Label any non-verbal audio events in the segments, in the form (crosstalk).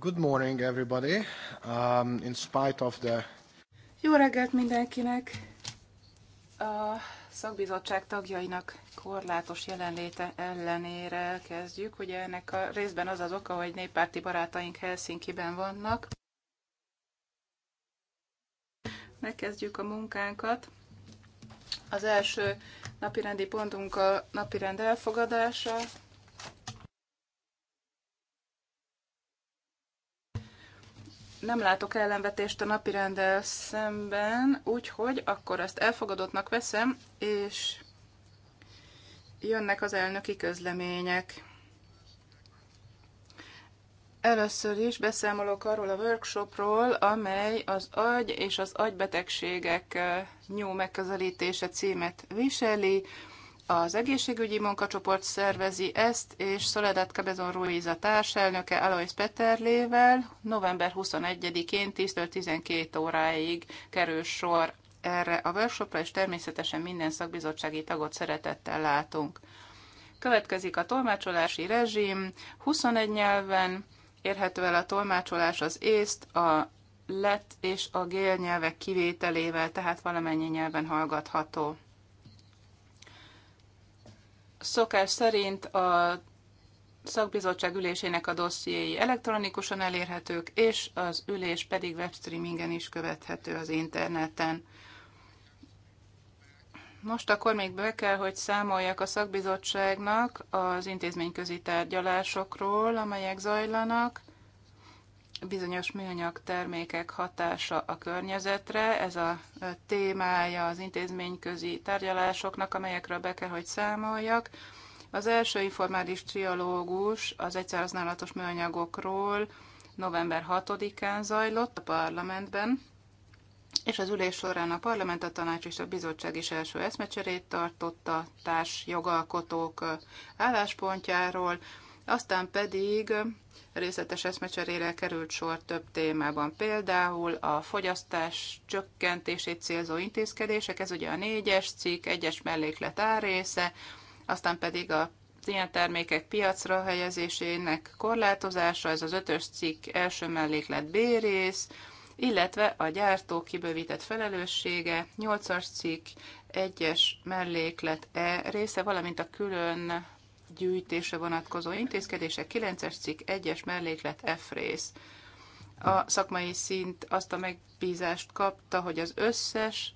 Good morning, everybody. Um, in spite of the... Jó reggelt mindenkinek! A szakbizottság tagjainak korlátos jelenléte ellenére kezdjük. Ugye ennek a részben az az oka, hogy néppárti barátaink Helsinki-ben vannak. Megkezdjük a munkánkat. Az első napirendi pontunk a napirend elfogadása. nem látok ellenvetést a rendel szemben, úgyhogy akkor ezt elfogadottnak veszem, és jönnek az elnöki közlemények. Először is beszámolok arról a workshopról, amely az agy és az agybetegségek nyú megközelítése címet viseli. Az egészségügyi munkacsoport szervezi ezt, és Soledad Cabezon Ruiz a társelnöke Alois Peterlével november 21-én 10-12 óráig kerül sor erre a workshopra, és természetesen minden szakbizottsági tagot szeretettel látunk. Következik a tolmácsolási rezsim, 21 nyelven érhető el a tolmácsolás az észt, a lett és a gél nyelvek kivételével, tehát valamennyi nyelven hallgatható. Szokás szerint a szakbizottság ülésének a dossziéi elektronikusan elérhetők, és az ülés pedig webstreamingen is követhető az interneten. Most akkor még be kell, hogy számoljak a szakbizottságnak az intézményközi tárgyalásokról, amelyek zajlanak bizonyos műanyag termékek hatása a környezetre. Ez a témája az intézményközi tárgyalásoknak, amelyekről be kell, hogy számoljak. Az első informális trialógus az egyszerhasználatos műanyagokról november 6-án zajlott a parlamentben, és az ülés során a parlament, a tanács és a bizottság is első eszmecserét tartotta társ jogalkotók álláspontjáról, aztán pedig részletes eszmecserére került sor több témában, például a fogyasztás csökkentését célzó intézkedések, ez ugye a négyes cikk, egyes melléklet árésze, aztán pedig a ilyen termékek piacra helyezésének korlátozása, ez az ötös cikk első melléklet B rész, illetve a gyártó kibővített felelőssége, nyolcas cikk, egyes melléklet E része, valamint a külön gyűjtésre vonatkozó intézkedések 9-es cikk 1-es melléklet F rész. A szakmai szint azt a megbízást kapta, hogy az összes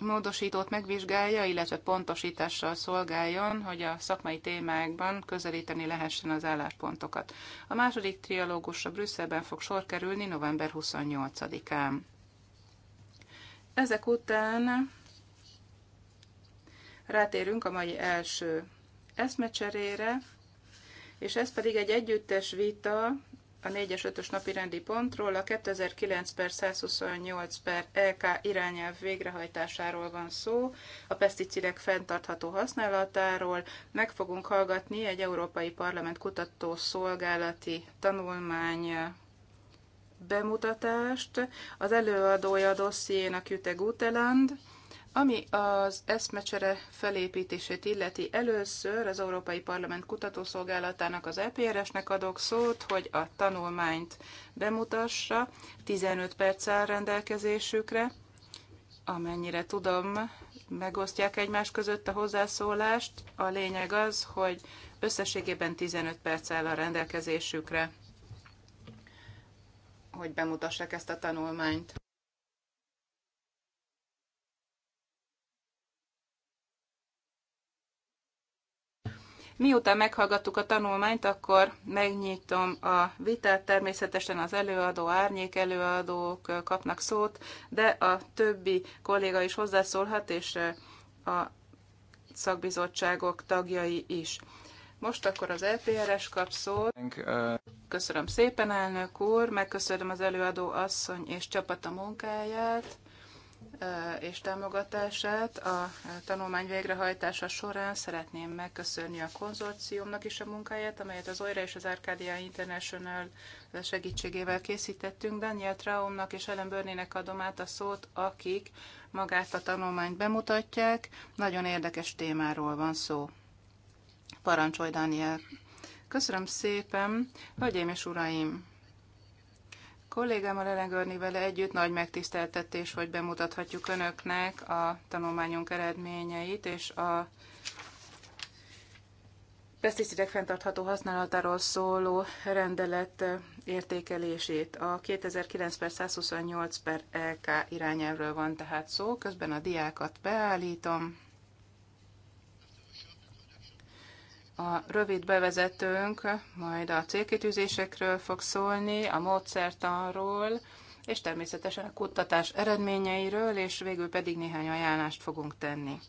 módosítót megvizsgálja, illetve pontosítással szolgáljon, hogy a szakmai témákban közelíteni lehessen az álláspontokat. A második trialógusra Brüsszelben fog sor kerülni november 28-án. Ezek után rátérünk a mai első eszmecserére, és ez pedig egy együttes vita a 4-es 5-ös napi rendi pontról, a 2009 per 128 per LK e irányelv végrehajtásáról van szó, a peszticidek fenntartható használatáról. Meg fogunk hallgatni egy Európai Parlament kutató szolgálati tanulmány bemutatást. Az előadója a dossziénak Jüte Guteland, ami az eszmecsere felépítését illeti, először az Európai Parlament Kutatószolgálatának, az EPRS-nek adok szót, hogy a tanulmányt bemutassa. 15 perc áll rendelkezésükre. Amennyire tudom, megosztják egymás között a hozzászólást. A lényeg az, hogy összességében 15 perc áll a rendelkezésükre, hogy bemutassák ezt a tanulmányt. Miután meghallgattuk a tanulmányt, akkor megnyitom a vitát. Természetesen az előadó, árnyék előadók kapnak szót, de a többi kolléga is hozzászólhat, és eh, a szakbizottságok tagjai is. Most akkor az LPRS e kap szót. Uh, Köszönöm szépen, elnök úr, megköszönöm az előadó asszony és csapata munkáját és támogatását a tanulmány végrehajtása során szeretném megköszönni a konzorciumnak is a munkáját, amelyet az OIRA és az Arcadia International segítségével készítettünk. Daniel Traumnak és Ellen Börnének adom át a szót, akik magát a tanulmányt bemutatják. Nagyon érdekes témáról van szó. Parancsolj, Daniel! Köszönöm szépen, hölgyeim és uraim! kollégámmal a Görni vele együtt nagy megtiszteltetés, hogy bemutathatjuk Önöknek a tanulmányunk eredményeit, és a pesticidek fenntartható használatáról szóló rendelet értékelését. A 2009 per 128 per LK irányelvről van tehát szó, közben a diákat beállítom. A rövid bevezetőnk majd a célkitűzésekről fog szólni, a módszertanról, és természetesen a kutatás eredményeiről, és végül pedig néhány ajánlást fogunk tenni.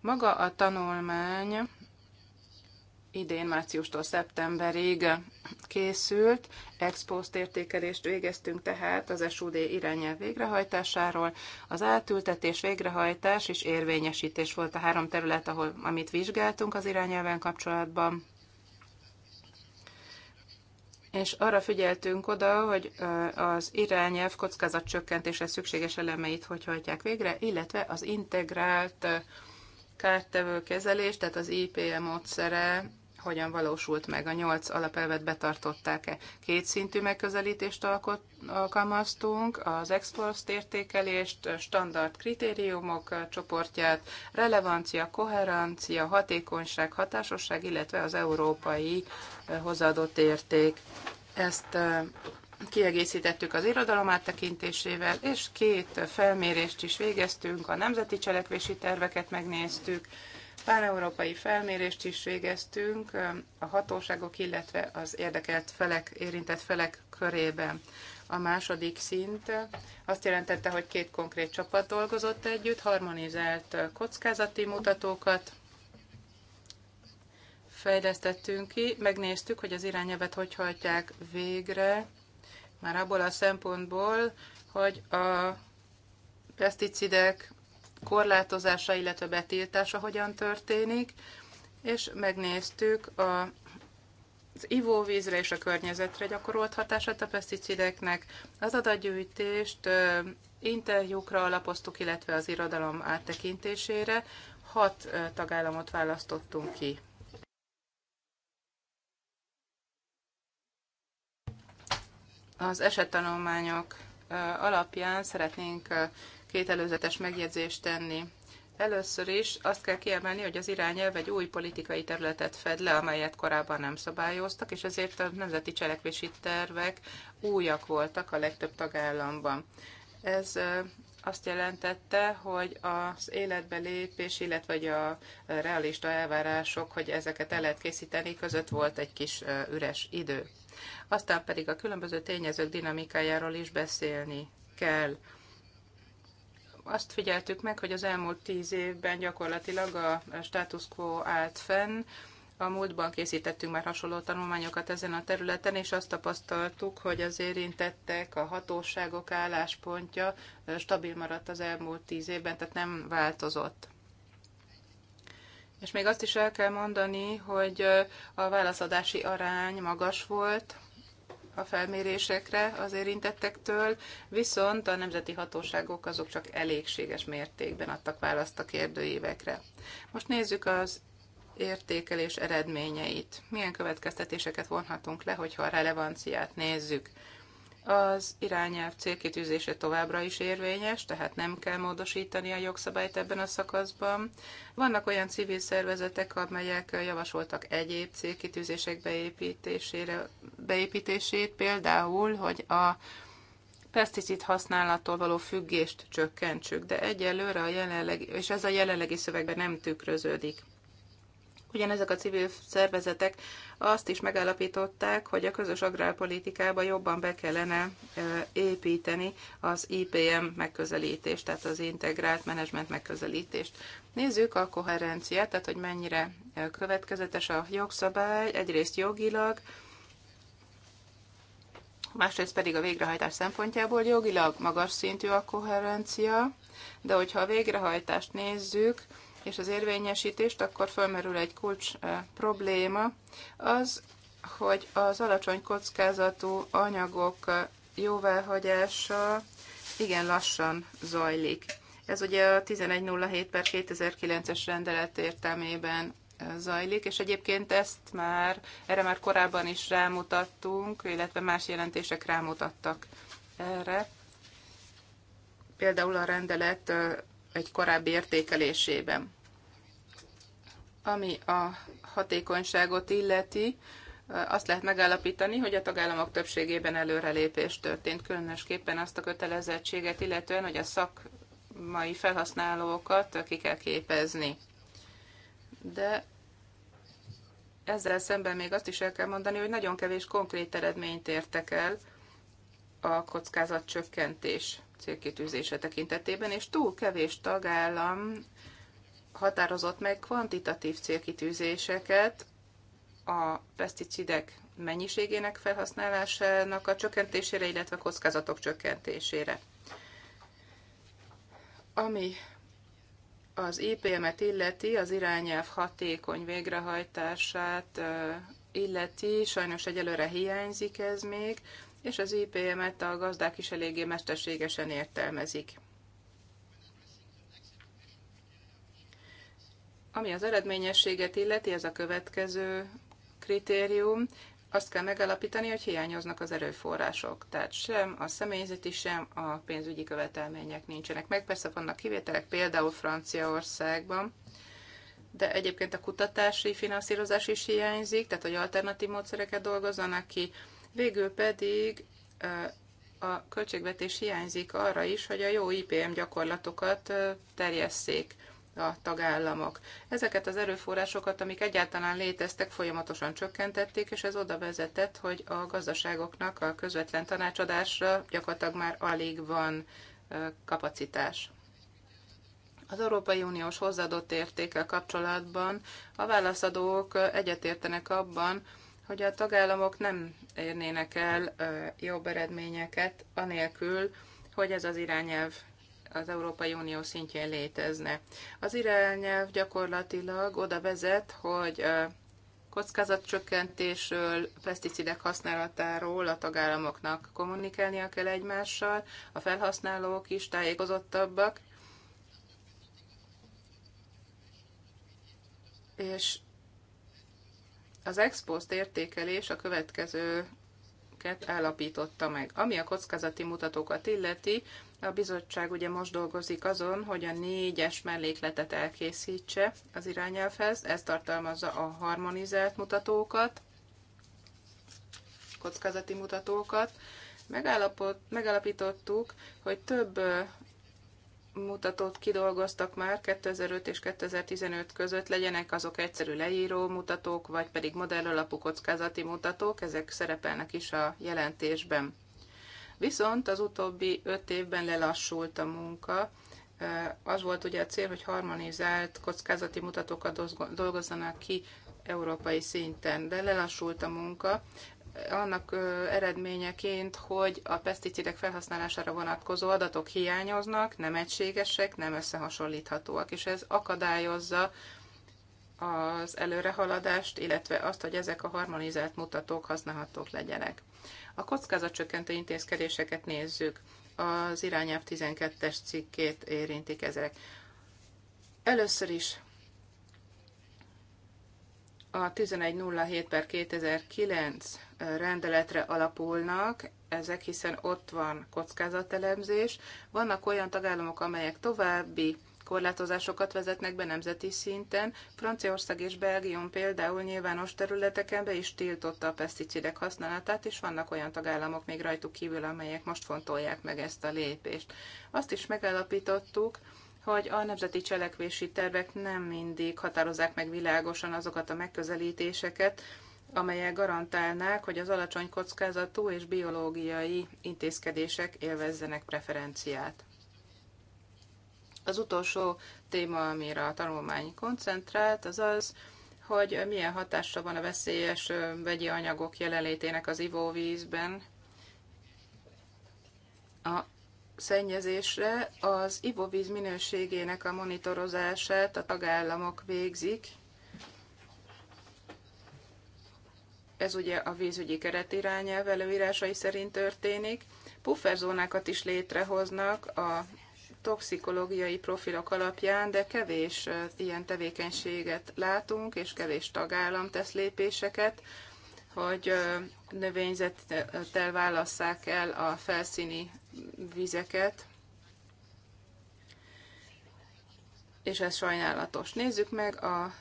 Maga a tanulmány idén márciustól szeptemberig készült. ex-post értékelést végeztünk tehát az SUD irányelv végrehajtásáról. Az átültetés, végrehajtás és érvényesítés volt a három terület, ahol, amit vizsgáltunk az irányelven kapcsolatban. És arra figyeltünk oda, hogy az irányelv kockázatcsökkentésre szükséges elemeit hogy hajtják végre, illetve az integrált kártevő kezelés, tehát az IPM módszere hogyan valósult meg, a nyolc alapelvet betartották-e. Kétszintű megközelítést alkot, alkalmaztunk, az export értékelést, standard kritériumok csoportját, relevancia, koherencia, hatékonyság, hatásosság, illetve az európai hozadott érték. Ezt kiegészítettük az irodalom áttekintésével, és két felmérést is végeztünk, a nemzeti cselekvési terveket megnéztük, Páneurópai felmérést is végeztünk a hatóságok, illetve az érdekelt felek, érintett felek körében. A második szint azt jelentette, hogy két konkrét csapat dolgozott együtt, harmonizált kockázati mutatókat fejlesztettünk ki, megnéztük, hogy az irányelvet hogy hajtják végre, már abból a szempontból, hogy a peszticidek korlátozása, illetve betiltása hogyan történik, és megnéztük a az ivóvízre és a környezetre gyakorolt hatását a peszticideknek, az adatgyűjtést interjúkra alapoztuk, illetve az irodalom áttekintésére. Hat tagállamot választottunk ki. Az esettanulmányok alapján szeretnénk két előzetes megjegyzést tenni. Először is azt kell kiemelni, hogy az irányelv egy új politikai területet fed le, amelyet korábban nem szabályoztak, és ezért a nemzeti cselekvési tervek újak voltak a legtöbb tagállamban. Ez azt jelentette, hogy az életbe lépés, illetve a realista elvárások, hogy ezeket el lehet készíteni, között volt egy kis üres idő. Aztán pedig a különböző tényezők dinamikájáról is beszélni kell azt figyeltük meg, hogy az elmúlt tíz évben gyakorlatilag a status quo állt fenn, a múltban készítettünk már hasonló tanulmányokat ezen a területen, és azt tapasztaltuk, hogy az érintettek, a hatóságok álláspontja stabil maradt az elmúlt tíz évben, tehát nem változott. És még azt is el kell mondani, hogy a válaszadási arány magas volt, a felmérésekre az érintettektől, viszont a nemzeti hatóságok azok csak elégséges mértékben adtak választ a kérdőívekre. Most nézzük az értékelés eredményeit. Milyen következtetéseket vonhatunk le, hogyha a relevanciát nézzük az irányelv célkitűzése továbbra is érvényes, tehát nem kell módosítani a jogszabályt ebben a szakaszban. Vannak olyan civil szervezetek, amelyek javasoltak egyéb célkitűzések beépítésére, beépítését, például, hogy a peszticid használattól való függést csökkentsük, de egyelőre a jelenlegi, és ez a jelenlegi szövegben nem tükröződik. Ugyanezek a civil szervezetek azt is megállapították, hogy a közös agrárpolitikába jobban be kellene építeni az IPM megközelítést, tehát az integrált menedzsment megközelítést. Nézzük a koherenciát, tehát hogy mennyire következetes a jogszabály, egyrészt jogilag, másrészt pedig a végrehajtás szempontjából jogilag magas szintű a koherencia, de hogyha a végrehajtást nézzük, és az érvényesítést, akkor fölmerül egy kulcs eh, probléma, az, hogy az alacsony kockázatú anyagok eh, jóváhagyása igen lassan zajlik. Ez ugye a 1107 per 2009-es rendelet értelmében eh, zajlik, és egyébként ezt már, erre már korábban is rámutattunk, illetve más jelentések rámutattak erre. Például a rendelet egy korábbi értékelésében. Ami a hatékonyságot illeti, azt lehet megállapítani, hogy a tagállamok többségében előrelépés történt, különösképpen azt a kötelezettséget illetően, hogy a szakmai felhasználókat ki kell képezni. De ezzel szemben még azt is el kell mondani, hogy nagyon kevés konkrét eredményt értek el a kockázat csökkentés célkitűzése tekintetében, és túl kevés tagállam határozott meg kvantitatív célkitűzéseket a peszticidek mennyiségének felhasználásának a csökkentésére, illetve a kockázatok csökkentésére. Ami az IPM-et illeti, az irányelv hatékony végrehajtását illeti, sajnos egyelőre hiányzik ez még és az IPM-et a gazdák is eléggé mesterségesen értelmezik. Ami az eredményességet illeti, ez a következő kritérium, azt kell megalapítani, hogy hiányoznak az erőforrások. Tehát sem a személyzeti, sem a pénzügyi követelmények nincsenek. Meg persze vannak kivételek, például Franciaországban, de egyébként a kutatási finanszírozás is hiányzik, tehát hogy alternatív módszereket dolgozzanak ki, Végül pedig a költségvetés hiányzik arra is, hogy a jó IPM gyakorlatokat terjesszék a tagállamok. Ezeket az erőforrásokat, amik egyáltalán léteztek, folyamatosan csökkentették, és ez oda vezetett, hogy a gazdaságoknak a közvetlen tanácsadásra gyakorlatilag már alig van kapacitás. Az Európai Uniós hozzáadott értékkel kapcsolatban a válaszadók egyetértenek abban, hogy a tagállamok nem érnének el jobb eredményeket, anélkül, hogy ez az irányelv az Európai Unió szintjén létezne. Az irányelv gyakorlatilag oda vezet, hogy kockázatcsökkentésről, peszticidek használatáról a tagállamoknak kommunikálnia kell egymással, a felhasználók is tájékozottabbak, és az ex post értékelés a következőket állapította meg. Ami a kockázati mutatókat illeti, a bizottság ugye most dolgozik azon, hogy a négyes mellékletet elkészítse az irányelvhez. Ez tartalmazza a harmonizált mutatókat, kockázati mutatókat. Megállapot, megállapítottuk, hogy több mutatót kidolgoztak már 2005 és 2015 között, legyenek azok egyszerű leíró mutatók, vagy pedig modellalapú kockázati mutatók, ezek szerepelnek is a jelentésben. Viszont az utóbbi öt évben lelassult a munka, az volt ugye a cél, hogy harmonizált kockázati mutatókat dolgozzanak ki európai szinten, de lelassult a munka, annak eredményeként, hogy a peszticidek felhasználására vonatkozó adatok hiányoznak, nem egységesek, nem összehasonlíthatóak, és ez akadályozza az előrehaladást, illetve azt, hogy ezek a harmonizált mutatók használhatók legyenek. A kockázatcsökkentő intézkedéseket nézzük. Az irányelv 12-es cikkét érintik ezek. Először is a 1107 per 2009 rendeletre alapulnak ezek, hiszen ott van kockázatelemzés. Vannak olyan tagállamok, amelyek további korlátozásokat vezetnek be nemzeti szinten. Franciaország és Belgium például nyilvános területeken be is tiltotta a peszticidek használatát, és vannak olyan tagállamok még rajtuk kívül, amelyek most fontolják meg ezt a lépést. Azt is megállapítottuk, hogy a nemzeti cselekvési tervek nem mindig határozzák meg világosan azokat a megközelítéseket, amelyek garantálnák, hogy az alacsony kockázatú és biológiai intézkedések élvezzenek preferenciát. Az utolsó téma, amire a tanulmány koncentrált, az az, hogy milyen hatása van a veszélyes vegyi anyagok jelenlétének az ivóvízben a szennyezésre. Az ivóvíz minőségének a monitorozását a tagállamok végzik, ez ugye a vízügyi keretirányelv előírásai szerint történik. Pufferzónákat is létrehoznak a toxikológiai profilok alapján, de kevés ilyen tevékenységet látunk, és kevés tagállam tesz lépéseket, hogy növényzettel válasszák el a felszíni vizeket, és ez sajnálatos. Nézzük meg a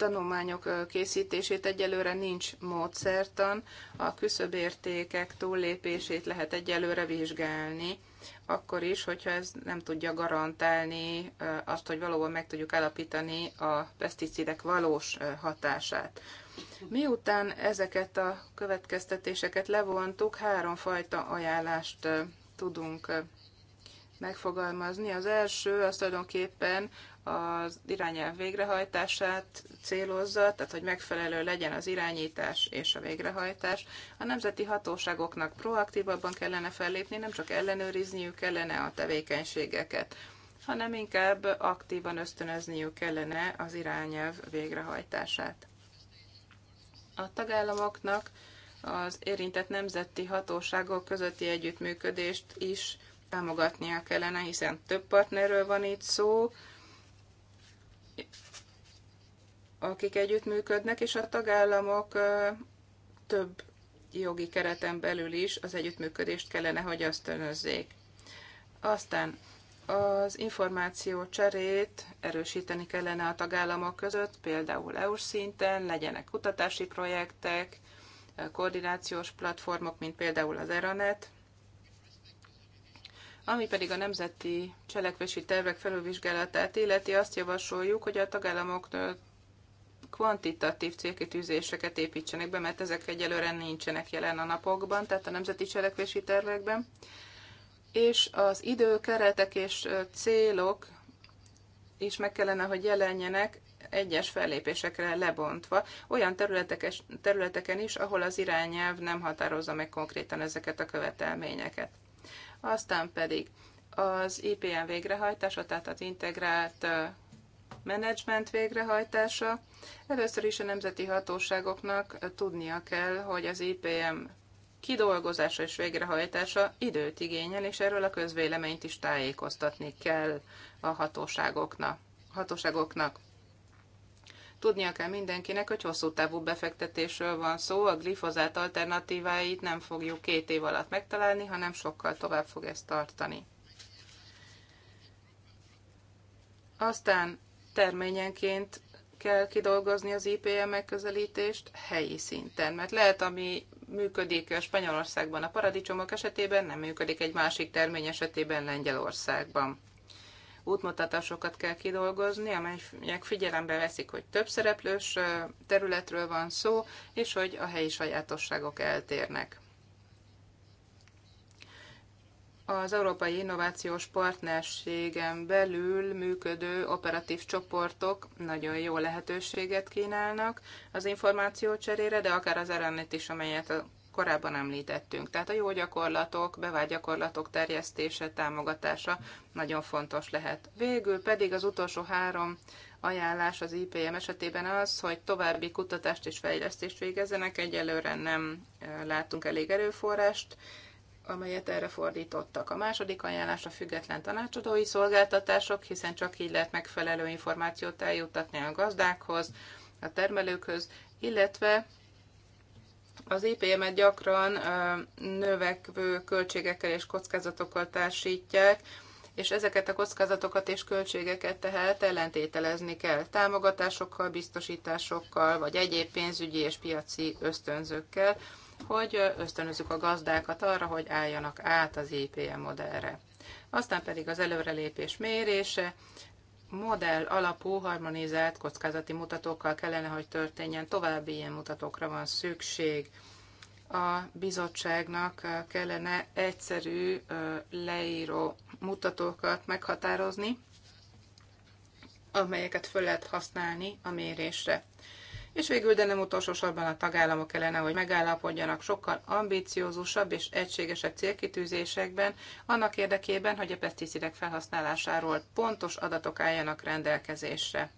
tanulmányok készítését egyelőre nincs módszertan, a küszöbértékek túllépését lehet egyelőre vizsgálni, akkor is, hogyha ez nem tudja garantálni azt, hogy valóban meg tudjuk állapítani a peszticidek valós hatását. Miután ezeket a következtetéseket levontuk, három fajta ajánlást tudunk megfogalmazni. Az első az tulajdonképpen az irányelv végrehajtását célozza, tehát hogy megfelelő legyen az irányítás és a végrehajtás. A nemzeti hatóságoknak proaktívabban kellene fellépni, nem csak ellenőrizniük kellene a tevékenységeket, hanem inkább aktívan ösztönözniük kellene az irányelv végrehajtását. A tagállamoknak az érintett nemzeti hatóságok közötti együttműködést is támogatnia kellene, hiszen több partnerről van itt szó, akik együttműködnek, és a tagállamok több jogi kereten belül is az együttműködést kellene, hogy ösztönözzék. Aztán az információ cserét erősíteni kellene a tagállamok között, például eu szinten, legyenek kutatási projektek, koordinációs platformok, mint például az Eranet, ami pedig a nemzeti cselekvési tervek felülvizsgálatát illeti, azt javasoljuk, hogy a tagállamok kvantitatív célkitűzéseket építsenek be, mert ezek egyelőre nincsenek jelen a napokban, tehát a nemzeti cselekvési tervekben. És az időkeretek és célok is meg kellene, hogy jelenjenek egyes fellépésekre lebontva, olyan területeken is, ahol az irányelv nem határozza meg konkrétan ezeket a követelményeket aztán pedig az IPM végrehajtása, tehát az integrált menedzsment végrehajtása. Először is a nemzeti hatóságoknak tudnia kell, hogy az IPM kidolgozása és végrehajtása időt igényel, és erről a közvéleményt is tájékoztatni kell a hatóságoknak. hatóságoknak. Tudnia kell mindenkinek, hogy hosszú távú befektetésről van szó, a glifozát alternatíváit nem fogjuk két év alatt megtalálni, hanem sokkal tovább fog ezt tartani. Aztán terményenként kell kidolgozni az IPM megközelítést helyi szinten, mert lehet, ami működik Spanyolországban a paradicsomok esetében, nem működik egy másik termény esetében Lengyelországban útmutatásokat kell kidolgozni, amelyek figyelembe veszik, hogy több szereplős területről van szó, és hogy a helyi sajátosságok eltérnek. Az Európai Innovációs Partnerségen belül működő operatív csoportok nagyon jó lehetőséget kínálnak az információ cserére, de akár az rn is, amelyet a korábban említettünk. Tehát a jó gyakorlatok, bevált gyakorlatok terjesztése, támogatása nagyon fontos lehet. Végül pedig az utolsó három ajánlás az IPM esetében az, hogy további kutatást és fejlesztést végezzenek. Egyelőre nem látunk elég erőforrást, amelyet erre fordítottak. A második ajánlás a független tanácsadói szolgáltatások, hiszen csak így lehet megfelelő információt eljuttatni a gazdákhoz, a termelőkhöz, illetve az IPM-et gyakran növekvő költségekkel és kockázatokkal társítják, és ezeket a kockázatokat és költségeket tehát ellentételezni kell támogatásokkal, biztosításokkal, vagy egyéb pénzügyi és piaci ösztönzőkkel, hogy ösztönözzük a gazdákat arra, hogy álljanak át az IPM modellre. Aztán pedig az előrelépés mérése, modell alapú harmonizált kockázati mutatókkal kellene, hogy történjen. További ilyen mutatókra van szükség. A bizottságnak kellene egyszerű leíró mutatókat meghatározni, amelyeket föl lehet használni a mérésre és végül, de nem utolsó sorban a tagállamok kellene, hogy megállapodjanak sokkal ambíciózusabb és egységesebb célkitűzésekben, annak érdekében, hogy a peszticidek felhasználásáról pontos adatok álljanak rendelkezésre.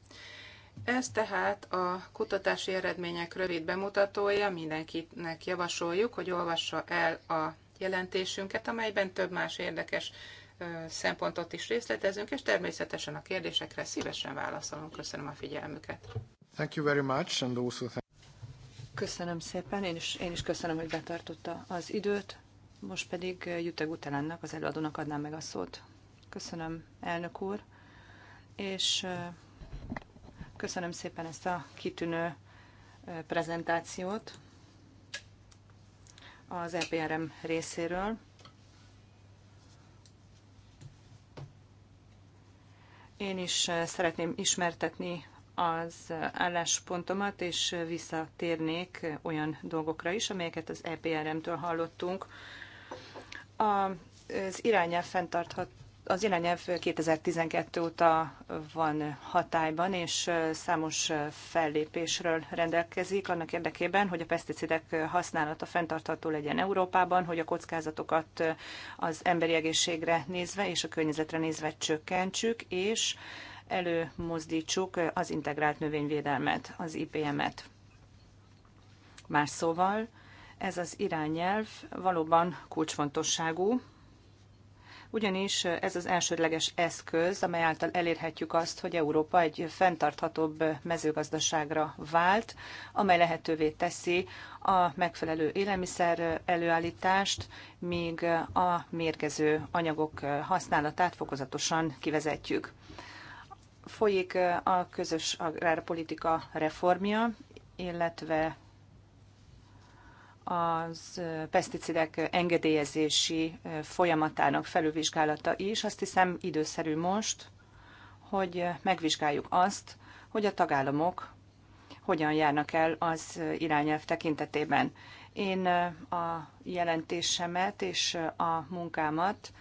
Ez tehát a kutatási eredmények rövid bemutatója, mindenkinek javasoljuk, hogy olvassa el a jelentésünket, amelyben több más érdekes szempontot is részletezünk, és természetesen a kérdésekre szívesen válaszolunk. Köszönöm a figyelmüket. Thank you very much, and also thank Köszönöm szépen, én is, én is köszönöm, hogy betartotta az időt. Most pedig Jutta Gutelánnak, az előadónak adnám meg a szót. Köszönöm, elnök úr, és köszönöm szépen ezt a kitűnő prezentációt az EPRM részéről. Én is szeretném ismertetni az álláspontomat, és visszatérnék olyan dolgokra is, amelyeket az EPRM-től hallottunk. Az irányelv fenntarthat az irányelv 2012 óta van hatályban, és számos fellépésről rendelkezik annak érdekében, hogy a peszticidek használata fenntartható legyen Európában, hogy a kockázatokat az emberi egészségre nézve és a környezetre nézve csökkentsük, és előmozdítsuk az integrált növényvédelmet, az IPM-et. Más szóval, ez az irányelv valóban kulcsfontosságú, ugyanis ez az elsődleges eszköz, amely által elérhetjük azt, hogy Európa egy fenntarthatóbb mezőgazdaságra vált, amely lehetővé teszi a megfelelő élelmiszer előállítást, míg a mérgező anyagok használatát fokozatosan kivezetjük. Folyik a közös agrárpolitika reformja, illetve az peszticidek engedélyezési folyamatának felülvizsgálata is. Azt hiszem időszerű most, hogy megvizsgáljuk azt, hogy a tagállamok hogyan járnak el az irányelv tekintetében. Én a jelentésemet és a munkámat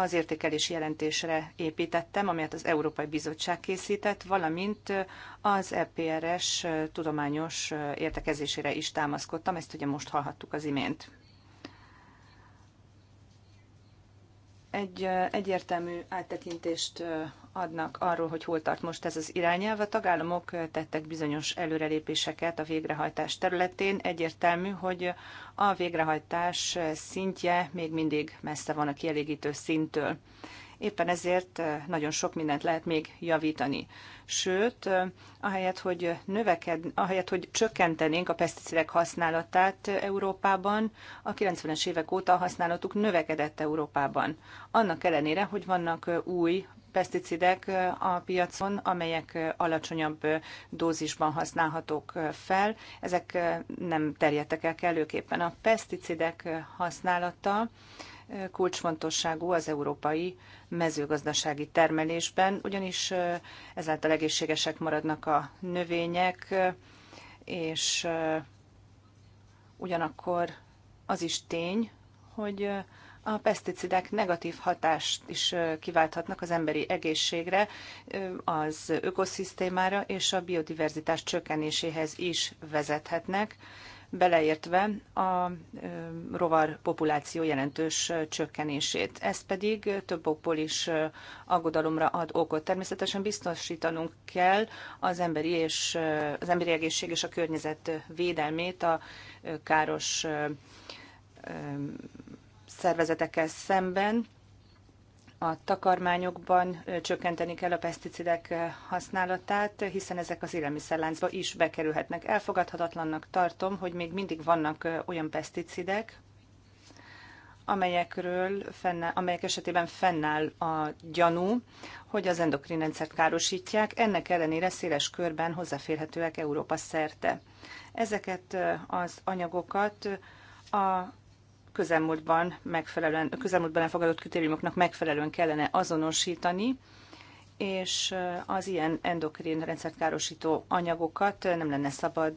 az értékelési jelentésre építettem, amelyet az Európai Bizottság készített, valamint az EPRS tudományos értekezésére is támaszkodtam, ezt ugye most hallhattuk az imént. egy egyértelmű áttekintést adnak arról, hogy hol tart most ez az irányelv. A tagállamok tettek bizonyos előrelépéseket a végrehajtás területén. Egyértelmű, hogy a végrehajtás szintje még mindig messze van a kielégítő szinttől. Éppen ezért nagyon sok mindent lehet még javítani. Sőt, ahelyett, hogy, növeked, ahelyett, hogy csökkentenénk a peszticidek használatát Európában, a 90-es évek óta a használatuk növekedett Európában. Annak ellenére, hogy vannak új peszticidek a piacon, amelyek alacsonyabb dózisban használhatók fel. Ezek nem terjedtek el kellőképpen. A peszticidek használata kulcsfontosságú az európai mezőgazdasági termelésben, ugyanis ezáltal egészségesek maradnak a növények, és ugyanakkor az is tény, hogy a peszticidek negatív hatást is kiválthatnak az emberi egészségre, az ökoszisztémára és a biodiverzitás csökkenéséhez is vezethetnek, beleértve a rovar populáció jelentős csökkenését. Ez pedig több okból is aggodalomra ad okot. Természetesen biztosítanunk kell az emberi, és, az emberi egészség és a környezet védelmét a káros szervezetekkel szemben, a takarmányokban csökkenteni kell a peszticidek használatát, hiszen ezek az élelmiszerláncba is bekerülhetnek. Elfogadhatatlannak tartom, hogy még mindig vannak olyan peszticidek, amelyekről fennáll, amelyek esetében fennáll a gyanú, hogy az endokrin rendszert károsítják, ennek ellenére széles körben hozzáférhetőek Európa szerte. Ezeket az anyagokat a közelmúltban megfelelően, közelmúltban elfogadott kritériumoknak megfelelően kellene azonosítani, és az ilyen endokrin rendszert károsító anyagokat nem lenne szabad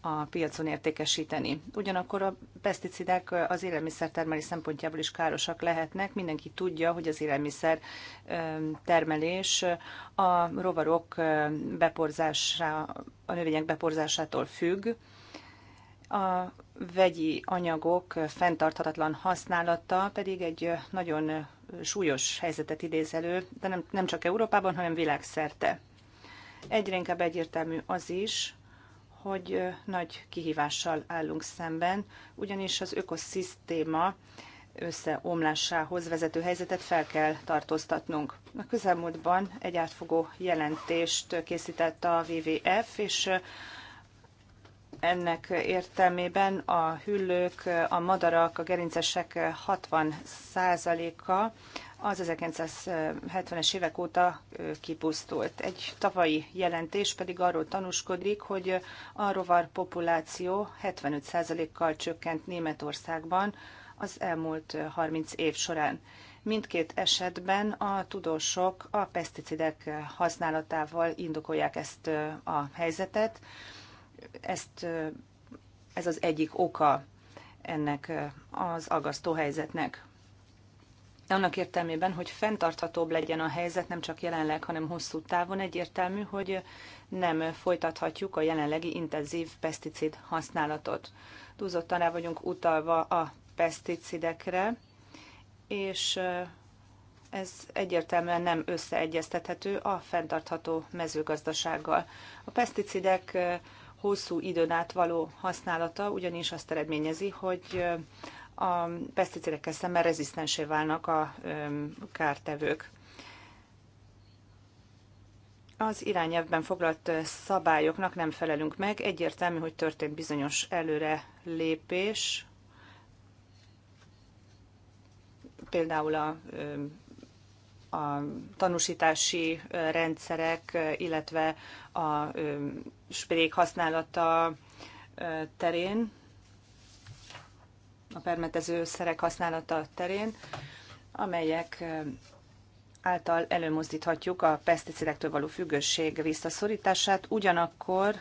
a piacon értékesíteni. Ugyanakkor a peszticidek az termelés szempontjából is károsak lehetnek. Mindenki tudja, hogy az élelmiszer termelés a rovarok beporzása, a növények beporzásától függ, a vegyi anyagok fenntarthatatlan használata pedig egy nagyon súlyos helyzetet idéz elő, de nem, nem csak Európában, hanem világszerte. Egyre inkább egyértelmű az is, hogy nagy kihívással állunk szemben, ugyanis az ökoszisztéma összeomlásához vezető helyzetet fel kell tartóztatnunk. A közelmúltban egy átfogó jelentést készített a WWF, és ennek értelmében a hüllők, a madarak, a gerincesek 60%-a az 1970-es évek óta kipusztult. Egy tavalyi jelentés pedig arról tanúskodik, hogy a rovar populáció 75%-kal csökkent Németországban az elmúlt 30 év során. Mindkét esetben a tudósok a peszticidek használatával indokolják ezt a helyzetet ezt, ez az egyik oka ennek az agasztó helyzetnek. Annak értelmében, hogy fenntarthatóbb legyen a helyzet, nem csak jelenleg, hanem hosszú távon egyértelmű, hogy nem folytathatjuk a jelenlegi intenzív peszticid használatot. Túlzottan rá vagyunk utalva a peszticidekre, és ez egyértelműen nem összeegyeztethető a fenntartható mezőgazdasággal. A peszticidek hosszú időn át való használata ugyanis azt eredményezi, hogy a peszticidekkel szemben rezisztensé válnak a kártevők. Az irányelvben foglalt szabályoknak nem felelünk meg. Egyértelmű, hogy történt bizonyos előre lépés, például a, a tanúsítási rendszerek, illetve a sprék használata terén, a permetező szerek használata terén, amelyek által előmozdíthatjuk a peszticidektől való függőség visszaszorítását, ugyanakkor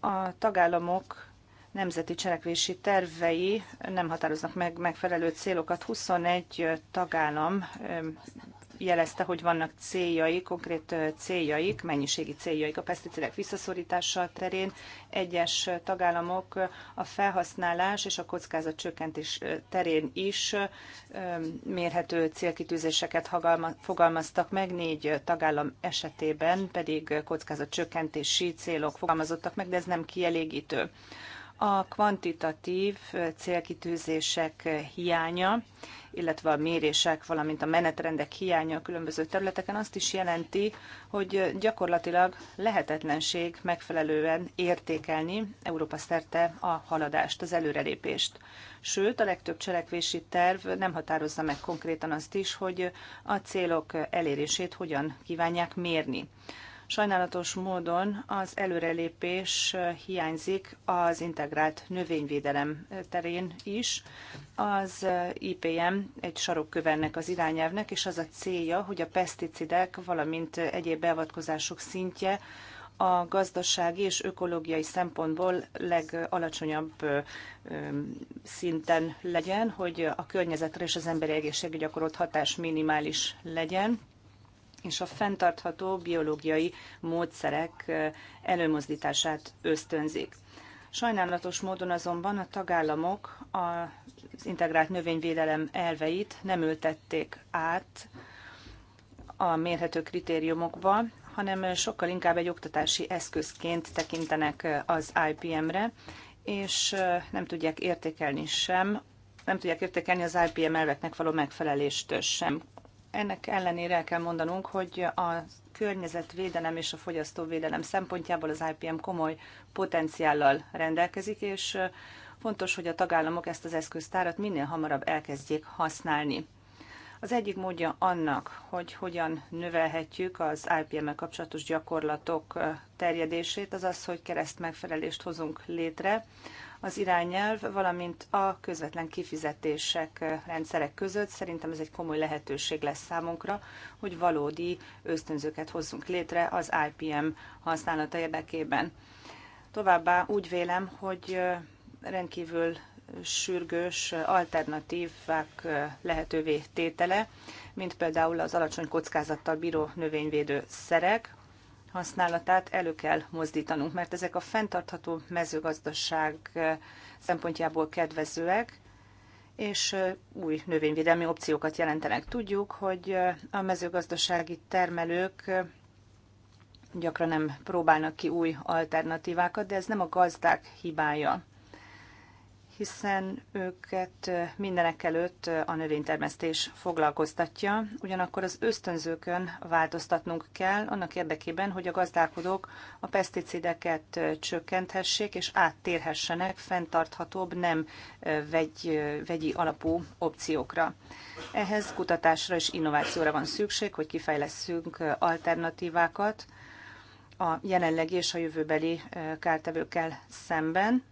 a tagállamok nemzeti cselekvési tervei nem határoznak meg megfelelő célokat. 21 tagállam jelezte, hogy vannak céljai, konkrét céljaik, mennyiségi céljaik a peszticidek visszaszorítása terén. Egyes tagállamok a felhasználás és a kockázat csökkentés terén is mérhető célkitűzéseket fogalmaztak meg, négy tagállam esetében pedig kockázat csökkentési célok fogalmazottak meg, de ez nem kielégítő a kvantitatív célkitűzések hiánya, illetve a mérések, valamint a menetrendek hiánya a különböző területeken azt is jelenti, hogy gyakorlatilag lehetetlenség megfelelően értékelni Európa szerte a haladást, az előrelépést. Sőt, a legtöbb cselekvési terv nem határozza meg konkrétan azt is, hogy a célok elérését hogyan kívánják mérni. Sajnálatos módon az előrelépés hiányzik az integrált növényvédelem terén is. Az IPM egy sarokkövennek az irányelvnek, és az a célja, hogy a peszticidek, valamint egyéb beavatkozások szintje a gazdasági és ökológiai szempontból legalacsonyabb szinten legyen, hogy a környezetre és az emberi egészségre gyakorolt hatás minimális legyen és a fenntartható biológiai módszerek előmozdítását ösztönzik. Sajnálatos módon azonban a tagállamok az integrált növényvédelem elveit nem ültették át a mérhető kritériumokba, hanem sokkal inkább egy oktatási eszközként tekintenek az IPM-re, és nem tudják értékelni sem, nem tudják értékelni az IPM elveknek való megfelelést sem ennek ellenére el kell mondanunk, hogy a környezetvédelem és a fogyasztóvédelem szempontjából az IPM komoly potenciállal rendelkezik, és fontos, hogy a tagállamok ezt az eszköztárat minél hamarabb elkezdjék használni. Az egyik módja annak, hogy hogyan növelhetjük az IPM-mel kapcsolatos gyakorlatok terjedését, az az, hogy kereszt megfelelést hozunk létre az irányelv, valamint a közvetlen kifizetések rendszerek között. Szerintem ez egy komoly lehetőség lesz számunkra, hogy valódi ösztönzőket hozzunk létre az IPM használata érdekében. Továbbá úgy vélem, hogy rendkívül sürgős alternatívák lehetővé tétele, mint például az alacsony kockázattal bíró növényvédő szerek, használatát elő kell mozdítanunk, mert ezek a fenntartható mezőgazdaság eh, szempontjából kedvezőek, és eh, új növényvédelmi opciókat jelentenek. Tudjuk, hogy eh, a mezőgazdasági termelők gyakran nem próbálnak ki új alternatívákat, de ez nem a gazdák hibája hiszen őket mindenek előtt a növénytermesztés foglalkoztatja, ugyanakkor az ösztönzőkön változtatnunk kell annak érdekében, hogy a gazdálkodók a peszticideket csökkenthessék és áttérhessenek fenntarthatóbb, nem vegy, vegyi alapú opciókra. Ehhez kutatásra és innovációra van szükség, hogy kifejleszünk alternatívákat a jelenlegi és a jövőbeli kártevőkkel szemben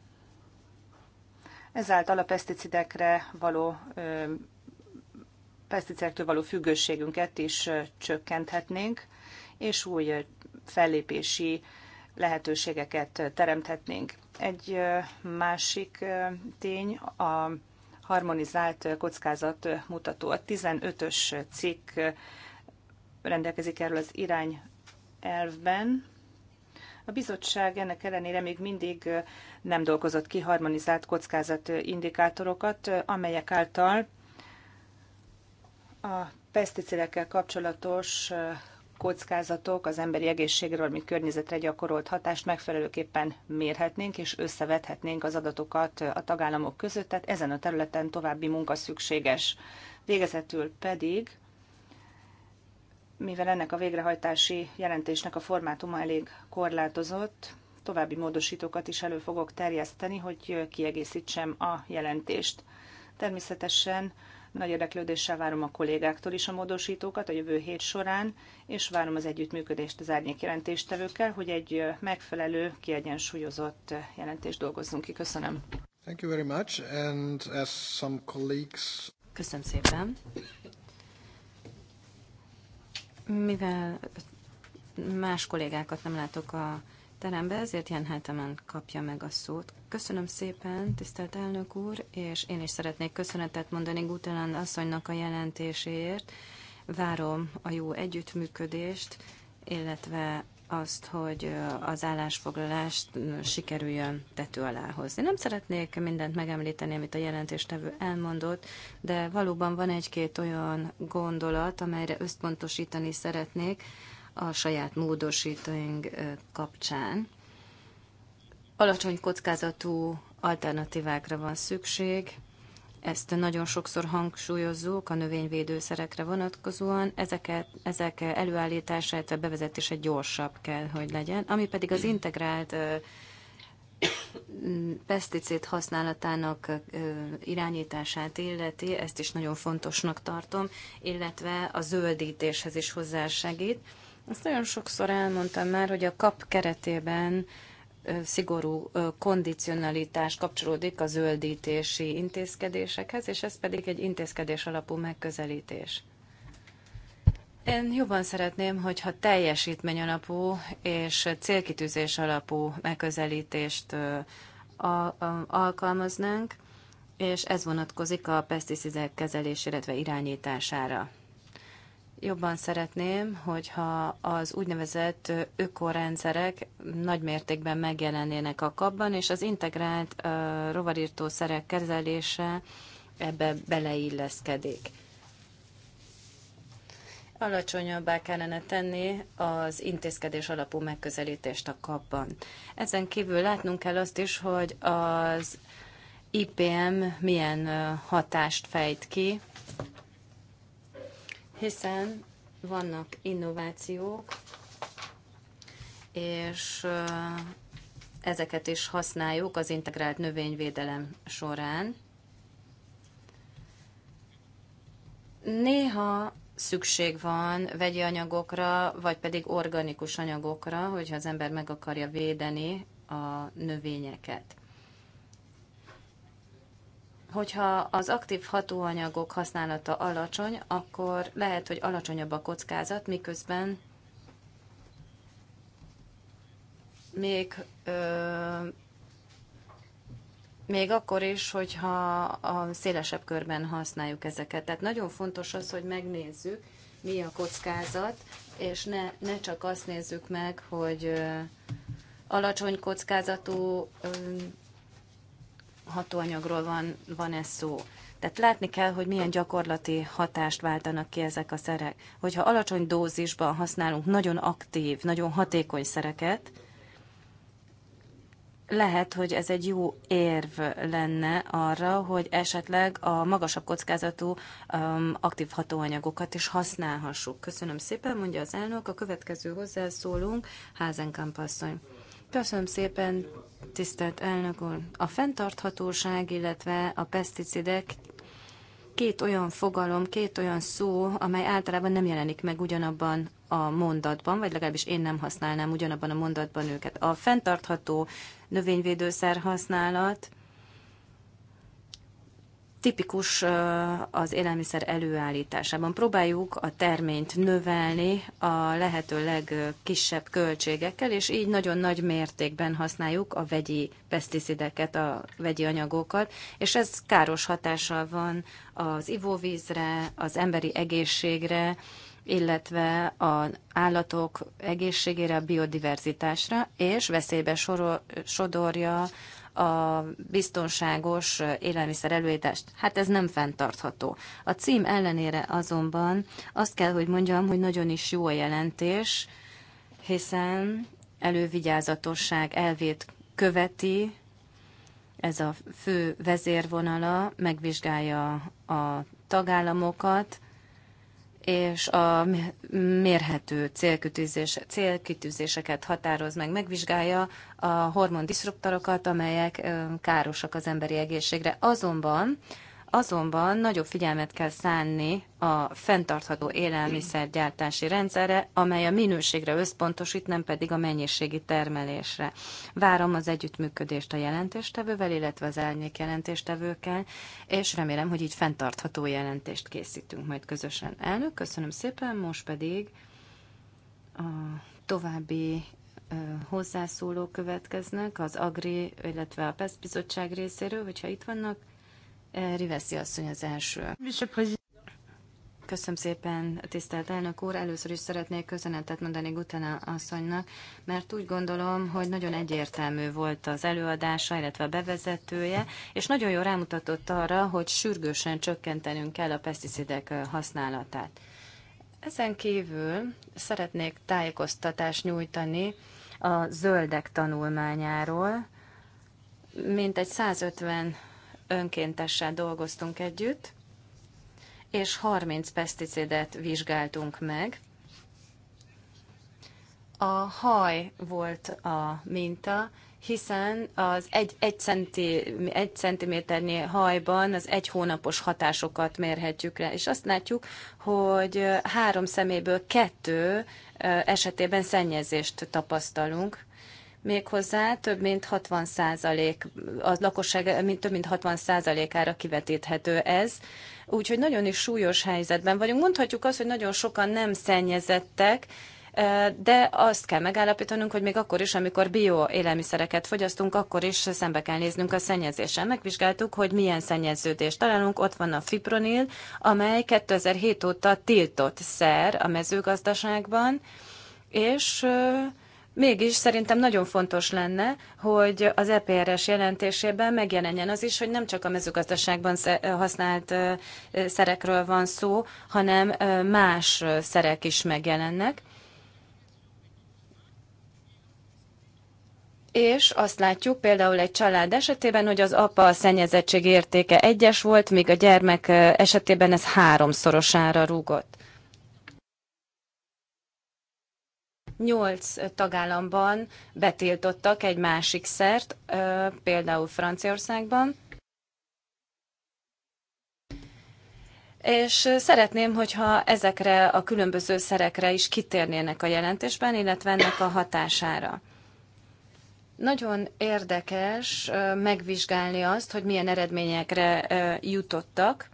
Ezáltal a peszticidekre való peszticidektől való függőségünket is csökkenthetnénk, és új fellépési lehetőségeket teremthetnénk. Egy másik tény a harmonizált mutató A 15-ös cikk rendelkezik erről az irányelvben, a bizottság ennek ellenére még mindig nem dolgozott ki harmonizált indikátorokat, amelyek által a peszticidekkel kapcsolatos kockázatok, az emberi egészségről, mint környezetre gyakorolt hatást megfelelőképpen mérhetnénk és összevethetnénk az adatokat a tagállamok között, tehát ezen a területen további munka szükséges. Végezetül pedig mivel ennek a végrehajtási jelentésnek a formátuma elég korlátozott, további módosítókat is elő fogok terjeszteni, hogy kiegészítsem a jelentést. Természetesen nagy érdeklődéssel várom a kollégáktól is a módosítókat a jövő hét során, és várom az együttműködést az árnyék jelentéstevőkkel, hogy egy megfelelő, kiegyensúlyozott jelentést dolgozzunk ki. Köszönöm. Thank you very much, and as some colleagues... Köszönöm szépen. Mivel más kollégákat nem látok a terembe, ezért Jan Hátemen kapja meg a szót. Köszönöm szépen, tisztelt elnök úr, és én is szeretnék köszönetet mondani Gutelán asszonynak a jelentéséért. Várom a jó együttműködést, illetve azt, hogy az állásfoglalást sikerüljön tető alá hozni. Nem szeretnék mindent megemlíteni, amit a jelentéstevő elmondott, de valóban van egy-két olyan gondolat, amelyre összpontosítani szeretnék a saját módosítóink kapcsán. Alacsony kockázatú alternatívákra van szükség, ezt nagyon sokszor hangsúlyozzuk a növényvédőszerekre vonatkozóan, ezeket, ezek előállítása, illetve bevezetése gyorsabb kell, hogy legyen, ami pedig az integrált peszticid használatának irányítását illeti, ezt is nagyon fontosnak tartom, illetve a zöldítéshez is hozzásegít. Azt nagyon sokszor elmondtam már, hogy a kap keretében szigorú kondicionalitás kapcsolódik a zöldítési intézkedésekhez, és ez pedig egy intézkedés alapú megközelítés. Én jobban szeretném, hogyha teljesítmény alapú és célkitűzés alapú megközelítést alkalmaznánk, és ez vonatkozik a peszticidek kezelésére, illetve irányítására. Jobban szeretném, hogyha az úgynevezett ökorendszerek nagymértékben megjelennének a kapban, és az integrált uh, rovarírtószerek kezelése ebbe beleilleszkedik. Alacsonyabbá kellene tenni az intézkedés alapú megközelítést a kapban. Ezen kívül látnunk kell azt is, hogy az IPM milyen hatást fejt ki, hiszen vannak innovációk, és ezeket is használjuk az integrált növényvédelem során. Néha szükség van vegyi anyagokra, vagy pedig organikus anyagokra, hogyha az ember meg akarja védeni a növényeket hogyha az aktív hatóanyagok használata alacsony, akkor lehet, hogy alacsonyabb a kockázat, miközben még, ö, még akkor is, hogyha a szélesebb körben használjuk ezeket. Tehát nagyon fontos az, hogy megnézzük, mi a kockázat, és ne, ne csak azt nézzük meg, hogy ö, alacsony kockázatú ö, hatóanyagról van, van ez szó. Tehát látni kell, hogy milyen gyakorlati hatást váltanak ki ezek a szerek. Hogyha alacsony dózisban használunk nagyon aktív, nagyon hatékony szereket, lehet, hogy ez egy jó érv lenne arra, hogy esetleg a magasabb kockázatú um, aktív hatóanyagokat is használhassuk. Köszönöm szépen, mondja az elnök. A következő hozzászólunk, Házenkamp asszony. Köszönöm szépen, tisztelt elnök úr! A fenntarthatóság, illetve a peszticidek két olyan fogalom, két olyan szó, amely általában nem jelenik meg ugyanabban a mondatban, vagy legalábbis én nem használnám ugyanabban a mondatban őket. A fenntartható növényvédőszer használat, tipikus az élelmiszer előállításában. Próbáljuk a terményt növelni a lehető legkisebb költségekkel, és így nagyon nagy mértékben használjuk a vegyi peszticideket, a vegyi anyagokat, és ez káros hatással van az ivóvízre, az emberi egészségre, illetve az állatok egészségére, a biodiverzitásra, és veszélybe sodorja a biztonságos élelmiszer előítást. Hát ez nem fenntartható. A cím ellenére azonban azt kell, hogy mondjam, hogy nagyon is jó a jelentés, hiszen elővigyázatosság elvét követi, ez a fő vezérvonala, megvizsgálja a tagállamokat, és a mérhető célkütűzés, célkütűzéseket határoz meg, megvizsgálja a hormondiszruptorokat, amelyek károsak az emberi egészségre. Azonban azonban nagyobb figyelmet kell szánni a fenntartható élelmiszergyártási rendszerre, amely a minőségre összpontosít, nem pedig a mennyiségi termelésre. Várom az együttműködést a jelentéstevővel, illetve az árnyék jelentéstevőkkel, és remélem, hogy így fenntartható jelentést készítünk majd közösen. Elnök, köszönöm szépen, most pedig a további hozzászóló következnek az Agri, illetve a PESZ bizottság részéről, hogyha itt vannak. Riveszi asszony az első. Köszönöm szépen, tisztelt elnök úr. Először is szeretnék köszönetet mondani Gutena asszonynak, mert úgy gondolom, hogy nagyon egyértelmű volt az előadása, illetve a bevezetője, és nagyon jól rámutatott arra, hogy sürgősen csökkentenünk kell a peszticidek használatát. Ezen kívül szeretnék tájékoztatást nyújtani a zöldek tanulmányáról. mint egy 150 önkéntessel dolgoztunk együtt, és 30 peszticidet vizsgáltunk meg. A haj volt a minta, hiszen az egy, egy, centi, egy centiméternyi hajban az egy hónapos hatásokat mérhetjük le, és azt látjuk, hogy három szeméből kettő esetében szennyezést tapasztalunk, méghozzá több mint 60 százalék, a lakosság több mint 60 százalékára kivetíthető ez. Úgyhogy nagyon is súlyos helyzetben vagyunk. Mondhatjuk azt, hogy nagyon sokan nem szennyezettek, e, de azt kell megállapítanunk, hogy még akkor is, amikor bio élelmiszereket fogyasztunk, akkor is szembe kell néznünk a szennyezéssel. Megvizsgáltuk, hogy milyen szennyeződést találunk. Ott van a fipronil, amely 2007 óta tiltott szer a mezőgazdaságban, és e, Mégis szerintem nagyon fontos lenne, hogy az EPRS jelentésében megjelenjen az is, hogy nem csak a mezőgazdaságban használt szerekről van szó, hanem más szerek is megjelennek. És azt látjuk például egy család esetében, hogy az apa a szennyezettség értéke egyes volt, míg a gyermek esetében ez háromszorosára rúgott. nyolc tagállamban betiltottak egy másik szert, például Franciaországban. És szeretném, hogyha ezekre a különböző szerekre is kitérnének a jelentésben, illetve ennek a hatására. Nagyon érdekes megvizsgálni azt, hogy milyen eredményekre jutottak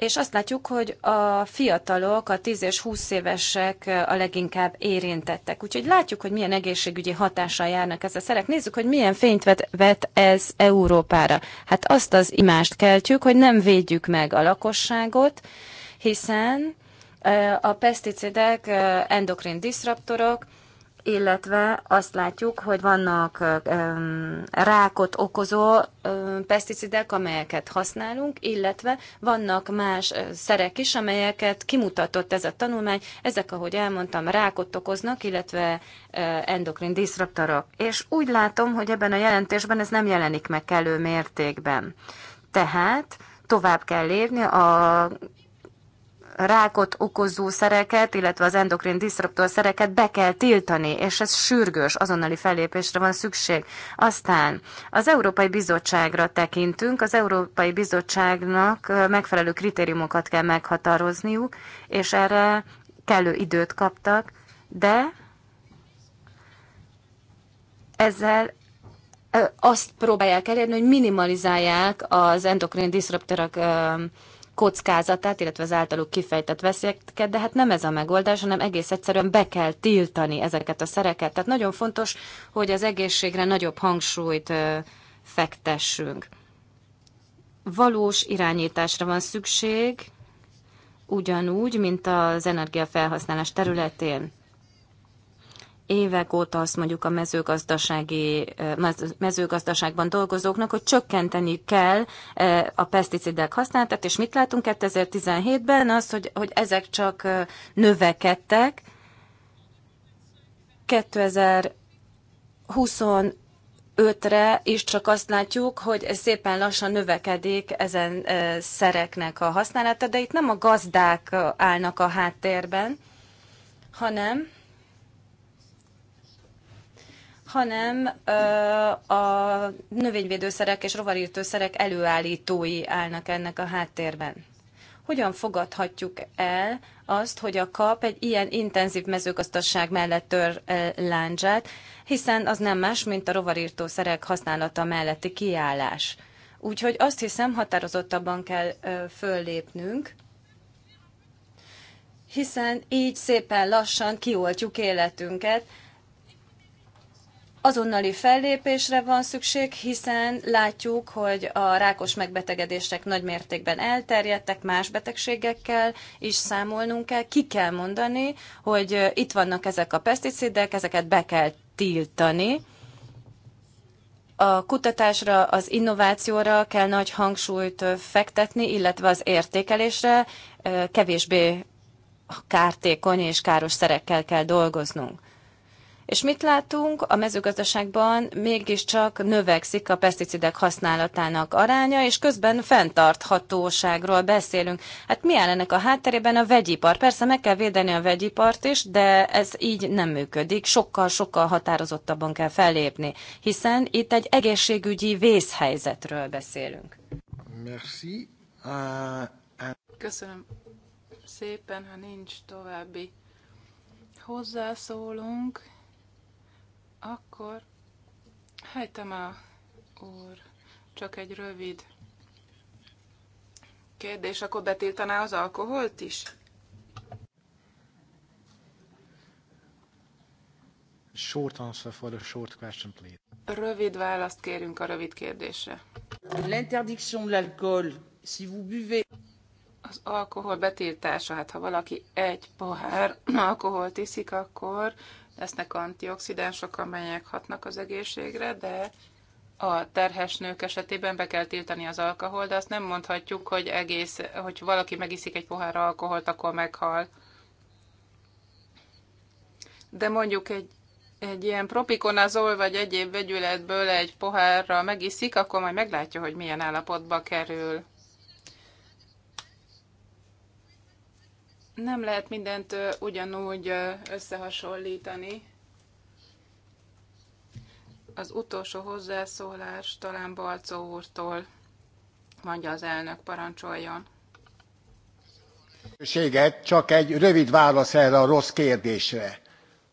és azt látjuk, hogy a fiatalok, a 10 és 20 évesek a leginkább érintettek. Úgyhogy látjuk, hogy milyen egészségügyi hatással járnak ez a szerek. Nézzük, hogy milyen fényt vet, vet ez Európára. Hát azt az imást keltjük, hogy nem védjük meg a lakosságot, hiszen a peszticidek, endokrin diszraptorok, illetve azt látjuk, hogy vannak rákot okozó peszticidek, amelyeket használunk, illetve vannak más szerek is, amelyeket kimutatott ez a tanulmány. Ezek, ahogy elmondtam, rákot okoznak, illetve endokrin diszraptorok. És úgy látom, hogy ebben a jelentésben ez nem jelenik meg kellő mértékben. Tehát tovább kell lépni a rákot okozó szereket, illetve az endokrin diszruptor szereket be kell tiltani, és ez sürgős, azonnali fellépésre van szükség. Aztán az Európai Bizottságra tekintünk, az Európai Bizottságnak megfelelő kritériumokat kell meghatározniuk, és erre kellő időt kaptak, de ezzel azt próbálják elérni, hogy minimalizálják az endokrin diszruptorok kockázatát, illetve az általuk kifejtett veszélyeket, de hát nem ez a megoldás, hanem egész egyszerűen be kell tiltani ezeket a szereket. Tehát nagyon fontos, hogy az egészségre nagyobb hangsúlyt fektessünk. Valós irányításra van szükség, ugyanúgy, mint az energiafelhasználás területén évek óta azt mondjuk a mezőgazdasági, mezőgazdaságban dolgozóknak, hogy csökkenteni kell a peszticidek használatát, és mit látunk 2017-ben? Az, hogy, hogy ezek csak növekedtek. 2025-re is csak azt látjuk, hogy szépen lassan növekedik ezen szereknek a használata, de itt nem a gazdák állnak a háttérben, hanem hanem a növényvédőszerek és rovarírtószerek előállítói állnak ennek a háttérben. Hogyan fogadhatjuk el azt, hogy a kap egy ilyen intenzív mezőgazdaság mellett tör láncsát, hiszen az nem más, mint a rovarírtószerek használata melletti kiállás. Úgyhogy azt hiszem, határozottabban kell föllépnünk, hiszen így szépen lassan kioltjuk életünket, Azonnali fellépésre van szükség, hiszen látjuk, hogy a rákos megbetegedések nagy mértékben elterjedtek, más betegségekkel is számolnunk kell. Ki kell mondani, hogy itt vannak ezek a peszticidek, ezeket be kell tiltani. A kutatásra, az innovációra kell nagy hangsúlyt fektetni, illetve az értékelésre kevésbé kártékony és káros szerekkel kell dolgoznunk. És mit látunk? A mezőgazdaságban mégiscsak növekszik a peszticidek használatának aránya, és közben fenntarthatóságról beszélünk. Hát mi áll ennek a hátterében a vegyipar? Persze meg kell védeni a vegyipart is, de ez így nem működik. Sokkal-sokkal határozottabban kell fellépni, hiszen itt egy egészségügyi vészhelyzetről beszélünk. Merci. Uh, uh... Köszönöm szépen, ha nincs további hozzászólunk. Akkor a úr, csak egy rövid kérdés, akkor betiltaná az alkoholt is? Short answer for the short question, please. Rövid választ kérünk a rövid kérdésre. L'interdiction de l'alcool, si vous buvez... Az alkohol betiltása, hát ha valaki egy pohár alkoholt iszik, akkor lesznek antioxidánsok, amelyek hatnak az egészségre, de a terhes nők esetében be kell tiltani az alkohol, de azt nem mondhatjuk, hogy egész, hogy valaki megiszik egy pohár alkoholt, akkor meghal. De mondjuk egy, egy ilyen propikonazol vagy egyéb vegyületből egy pohárra megiszik, akkor majd meglátja, hogy milyen állapotba kerül. nem lehet mindent ugyanúgy összehasonlítani. Az utolsó hozzászólás talán Balcó úrtól, mondja az elnök, parancsoljon. Csak egy rövid válasz erre a rossz kérdésre.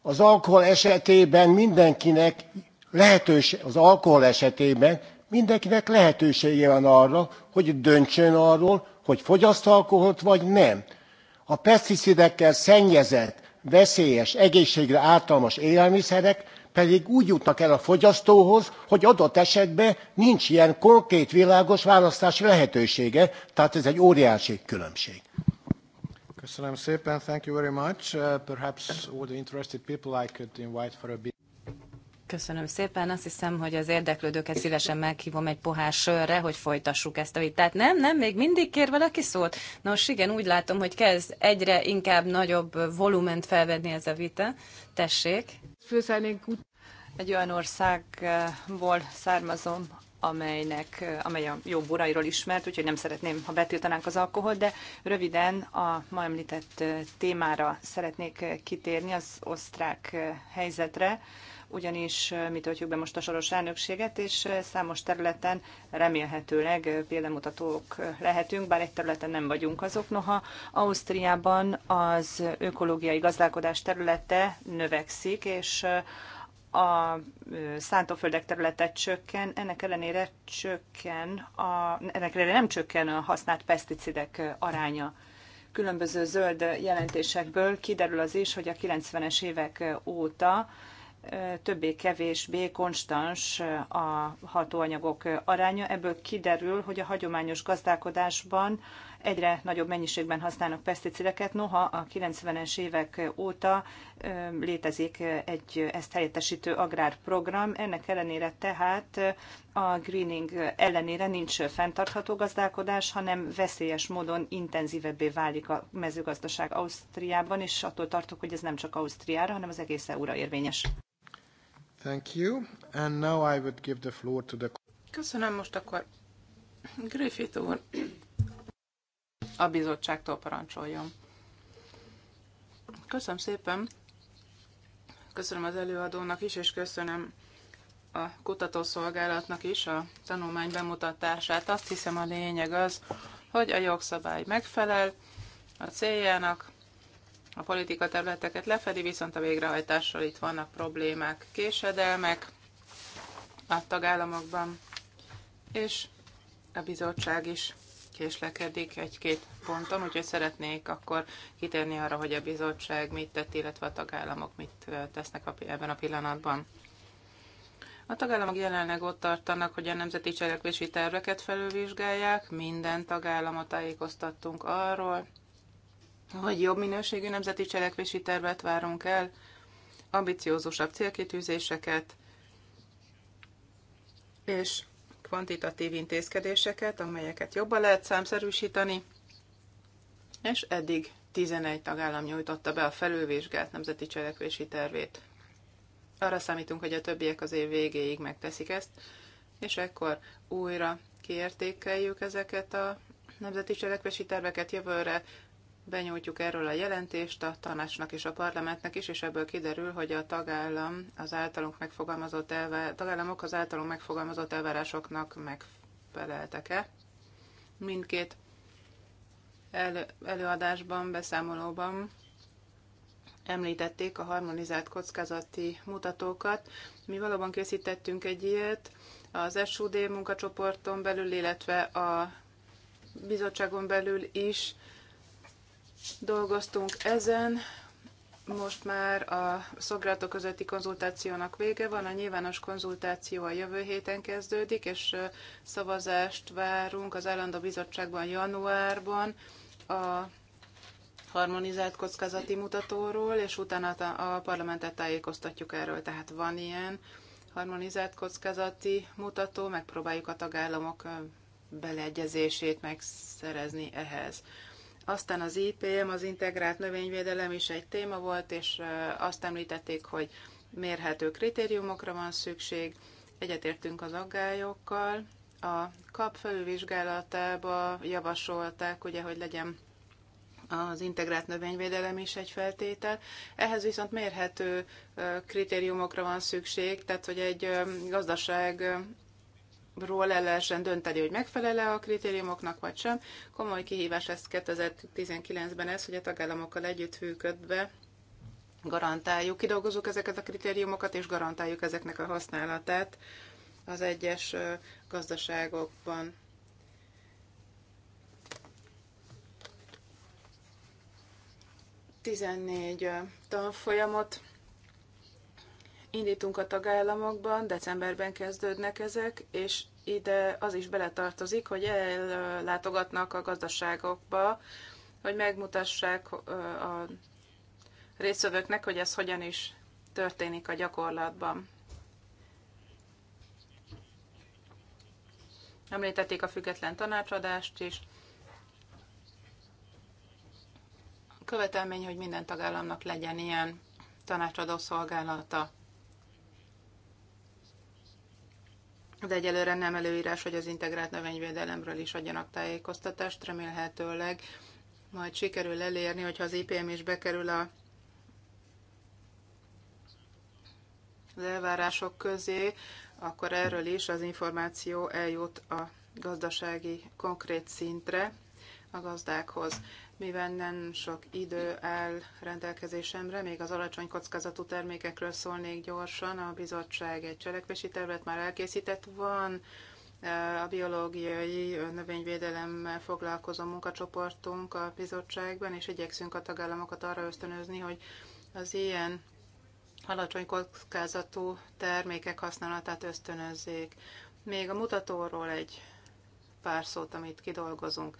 Az alkohol esetében mindenkinek lehetőség, az alkohol esetében mindenkinek lehetősége van arra, hogy döntsön arról, hogy fogyaszt alkoholt vagy nem a peszticidekkel szennyezett veszélyes egészségre ártalmas élelmiszerek pedig úgy jutnak el a fogyasztóhoz hogy adott esetben nincs ilyen konkrét világos választási lehetősége tehát ez egy óriási különbség. Köszönöm szépen, thank you very much. Uh, perhaps all the interested people I could invite for a bit. Köszönöm szépen. Azt hiszem, hogy az érdeklődőket szívesen meghívom egy pohár sörre, hogy folytassuk ezt a vitát. Nem, nem, még mindig kér valaki szót? Nos, igen, úgy látom, hogy kezd egyre inkább nagyobb volument felvenni ez a vita. Tessék. Főszernénk egy olyan országból származom, amelynek, amely a jó borairól ismert, úgyhogy nem szeretném, ha betiltanánk az alkoholt, de röviden a ma említett témára szeretnék kitérni, az osztrák helyzetre ugyanis mi töltjük be most a soros elnökséget, és számos területen remélhetőleg példamutatók lehetünk, bár egy területen nem vagyunk azok. Noha Ausztriában az ökológiai gazdálkodás területe növekszik, és a szántóföldek területe csökken, ennek ellenére csökken, a, ennek ellenére nem csökken a használt peszticidek aránya. Különböző zöld jelentésekből kiderül az is, hogy a 90-es évek óta többé-kevésbé konstans a hatóanyagok aránya. Ebből kiderül, hogy a hagyományos gazdálkodásban egyre nagyobb mennyiségben használnak peszticideket, noha a 90-es évek óta létezik egy ezt helyettesítő agrárprogram. Ennek ellenére tehát a greening ellenére nincs fenntartható gazdálkodás, hanem veszélyes módon intenzívebbé válik a mezőgazdaság Ausztriában, és attól tartok, hogy ez nem csak Ausztriára, hanem az egész EU-ra érvényes. Thank you. And now I would give the floor to the... Köszönöm most akkor Griffith úr a bizottságtól parancsoljon. Köszönöm szépen. Köszönöm az előadónak is, és köszönöm a kutatószolgálatnak is a tanulmány bemutatását. Azt hiszem a lényeg az, hogy a jogszabály megfelel a céljának, a politika területeket lefedi, viszont a végrehajtással itt vannak problémák, késedelmek a tagállamokban, és a bizottság is késlekedik egy-két ponton, úgyhogy szeretnék akkor kitérni arra, hogy a bizottság mit tett, illetve a tagállamok mit tesznek ebben a pillanatban. A tagállamok jelenleg ott tartanak, hogy a nemzeti cselekvési terveket felülvizsgálják, minden tagállamot tájékoztattunk arról, hogy jobb minőségű nemzeti cselekvési tervet várunk el, ambiciózusabb célkitűzéseket és kvantitatív intézkedéseket, amelyeket jobban lehet számszerűsíteni, és eddig 11 tagállam nyújtotta be a felülvizsgált nemzeti cselekvési tervét. Arra számítunk, hogy a többiek az év végéig megteszik ezt, és ekkor újra kiértékeljük ezeket a nemzeti cselekvési terveket jövőre, benyújtjuk erről a jelentést a tanácsnak és a parlamentnek is, és ebből kiderül, hogy a tagállam az általunk megfogalmazott elvá- tagállamok az általunk megfogalmazott elvárásoknak megfeleltek-e. Mindkét el, előadásban, beszámolóban említették a harmonizált kockázati mutatókat. Mi valóban készítettünk egy ilyet az SUD munkacsoporton belül, illetve a bizottságon belül is dolgoztunk ezen, most már a szolgálatok közötti konzultációnak vége van, a nyilvános konzultáció a jövő héten kezdődik, és szavazást várunk az állandó bizottságban januárban a harmonizált kockázati mutatóról, és utána a parlamentet tájékoztatjuk erről, tehát van ilyen harmonizált kockázati mutató, megpróbáljuk a tagállamok beleegyezését megszerezni ehhez. Aztán az IPM, az integrált növényvédelem is egy téma volt, és azt említették, hogy mérhető kritériumokra van szükség. Egyetértünk az aggályokkal. A kap felülvizsgálatába javasolták, ugye, hogy legyen az integrált növényvédelem is egy feltétel. Ehhez viszont mérhető kritériumokra van szükség, tehát hogy egy gazdaság ról el lehessen dönteni, hogy megfelele a kritériumoknak vagy sem. Komoly kihívás lesz 2019-ben ez, hogy a tagállamokkal együtt működve garantáljuk, kidolgozunk ezeket a kritériumokat, és garantáljuk ezeknek a használatát az egyes gazdaságokban. Tizennégy tanfolyamot indítunk a tagállamokban, decemberben kezdődnek ezek, és ide az is beletartozik, hogy ellátogatnak a gazdaságokba, hogy megmutassák a részvevőknek, hogy ez hogyan is történik a gyakorlatban. Említették a független tanácsadást is. Követelmény, hogy minden tagállamnak legyen ilyen tanácsadó szolgálata. de egyelőre nem előírás, hogy az integrált növényvédelemről is adjanak tájékoztatást, remélhetőleg majd sikerül elérni, hogyha az IPM is bekerül a az elvárások közé, akkor erről is az információ eljut a gazdasági konkrét szintre a gazdákhoz mivel nem sok idő áll rendelkezésemre, még az alacsony kockázatú termékekről szólnék gyorsan. A bizottság egy cselekvési tervet már elkészített. Van eh, a biológiai növényvédelemmel foglalkozó munkacsoportunk a bizottságban, és igyekszünk a tagállamokat arra ösztönözni, hogy az ilyen alacsony kockázatú termékek használatát ösztönözzék. Még a mutatóról egy pár szót, amit kidolgozunk.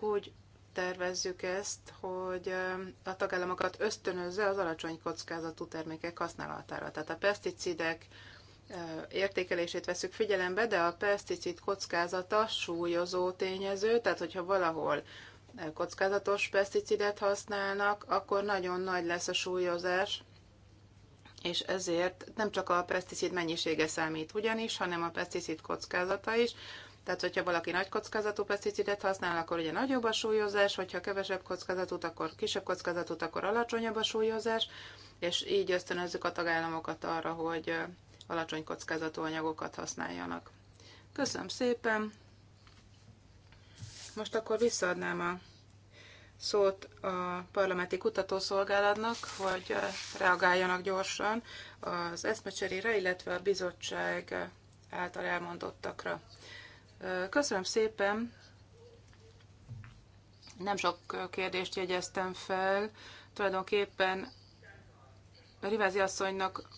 Úgy tervezzük ezt, hogy a tagállamokat ösztönözze az alacsony kockázatú termékek használatára. Tehát a peszticidek eh, értékelését veszük figyelembe, de a peszticid kockázata súlyozó tényező, tehát hogyha valahol eh, kockázatos peszticidet használnak, akkor nagyon nagy lesz a súlyozás, és ezért nem csak a peszticid mennyisége számít ugyanis, hanem a peszticid kockázata is, tehát, hogyha valaki nagy kockázatú peszticidet használ, akkor ugye nagyobb a súlyozás, hogyha kevesebb kockázatot, akkor kisebb kockázatot, akkor alacsonyabb a súlyozás, és így ösztönözzük a tagállamokat arra, hogy alacsony kockázatú anyagokat használjanak. Köszönöm szépen! Most akkor visszaadnám a szót a parlamenti kutatószolgálatnak, hogy reagáljanak gyorsan az eszmecserére, illetve a bizottság által elmondottakra. Köszönöm szépen. Nem sok kérdést jegyeztem fel. Tulajdonképpen Rivázi asszonynak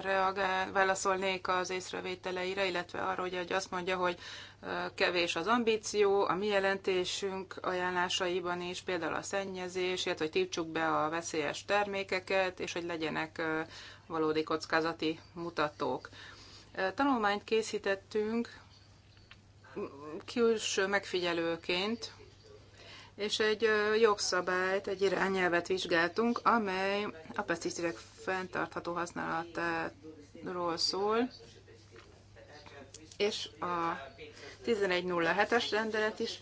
reagál, válaszolnék az észrevételeire, illetve arra, hogy azt mondja, hogy kevés az ambíció, a mi jelentésünk ajánlásaiban is, például a szennyezés, illetve hogy típtsuk be a veszélyes termékeket, és hogy legyenek valódi kockázati mutatók. Tanulmányt készítettünk külső megfigyelőként, és egy jogszabályt, egy irányelvet vizsgáltunk, amely a pesticidek fenntartható használatáról szól, és a 1107-es rendelet is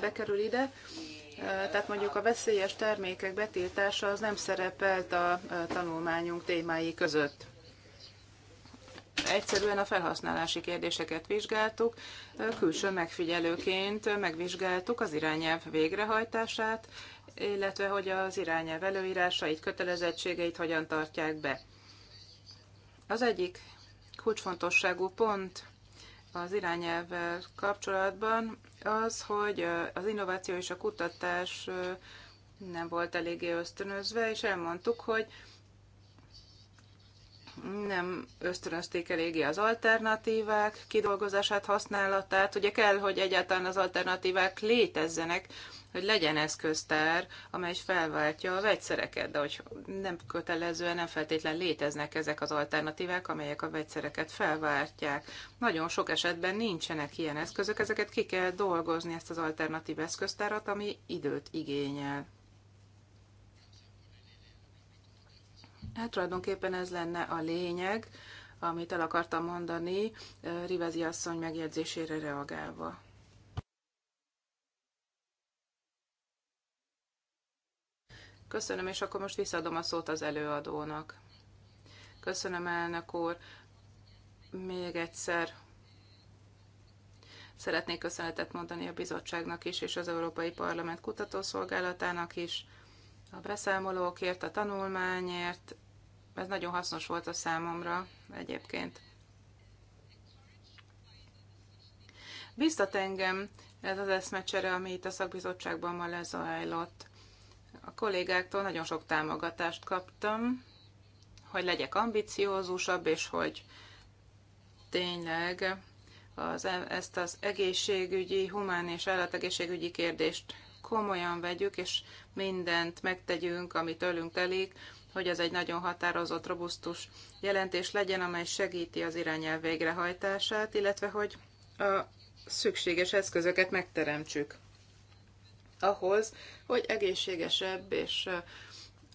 bekerül ide. Tehát mondjuk a veszélyes termékek betiltása az nem szerepelt a tanulmányunk témái között egyszerűen a felhasználási kérdéseket vizsgáltuk, külső megfigyelőként megvizsgáltuk az irányelv végrehajtását, illetve hogy az irányelv előírásait, kötelezettségeit hogyan tartják be. Az egyik kulcsfontosságú pont az irányelvvel kapcsolatban az, hogy az innováció és a kutatás nem volt eléggé ösztönözve, és elmondtuk, hogy nem ösztönözték eléggé az alternatívák kidolgozását, használatát. Ugye kell, hogy egyáltalán az alternatívák létezzenek, hogy legyen eszköztár, amely felváltja a vegyszereket, de hogy nem kötelezően, nem feltétlen léteznek ezek az alternatívák, amelyek a vegyszereket felváltják. Nagyon sok esetben nincsenek ilyen eszközök, ezeket ki kell dolgozni, ezt az alternatív eszköztárat, ami időt igényel. Hát tulajdonképpen ez lenne a lényeg, amit el akartam mondani Rivezi asszony megjegyzésére reagálva. Köszönöm, és akkor most visszadom a szót az előadónak. Köszönöm, elnök úr. Még egyszer szeretnék köszönetet mondani a bizottságnak is, és az Európai Parlament kutatószolgálatának is, a beszámolókért, a tanulmányért, ez nagyon hasznos volt a számomra egyébként. Biztat engem ez az eszmecsere, ami itt a szakbizottságban ma lezajlott. A kollégáktól nagyon sok támogatást kaptam, hogy legyek ambiciózusabb, és hogy tényleg az, e- ezt az egészségügyi, humán és állategészségügyi kérdést komolyan vegyük, és mindent megtegyünk, amit tőlünk telik, hogy ez egy nagyon határozott, robusztus jelentés legyen, amely segíti az irányelv végrehajtását, illetve hogy a szükséges eszközöket megteremtsük ahhoz, hogy egészségesebb és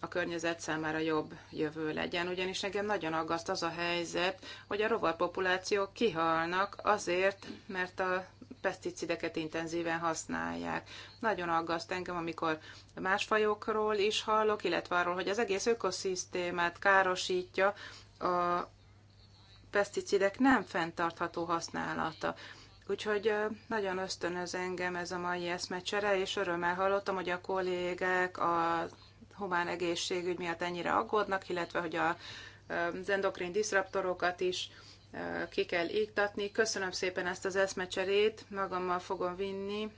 a környezet számára jobb jövő legyen. Ugyanis engem nagyon aggaszt az a helyzet, hogy a rovarpopulációk kihalnak azért, mert a peszticideket intenzíven használják. Nagyon aggaszt engem, amikor más fajokról is hallok, illetve arról, hogy az egész ökoszisztémát károsítja a peszticidek nem fenntartható használata. Úgyhogy nagyon ösztönöz engem ez a mai eszmecsere, és örömmel hallottam, hogy a kollégek a humán egészségügy miatt ennyire aggódnak, illetve hogy a, az endokrin diszraptorokat is ki kell iktatni. Köszönöm szépen ezt az eszmecserét, magammal fogom vinni,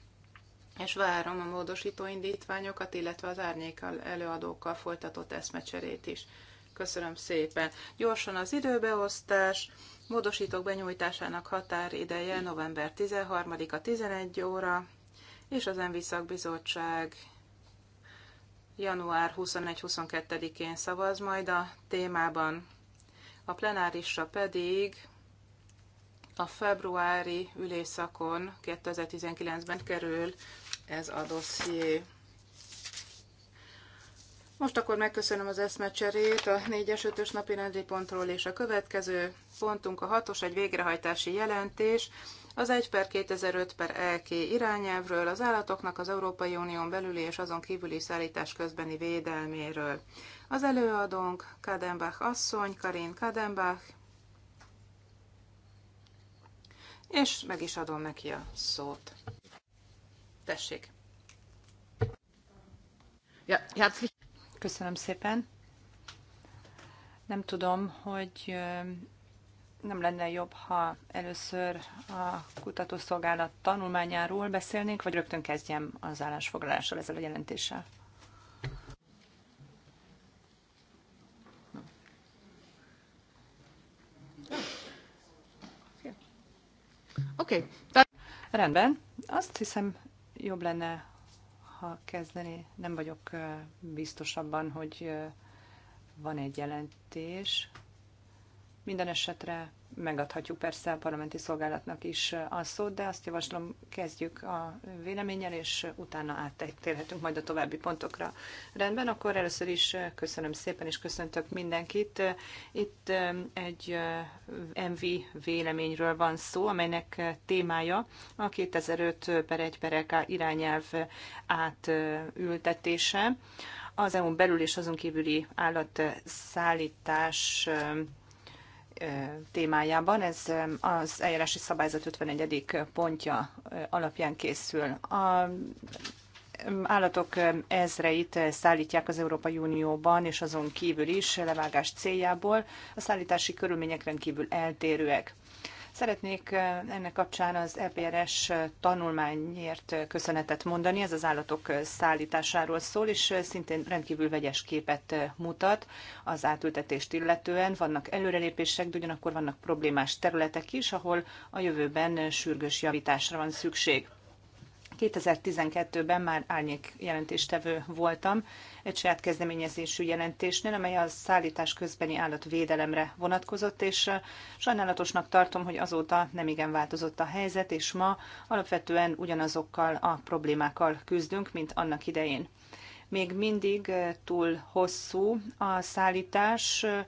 és várom a módosító indítványokat, illetve az árnyékkal előadókkal folytatott eszmecserét is. Köszönöm szépen. Gyorsan az időbeosztás. Módosítók benyújtásának határideje november 13-a 11 óra, és az ENVI szakbizottság január 21-22-én szavaz majd a témában a plenárisra pedig a februári ülésszakon 2019-ben kerül ez a dosszié. Most akkor megköszönöm az eszmecserét a 4-es, 5-ös napi rendi pontról, és a következő pontunk a 6-os, egy végrehajtási jelentés, az 1 per 2005 per LK irányelvről, az állatoknak az Európai Unión belüli és azon kívüli szállítás közbeni védelméről. Az előadónk Kadenbach asszony, Karin Kadenbach, és meg is adom neki a szót. Tessék! Ja, herzlich. Köszönöm szépen. Nem tudom, hogy nem lenne jobb, ha először a kutatószolgálat tanulmányáról beszélnénk, vagy rögtön kezdjem az állásfoglalással ezzel a jelentéssel. Oké. Okay. De... Rendben. Azt hiszem, jobb lenne, ha kezdeni. Nem vagyok biztosabban, hogy van egy jelentés. Minden esetre megadhatjuk persze a parlamenti szolgálatnak is a szót, de azt javaslom, kezdjük a véleménnyel, és utána áttérhetünk majd a további pontokra. Rendben, akkor először is köszönöm szépen, és köszöntök mindenkit. Itt egy MV véleményről van szó, amelynek témája a 2005 per 1 per LK irányelv átültetése. Az EU-n belül és azon kívüli állatszállítás témájában. Ez az eljárási szabályzat 51. pontja alapján készül. A állatok ezreit szállítják az Európai Unióban és azon kívül is levágás céljából. A szállítási körülmények rendkívül eltérőek. Szeretnék ennek kapcsán az EPRS tanulmányért köszönetet mondani. Ez az állatok szállításáról szól, és szintén rendkívül vegyes képet mutat az átültetést illetően. Vannak előrelépések, de ugyanakkor vannak problémás területek is, ahol a jövőben sürgős javításra van szükség. 2012-ben már árnyék jelentéstevő voltam egy saját kezdeményezésű jelentésnél, amely a szállítás közbeni állatvédelemre vonatkozott, és eh, sajnálatosnak tartom, hogy azóta nem igen változott a helyzet, és ma alapvetően ugyanazokkal a problémákkal küzdünk, mint annak idején. Még mindig eh, túl hosszú a szállítás, eh,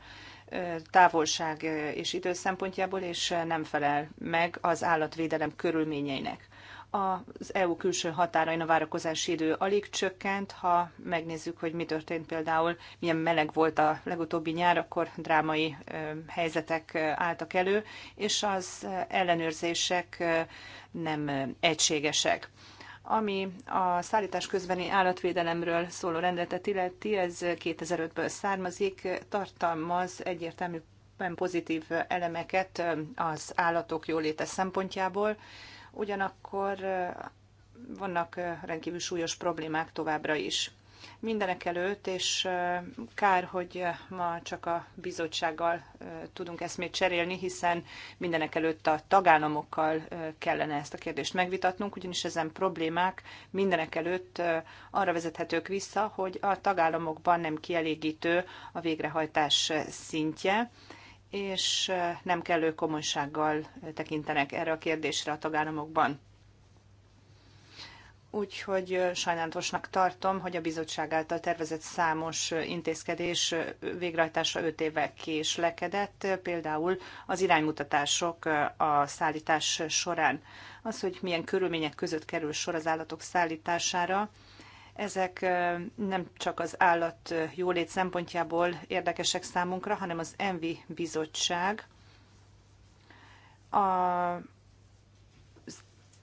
távolság és idő szempontjából, és nem felel meg az állatvédelem körülményeinek az EU külső határain a várakozási idő alig csökkent. Ha megnézzük, hogy mi történt például, milyen meleg volt a legutóbbi nyár, akkor drámai helyzetek álltak elő, és az ellenőrzések nem egységesek. Ami a szállítás közbeni állatvédelemről szóló rendeletet illeti, ez 2005-ből származik, tartalmaz egyértelműen pozitív elemeket az állatok jóléte szempontjából, ugyanakkor vannak rendkívül súlyos problémák továbbra is. Mindenek előtt, és kár, hogy ma csak a bizottsággal tudunk eszmét cserélni, hiszen mindenek előtt a tagállamokkal kellene ezt a kérdést megvitatnunk, ugyanis ezen problémák mindenek előtt arra vezethetők vissza, hogy a tagállamokban nem kielégítő a végrehajtás szintje, és nem kellő komolysággal tekintenek erre a kérdésre a tagállamokban. Úgyhogy sajnálatosnak tartom, hogy a bizottság által tervezett számos intézkedés végrehajtása 5 évvel késlekedett, például az iránymutatások a szállítás során. Az, hogy milyen körülmények között kerül sor az állatok szállítására, ezek nem csak az állat jólét szempontjából érdekesek számunkra, hanem az Envi Bizottság a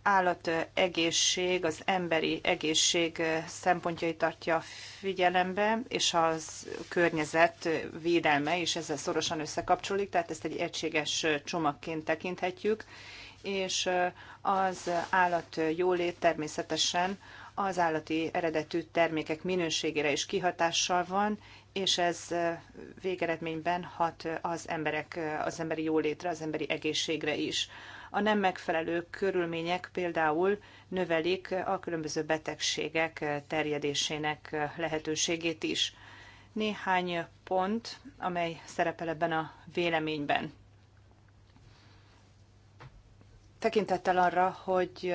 állat egészség, az emberi egészség szempontjai tartja figyelembe, és az környezet védelme is ezzel szorosan összekapcsolódik, tehát ezt egy egységes csomagként tekinthetjük, és az állat jólét természetesen az állati eredetű termékek minőségére is kihatással van, és ez végeredményben hat az, emberek, az emberi jólétre, az emberi egészségre is. A nem megfelelő körülmények például növelik a különböző betegségek terjedésének lehetőségét is. Néhány pont, amely szerepel ebben a véleményben. Tekintettel arra, hogy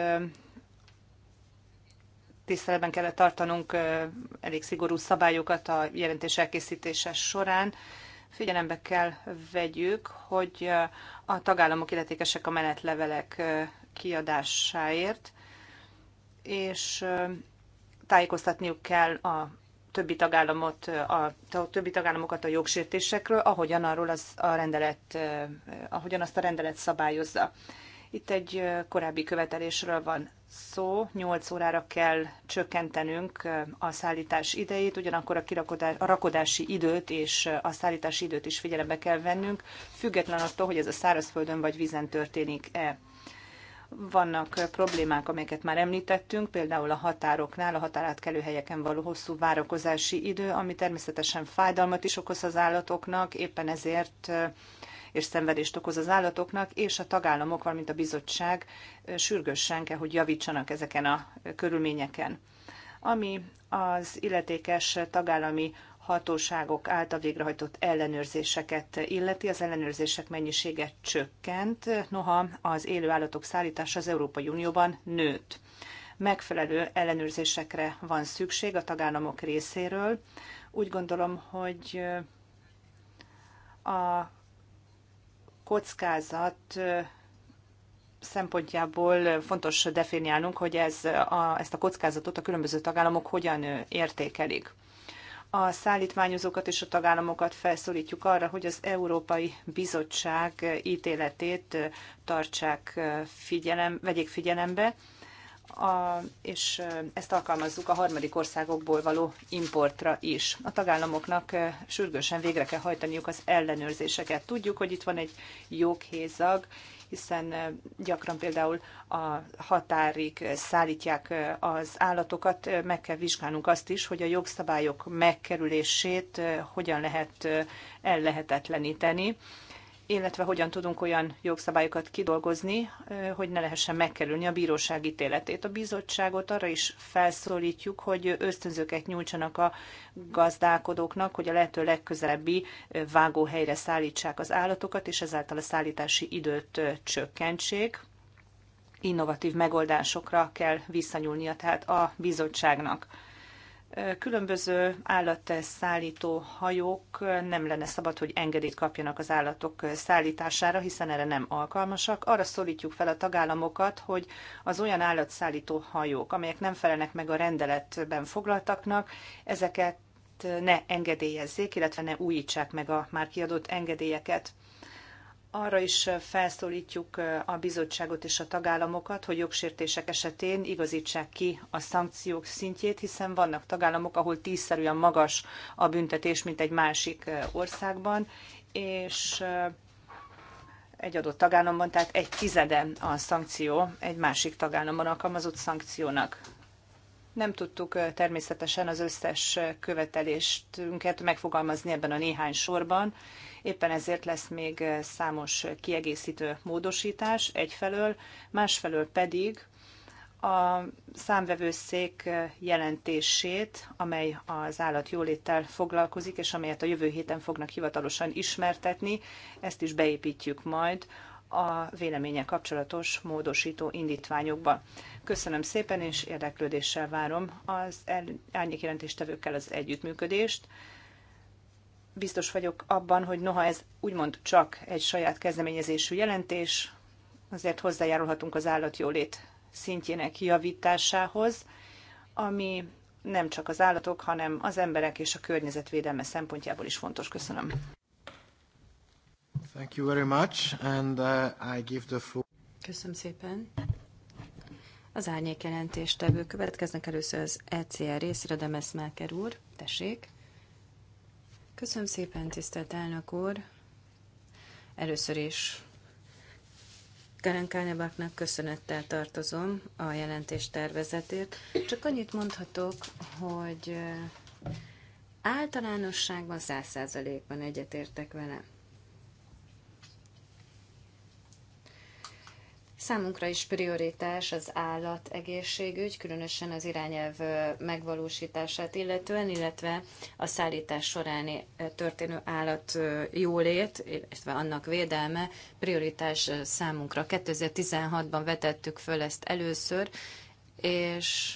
tiszteletben kellett tartanunk elég szigorú szabályokat a jelentés elkészítése során. Figyelembe kell vegyük, hogy a tagállamok illetékesek a menetlevelek kiadásáért, és tájékoztatniuk kell a többi, tagállamot, a, a többi tagállamokat a jogsértésekről, ahogyan, arról az, a rendelet, ahogyan azt a rendelet szabályozza. Itt egy korábbi követelésről van szó, 8 órára kell csökkentenünk a szállítás idejét, ugyanakkor a, kirakodás, a rakodási időt és a szállítási időt is figyelembe kell vennünk, független attól, hogy ez a szárazföldön vagy vízen történik-e. Vannak problémák, amelyeket már említettünk, például a határoknál, a határátkelő helyeken való hosszú várakozási idő, ami természetesen fájdalmat is okoz az állatoknak, éppen ezért és szenvedést okoz az állatoknak, és a tagállamok, valamint a bizottság sürgősen kell, hogy javítsanak ezeken a körülményeken. Ami az illetékes tagállami hatóságok által végrehajtott ellenőrzéseket illeti. Az ellenőrzések mennyisége csökkent, noha az élő állatok szállítása az Európai Unióban nőtt. Megfelelő ellenőrzésekre van szükség a tagállamok részéről. Úgy gondolom, hogy a kockázat szempontjából fontos definiálnunk, hogy ez a, ezt a kockázatot a különböző tagállamok hogyan értékelik. A szállítmányozókat és a tagállamokat felszólítjuk arra, hogy az Európai Bizottság ítéletét tartsák figyelem, vegyék figyelembe, a, és ezt alkalmazzuk a harmadik országokból való importra is. A tagállamoknak sürgősen végre kell hajtaniuk az ellenőrzéseket. Tudjuk, hogy itt van egy joghézag, hiszen gyakran például a határig szállítják az állatokat, meg kell vizsgálnunk azt is, hogy a jogszabályok megkerülését hogyan lehet ellehetetleníteni illetve hogyan tudunk olyan jogszabályokat kidolgozni, hogy ne lehessen megkerülni a bíróság ítéletét. A bizottságot arra is felszólítjuk, hogy ösztönzőket nyújtsanak a gazdálkodóknak, hogy a lehető legközelebbi vágóhelyre szállítsák az állatokat, és ezáltal a szállítási időt csökkentsék. Innovatív megoldásokra kell visszanyúlnia tehát a bizottságnak különböző állatszállító hajók nem lenne szabad, hogy engedélyt kapjanak az állatok szállítására, hiszen erre nem alkalmasak. Arra szólítjuk fel a tagállamokat, hogy az olyan állatszállító hajók, amelyek nem felelnek meg a rendeletben foglaltaknak, ezeket ne engedélyezzék, illetve ne újítsák meg a már kiadott engedélyeket arra is felszólítjuk a bizottságot és a tagállamokat, hogy jogsértések esetén igazítsák ki a szankciók szintjét, hiszen vannak tagállamok, ahol tízszerűen magas a büntetés, mint egy másik országban, és egy adott tagállamban, tehát egy tizede a szankció egy másik tagállamban alkalmazott szankciónak. Nem tudtuk természetesen az összes követelésünket megfogalmazni ebben a néhány sorban, Éppen ezért lesz még eh, számos kiegészítő módosítás egyfelől, másfelől pedig a számvevőszék eh, jelentését, amely az állatjóléttel foglalkozik, és amelyet a jövő héten fognak hivatalosan ismertetni, ezt is beépítjük majd a véleménye kapcsolatos módosító indítványokba. Köszönöm szépen, és érdeklődéssel várom az árnyékjelentéstevőkkel az együttműködést, biztos vagyok abban, hogy noha ez úgymond csak egy saját kezdeményezésű jelentés, azért hozzájárulhatunk az állatjólét szintjének javításához, ami nem csak az állatok, hanem az emberek és a környezetvédelme szempontjából is fontos. Köszönöm. Thank you very much, and uh, I give the floor. Köszönöm szépen. Az árnyék jelentéstevő következnek először az ECR részre de Meszmelker úr, tessék. Köszönöm szépen, tisztelt elnök úr. Először is Karen Kánebaknak köszönettel tartozom a jelentés tervezetért. Csak annyit mondhatok, hogy általánosságban száz százalékban egyetértek vele. Számunkra is prioritás az állat egészségügy, különösen az irányelv megvalósítását illetően, illetve a szállítás során történő állat jólét, illetve annak védelme prioritás számunkra. 2016-ban vetettük föl ezt először, és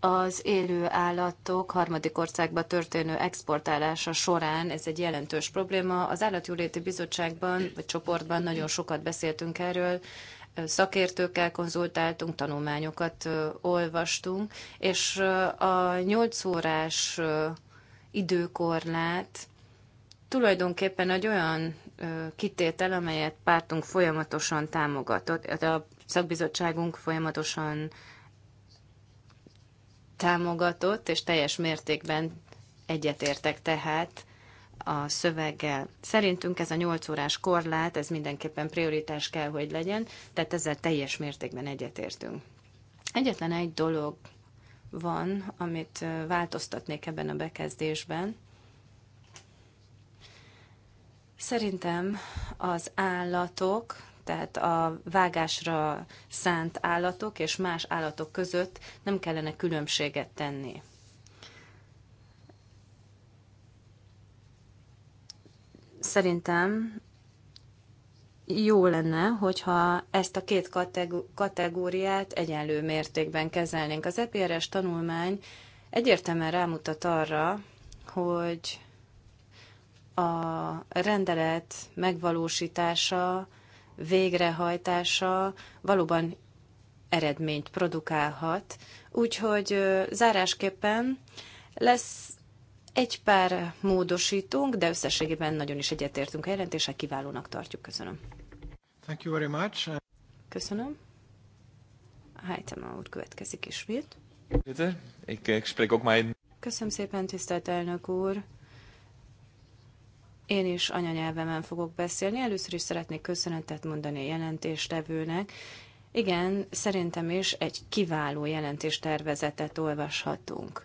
az élő állatok harmadik országba történő exportálása során ez egy jelentős probléma. Az Állatjóléti Bizottságban vagy csoportban nagyon sokat beszéltünk erről, szakértőkkel konzultáltunk, tanulmányokat olvastunk, és a 8 órás időkorlát tulajdonképpen egy olyan kitétel, amelyet pártunk folyamatosan támogatott, a szakbizottságunk folyamatosan támogatott, és teljes mértékben egyetértek tehát a szöveggel. Szerintünk ez a 8 órás korlát, ez mindenképpen prioritás kell, hogy legyen, tehát ezzel teljes mértékben egyetértünk. Egyetlen egy dolog van, amit változtatnék ebben a bekezdésben. Szerintem az állatok tehát a vágásra szánt állatok és más állatok között nem kellene különbséget tenni. Szerintem jó lenne, hogyha ezt a két kategóriát egyenlő mértékben kezelnénk. Az EPRS tanulmány egyértelműen rámutat arra, hogy a rendelet megvalósítása végrehajtása valóban eredményt produkálhat. Úgyhogy zárásképpen lesz egy pár módosítunk, de összességében nagyon is egyetértünk a jelentéssel, kiválónak tartjuk. Köszönöm. Thank you very much. Köszönöm. Hájtama úr következik ismét. Eh, Köszönöm szépen, tisztelt elnök úr. Én is anyanyelvemen fogok beszélni. Először is szeretnék köszönetet mondani a jelentéstevőnek. Igen, szerintem is egy kiváló jelentéstervezetet olvashatunk.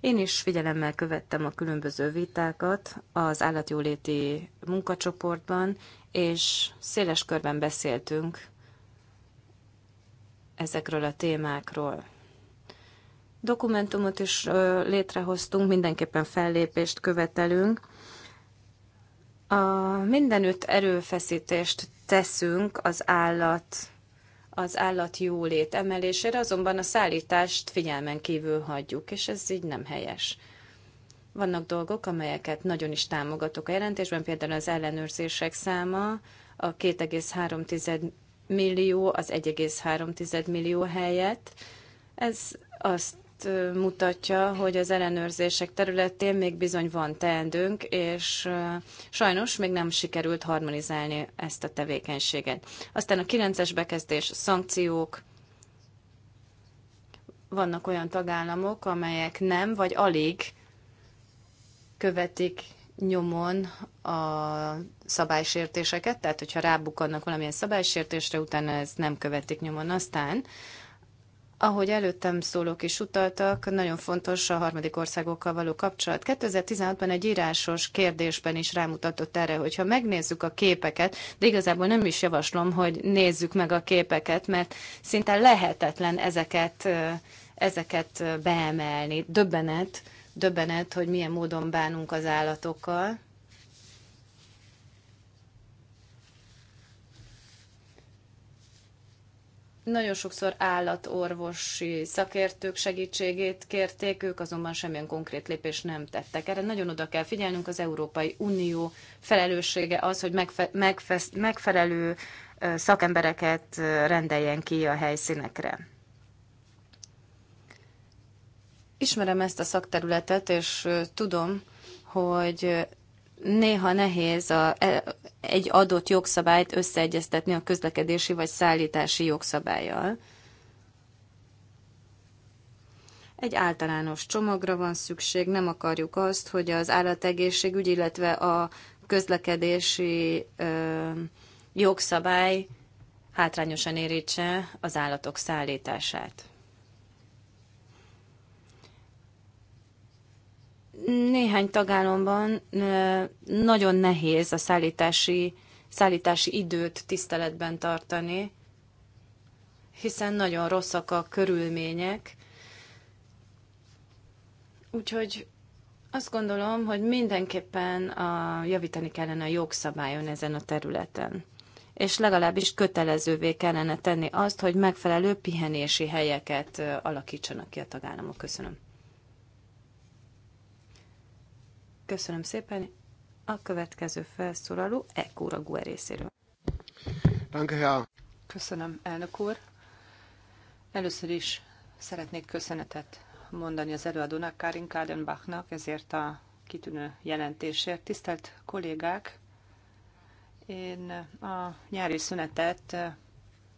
Én is figyelemmel követtem a különböző vitákat az állatjóléti munkacsoportban, és széles körben beszéltünk ezekről a témákról. Dokumentumot is létrehoztunk, mindenképpen fellépést követelünk a mindenütt erőfeszítést teszünk az állat az állat jólét emelésére, azonban a szállítást figyelmen kívül hagyjuk, és ez így nem helyes. Vannak dolgok, amelyeket nagyon is támogatok a jelentésben, például az ellenőrzések száma, a 2,3 millió az 1,3 millió helyett. Ez azt azt mutatja, hogy az ellenőrzések területén még bizony van teendőnk, és sajnos még nem sikerült harmonizálni ezt a tevékenységet. Aztán a 9-es bekezdés, szankciók, vannak olyan tagállamok, amelyek nem vagy alig követik nyomon a szabálysértéseket, tehát hogyha rábukkannak valamilyen szabálysértésre, utána ez nem követik nyomon. Aztán ahogy előttem szólók is utaltak, nagyon fontos a harmadik országokkal való kapcsolat. 2016-ban egy írásos kérdésben is rámutatott erre, hogyha megnézzük a képeket, de igazából nem is javaslom, hogy nézzük meg a képeket, mert szinte lehetetlen ezeket, ezeket beemelni. Döbbenet, döbbenet, hogy milyen módon bánunk az állatokkal. Nagyon sokszor állatorvosi szakértők segítségét kérték, ők azonban semmilyen konkrét lépést nem tettek. Erre nagyon oda kell figyelnünk, az Európai Unió felelőssége az, hogy megfe- megfelelő szakembereket rendeljen ki a helyszínekre. Ismerem ezt a szakterületet, és tudom, hogy néha nehéz a, e, egy adott jogszabályt összeegyeztetni a közlekedési vagy szállítási jogszabályjal. Egy általános csomagra van szükség, nem akarjuk azt, hogy az állategészségügy, illetve a közlekedési ö, jogszabály hátrányosan érítse az állatok szállítását. Néhány tagállamban nagyon nehéz a szállítási, szállítási időt tiszteletben tartani, hiszen nagyon rosszak a körülmények. Úgyhogy azt gondolom, hogy mindenképpen a, javítani kellene a jogszabályon ezen a területen. És legalábbis kötelezővé kellene tenni azt, hogy megfelelő pihenési helyeket alakítsanak ki a tagállamok. Köszönöm. Köszönöm szépen. A következő felszólaló Ekkóra Gue részéről. Köszönöm, elnök úr. Először is szeretnék köszönetet mondani az előadónak, Karin Kadenbachnak ezért a kitűnő jelentésért. Tisztelt kollégák, én a nyári szünetet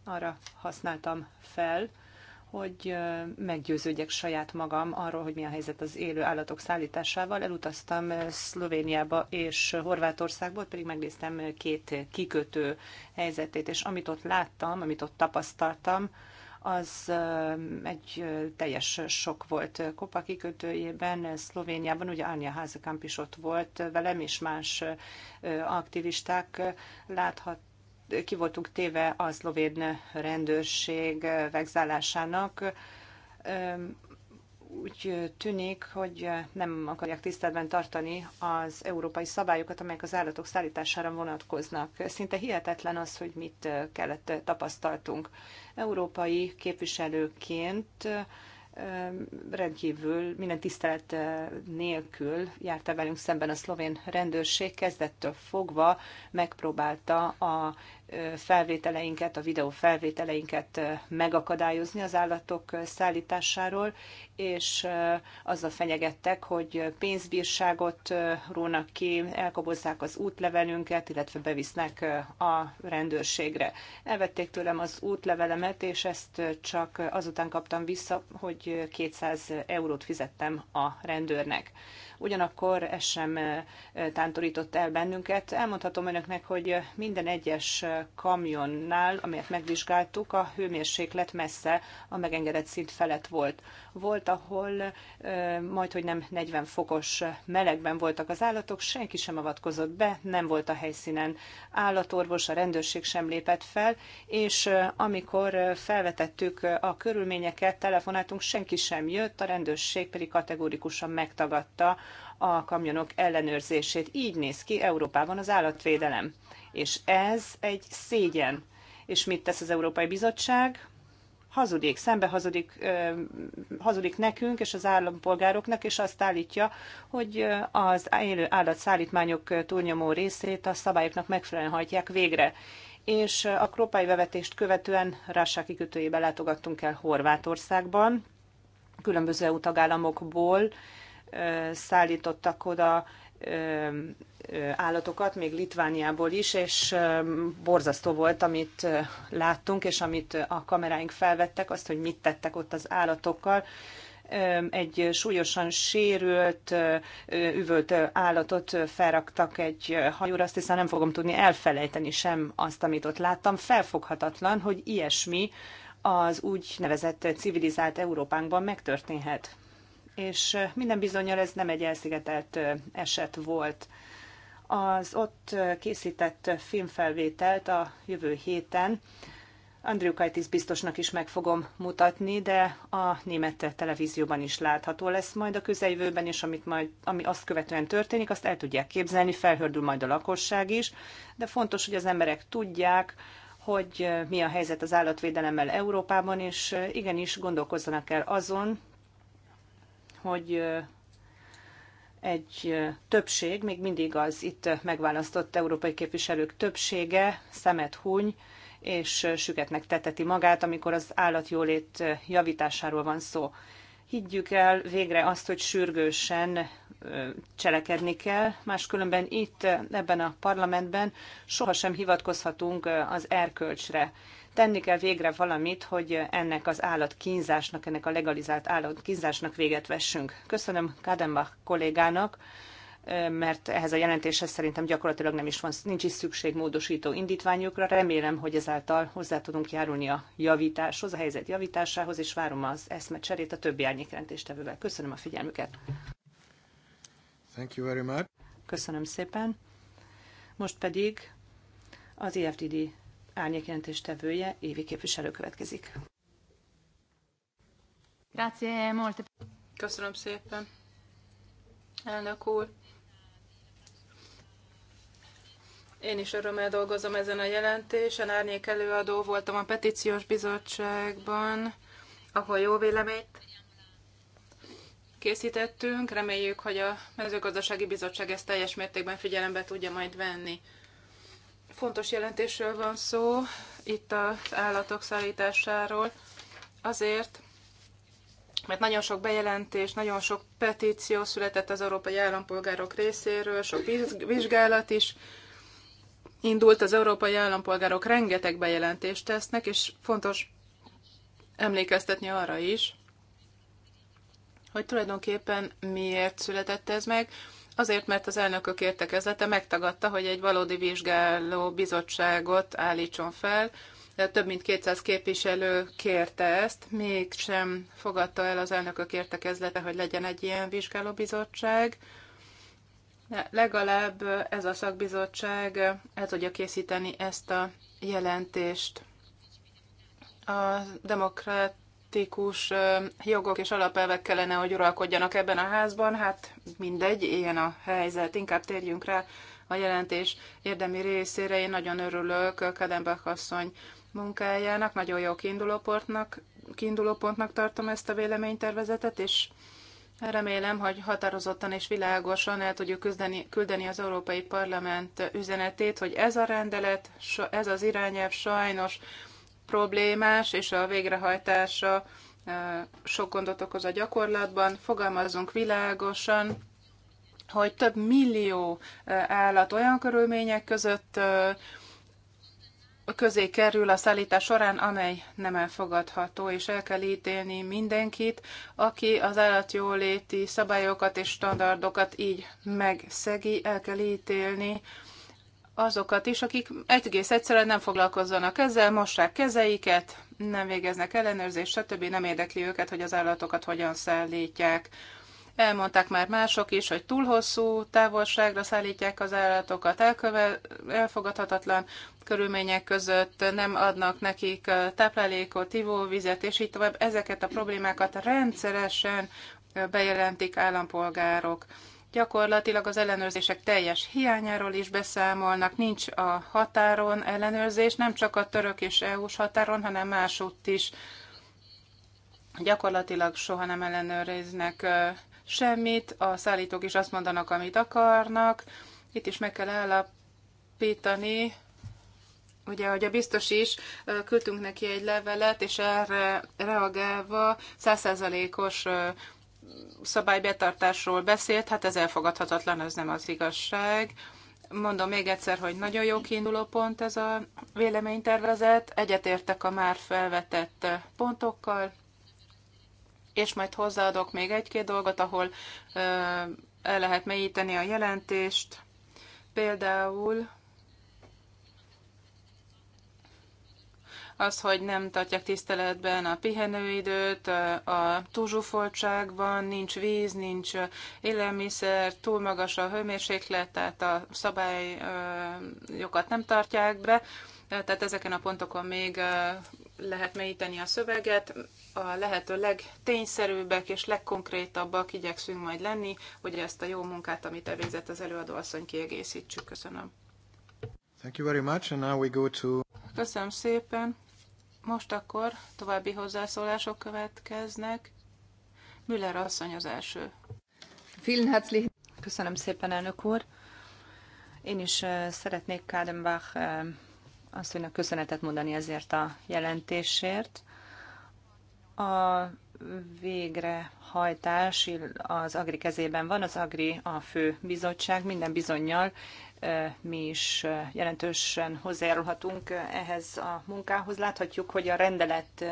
arra használtam fel, hogy meggyőződjek saját magam arról, hogy mi a helyzet az élő állatok szállításával. Elutaztam Szlovéniába és Horvátországból, pedig megnéztem két kikötő helyzetét, és amit ott láttam, amit ott tapasztaltam, az egy teljes sok volt. Kopa kikötőjében, Szlovéniában, ugye Árnya Házakamp is ott volt velem, és más aktivisták láthat, ki voltunk téve a szlovén rendőrség vegzálásának. Úgy tűnik, hogy nem akarják tiszteletben tartani az európai szabályokat, amelyek az állatok szállítására vonatkoznak. Szinte hihetetlen az, hogy mit kellett tapasztaltunk. Európai képviselőként rendkívül minden tisztelet nélkül járta velünk szemben a szlovén rendőrség, kezdettől fogva megpróbálta a felvételeinket, a videó felvételeinket megakadályozni az állatok szállításáról, és azzal fenyegettek, hogy pénzbírságot rónak ki, elkobozzák az útlevelünket, illetve bevisznek a rendőrségre. Elvették tőlem az útlevelemet, és ezt csak azután kaptam vissza, hogy 200 eurót fizettem a rendőrnek ugyanakkor ez sem tántorított el bennünket. Elmondhatom önöknek, hogy minden egyes kamionnál, amelyet megvizsgáltuk, a hőmérséklet messze a megengedett szint felett volt. Volt, ahol majd, hogy nem 40 fokos melegben voltak az állatok, senki sem avatkozott be, nem volt a helyszínen állatorvos, a rendőrség sem lépett fel, és amikor felvetettük a körülményeket, telefonáltunk, senki sem jött, a rendőrség pedig kategórikusan megtagadta a kamionok ellenőrzését. Így néz ki Európában az állatvédelem. És ez egy szégyen. És mit tesz az Európai Bizottság? hazudik, szembe hazudik, hazudik nekünk és az állampolgároknak, és azt állítja, hogy az élő állatszállítmányok túlnyomó részét a szabályoknak megfelelően hajtják végre. És a krópai bevetést követően Rássá kikötőjébe látogattunk el Horvátországban, különböző utagállamokból, szállítottak oda állatokat, még Litvániából is, és borzasztó volt, amit láttunk, és amit a kameráink felvettek, azt, hogy mit tettek ott az állatokkal. Egy súlyosan sérült, üvölt állatot felraktak egy hajóra, azt hiszen nem fogom tudni elfelejteni sem azt, amit ott láttam. Felfoghatatlan, hogy ilyesmi az úgynevezett civilizált Európánkban megtörténhet és minden bizonyal ez nem egy elszigetelt eset volt. Az ott készített filmfelvételt a jövő héten Andrew Kajtis biztosnak is meg fogom mutatni, de a német televízióban is látható lesz majd a közeljövőben, és amit majd, ami azt követően történik, azt el tudják képzelni, felhördül majd a lakosság is, de fontos, hogy az emberek tudják, hogy mi a helyzet az állatvédelemmel Európában, és igenis gondolkozzanak el azon, hogy egy többség, még mindig az itt megválasztott európai képviselők többsége szemet huny, és süketnek teteti magát, amikor az állatjólét javításáról van szó. Higgyük el végre azt, hogy sürgősen cselekedni kell, máskülönben itt, ebben a parlamentben sohasem hivatkozhatunk az erkölcsre tenni kell végre valamit, hogy ennek az állatkínzásnak, ennek a legalizált állatkínzásnak véget vessünk. Köszönöm Kadenbach kollégának, mert ehhez a jelentéshez szerintem gyakorlatilag nem is van, nincs is szükség módosító indítványokra. Remélem, hogy ezáltal hozzá tudunk járulni a javításhoz, a helyzet javításához, és várom az eszmecserét a többi árnyékrendéstevővel. Köszönöm a figyelmüket! Thank you very much. Köszönöm szépen. Most pedig az EFTD árnyékjelentés tevője, Évi képviselő következik. Grazie Köszönöm szépen, elnök úr. Én is örömmel dolgozom ezen a jelentésen. Árnyék előadó voltam a petíciós bizottságban, ahol jó véleményt készítettünk. Reméljük, hogy a mezőgazdasági bizottság ezt teljes mértékben figyelembe tudja majd venni. Fontos jelentésről van szó, itt az állatok szállításáról, azért, mert nagyon sok bejelentés, nagyon sok petíció született az európai állampolgárok részéről, sok vizsgálat is indult, az európai állampolgárok rengeteg bejelentést tesznek, és fontos emlékeztetni arra is, hogy tulajdonképpen miért született ez meg, Azért, mert az elnökök értekezlete megtagadta, hogy egy valódi vizsgáló bizottságot állítson fel. Több mint 200 képviselő kérte ezt, mégsem fogadta el az elnökök értekezlete, hogy legyen egy ilyen bizottság. Legalább ez a szakbizottság el tudja készíteni ezt a jelentést. A demokrát demokratikus jogok és alapelvek kellene, hogy uralkodjanak ebben a házban. Hát mindegy, ilyen a helyzet. Inkább térjünk rá a jelentés érdemi részére. Én nagyon örülök Kadenbach asszony munkájának, nagyon jó kiindulópontnak, kiindulópontnak tartom ezt a véleménytervezetet, és remélem, hogy határozottan és világosan el tudjuk küzdeni, küldeni az Európai Parlament üzenetét, hogy ez a rendelet, ez az irányelv sajnos problémás, és a végrehajtása eh, sok gondot okoz a gyakorlatban. Fogalmazzunk világosan, hogy több millió eh, állat olyan körülmények között eh, közé kerül a szállítás során, amely nem elfogadható, és el kell ítélni mindenkit, aki az állatjóléti szabályokat és standardokat így megszegi, el kell ítélni azokat is, akik egész egyszerűen nem foglalkozzanak ezzel, mossák kezeiket, nem végeznek ellenőrzést, stb. nem érdekli őket, hogy az állatokat hogyan szállítják. Elmondták már mások is, hogy túl hosszú távolságra szállítják az állatokat, elköve, elfogadhatatlan körülmények között nem adnak nekik táplálékot, ivóvizet, és így tovább. Ezeket a problémákat rendszeresen bejelentik állampolgárok gyakorlatilag az ellenőrzések teljes hiányáról is beszámolnak, nincs a határon ellenőrzés, nem csak a török és EU-s határon, hanem másútt is. Gyakorlatilag soha nem ellenőriznek semmit, a szállítók is azt mondanak, amit akarnak. Itt is meg kell állapítani, ugye, hogy a biztos is küldtünk neki egy levelet, és erre reagálva százszerzalékos szabálybetartásról beszélt, hát ez elfogadhatatlan, ez nem az igazság. Mondom még egyszer, hogy nagyon jó kiinduló pont ez a véleménytervezet, egyetértek a már felvetett pontokkal, és majd hozzáadok még egy-két dolgot, ahol el lehet mélyíteni a jelentést. Például az, hogy nem tartják tiszteletben a pihenőidőt, a túlzsúfoltságban nincs víz, nincs élelmiszer, túl magas a hőmérséklet, tehát a szabályokat nem tartják be. Tehát ezeken a pontokon még lehet mélyíteni a szöveget, a lehető legtényszerűbbek és legkonkrétabbak igyekszünk majd lenni, hogy ezt a jó munkát, amit elvégzett az előadó asszony, kiegészítsük. Köszönöm. Thank you very much, and now we go to... Köszönöm szépen. Most akkor további hozzászólások következnek. Müller asszony az első. Köszönöm szépen, elnök úr. Én is szeretnék Kádenbach asszonynak köszönetet mondani ezért a jelentésért. A végrehajtás az Agri kezében van, az Agri a fő bizottság, minden bizonyal mi is jelentősen hozzájárulhatunk ehhez a munkához. Láthatjuk, hogy a rendelet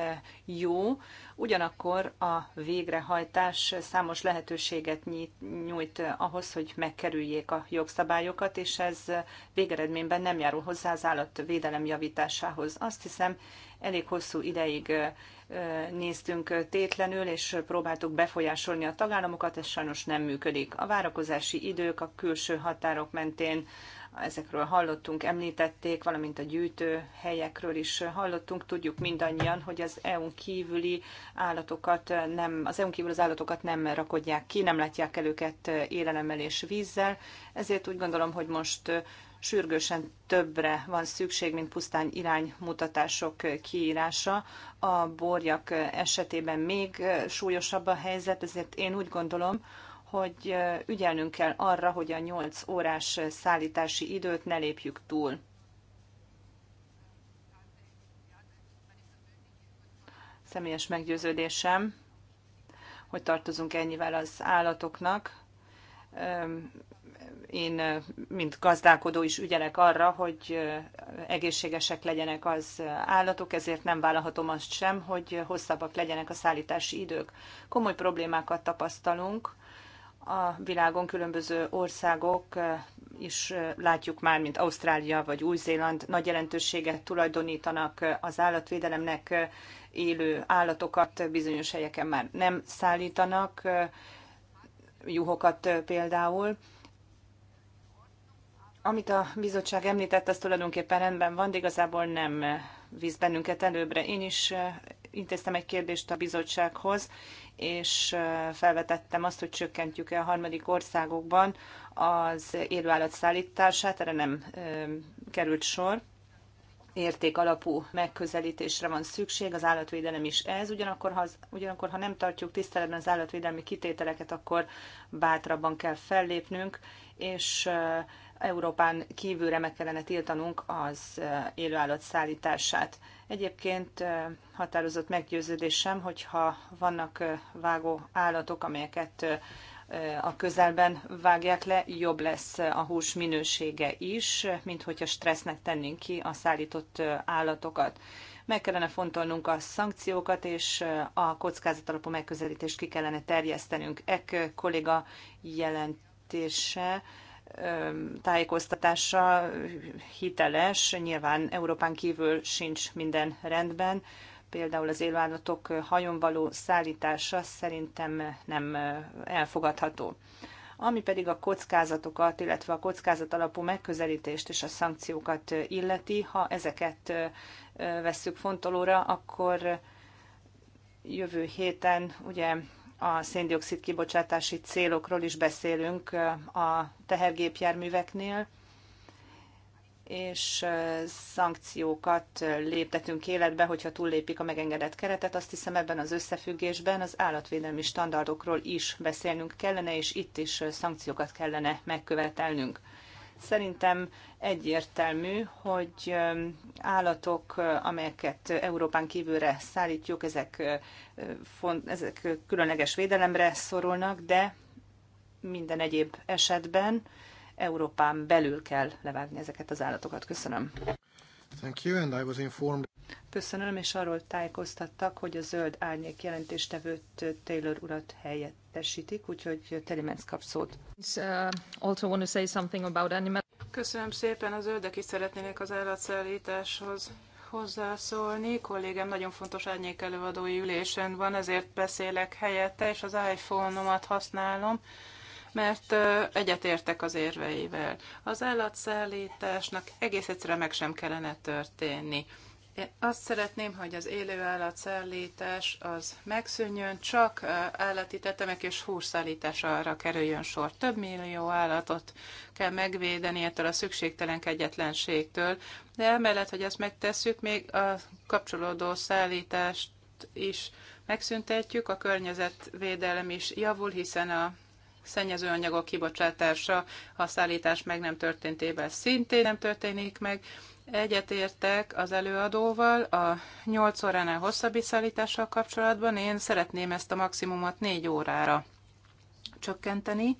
jó, ugyanakkor a végrehajtás számos lehetőséget nyit, nyújt ahhoz, hogy megkerüljék a jogszabályokat, és ez végeredményben nem járul hozzá az állatvédelem javításához. Azt hiszem, elég hosszú ideig néztünk tétlenül, és próbáltuk befolyásolni a tagállamokat, ez sajnos nem működik. A várakozási idők a külső határok mentén ezekről hallottunk, említették, valamint a gyűjtő helyekről is hallottunk. Tudjuk mindannyian, hogy az eu kívüli állatokat nem, az eu kívül az állatokat nem rakodják ki, nem látják el őket élelemmel és vízzel. Ezért úgy gondolom, hogy most sürgősen többre van szükség, mint pusztán iránymutatások kiírása. A borjak esetében még súlyosabb a helyzet, ezért én úgy gondolom, hogy ügyelnünk kell arra, hogy a 8 órás szállítási időt ne lépjük túl. Személyes meggyőződésem, hogy tartozunk ennyivel az állatoknak, én, mint gazdálkodó is ügyelek arra, hogy egészségesek legyenek az állatok, ezért nem vállalhatom azt sem, hogy hosszabbak legyenek a szállítási idők. Komoly problémákat tapasztalunk, a világon különböző országok is látjuk már, mint Ausztrália vagy Új-Zéland nagy jelentőséget tulajdonítanak az állatvédelemnek, élő állatokat bizonyos helyeken már nem szállítanak, juhokat például. Amit a bizottság említett, az tulajdonképpen rendben van, de igazából nem visz bennünket előbbre. Én is intéztem egy kérdést a bizottsághoz, és felvetettem azt, hogy csökkentjük-e a harmadik országokban az élőállat szállítását, erre nem került sor érték alapú megközelítésre van szükség, az állatvédelem is ez, ugyanakkor ha, az, ugyanakkor ha nem tartjuk tiszteletben az állatvédelmi kitételeket, akkor bátrabban kell fellépnünk, és Európán kívülre meg kellene tiltanunk az élőállat szállítását. Egyébként határozott meggyőződésem, hogyha vannak vágó állatok, amelyeket a közelben vágják le, jobb lesz a hús minősége is, mint hogyha stressznek tennénk ki a szállított állatokat. Meg kellene fontolnunk a szankciókat, és a kockázatalapú megközelítést ki kellene terjesztenünk. Ek kolléga jelentése tájékoztatása hiteles, nyilván Európán kívül sincs minden rendben. Például az élvállatok hajon való szállítása szerintem nem elfogadható. Ami pedig a kockázatokat, illetve a kockázat alapú megközelítést és a szankciókat illeti, ha ezeket vesszük fontolóra, akkor jövő héten ugye a széndiokszid kibocsátási célokról is beszélünk a tehergépjárműveknél, és szankciókat léptetünk életbe, hogyha túllépik a megengedett keretet. Azt hiszem ebben az összefüggésben az állatvédelmi standardokról is beszélnünk kellene, és itt is szankciókat kellene megkövetelnünk. Szerintem egyértelmű, hogy um, állatok, uh, amelyeket Európán kívülre szállítjuk, ezek, uh, font, ezek különleges védelemre szorulnak, de minden egyéb esetben Európán belül kell levágni ezeket az állatokat. Köszönöm. Thank you, and I was informed... Köszönöm, és arról tájékoztattak, hogy a zöld árnyék jelentéstevőt Taylor urat helyettesítik, úgyhogy Telemens kap szót. Uh, Köszönöm szépen, a zöldek is szeretnének az állatszállításhoz hozzászólni. Kollégám nagyon fontos árnyék előadói ülésen van, ezért beszélek helyette, és az iPhone-omat használom mert egyetértek az érveivel. Az állatszállításnak egész egyszerűen meg sem kellene történni azt szeretném, hogy az élő állatszállítás az megszűnjön, csak állati tetemek és hússzállítása arra kerüljön sor. Több millió állatot kell megvédeni ettől a szükségtelen kegyetlenségtől, de emellett, hogy ezt megtesszük, még a kapcsolódó szállítást is megszüntetjük, a környezetvédelem is javul, hiszen a szennyezőanyagok kibocsátása, ha a szállítás meg nem történtében szintén nem történik meg, Egyetértek az előadóval a 8 óránál hosszabb szállítással kapcsolatban. Én szeretném ezt a maximumot 4 órára csökkenteni.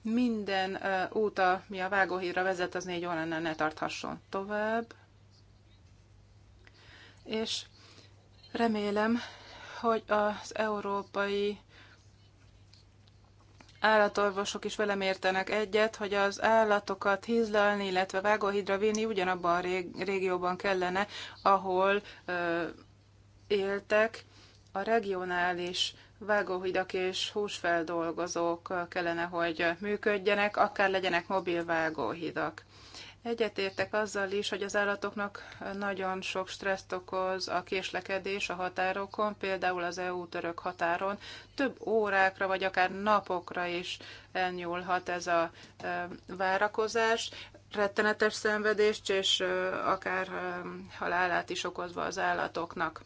Minden út, ami a vágóhírra vezet, az 4 óránál ne tarthasson tovább. És remélem, hogy az európai állatorvosok is velem értenek egyet, hogy az állatokat hízlalni, illetve vágóhidra vinni ugyanabban a régióban kellene, ahol ö, éltek. A regionális vágóhidak és húsfeldolgozók kellene, hogy működjenek, akár legyenek mobil vágóhidak. Egyetértek azzal is, hogy az állatoknak nagyon sok stresszt okoz a késlekedés a határokon, például az EU-török határon. Több órákra, vagy akár napokra is elnyúlhat ez a várakozás. Rettenetes szenvedést és akár halálát is okozva az állatoknak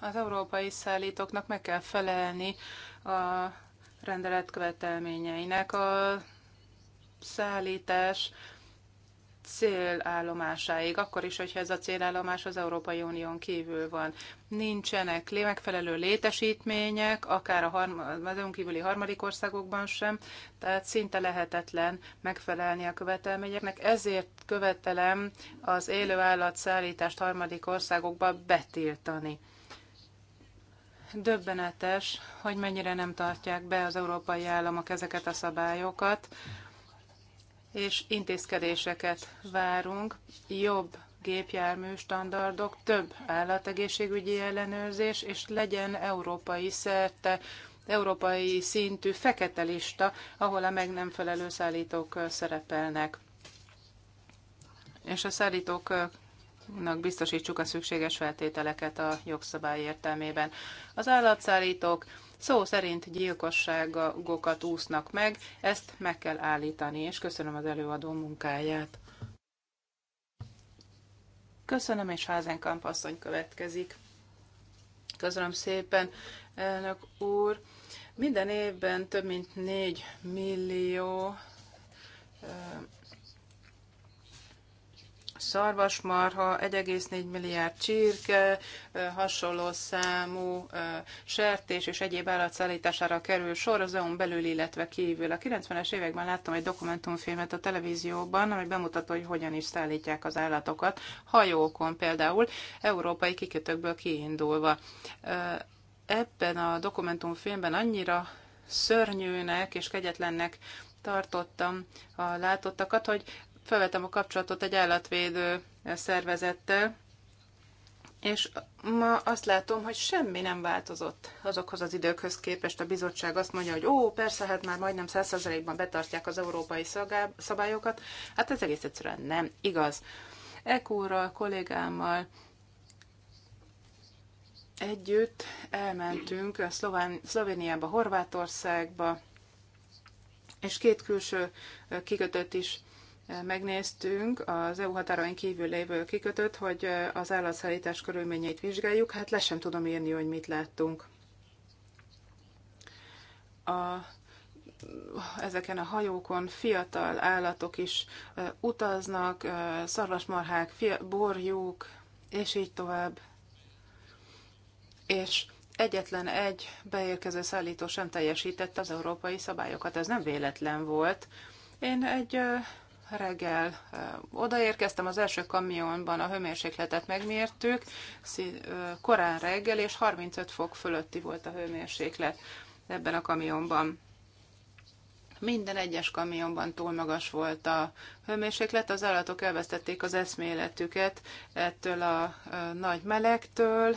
az európai szállítóknak meg kell felelni a rendelet követelményeinek. A szállítás célállomásáig, akkor is, hogyha ez a célállomás az Európai Unión kívül van. Nincsenek megfelelő létesítmények, akár a harmad, kívüli harmadik országokban sem, tehát szinte lehetetlen megfelelni a követelményeknek. Ezért követelem az élő állatszállítást harmadik országokba betiltani. Döbbenetes, hogy mennyire nem tartják be az európai államok ezeket a szabályokat és intézkedéseket várunk, jobb gépjármű standardok, több állategészségügyi ellenőrzés, és legyen európai szerte európai szintű fekete lista, ahol a meg nem felelő szállítók szerepelnek. És a szállítóknak biztosítsuk a szükséges feltételeket a jogszabály értelmében. Az állatszállítók szó szerint gyilkosságokat úsznak meg, ezt meg kell állítani, és köszönöm az előadó munkáját. Köszönöm, és Házenkamp asszony következik. Köszönöm szépen, elnök úr. Minden évben több mint 4 millió szarvasmarha, 1,4 milliárd csirke, hasonló számú sertés és egyéb állatszállítására kerül sor az EU-n belül, illetve kívül. A 90-es években láttam egy dokumentumfilmet a televízióban, ami bemutatja, hogy hogyan is szállítják az állatokat, hajókon például, európai kikötőkből kiindulva. Ebben a dokumentumfilmben annyira szörnyűnek és kegyetlennek tartottam a látottakat, hogy felvettem a kapcsolatot egy állatvédő szervezettel, és ma azt látom, hogy semmi nem változott azokhoz az időkhöz képest. A bizottság azt mondja, hogy ó, persze, hát már majdnem 100%-ban betartják az európai szabályokat. Hát ez egész egyszerűen nem igaz. Ekúrral, kollégámmal együtt elmentünk Szlován, Szlovéniába, Horvátországba, és két külső kikötőt is megnéztünk az EU határain kívül lévő kikötött, hogy az állatszállítás körülményeit vizsgáljuk. Hát le sem tudom írni, hogy mit láttunk. A, ezeken a hajókon fiatal állatok is utaznak, szarvasmarhák, fia, borjuk, és így tovább. És egyetlen egy beérkező szállító sem teljesített az európai szabályokat. Ez nem véletlen volt. Én egy reggel odaérkeztem, az első kamionban a hőmérsékletet megmértük, korán reggel, és 35 fok fölötti volt a hőmérséklet ebben a kamionban. Minden egyes kamionban túl magas volt a hőmérséklet, az állatok elvesztették az eszméletüket ettől a nagy melegtől,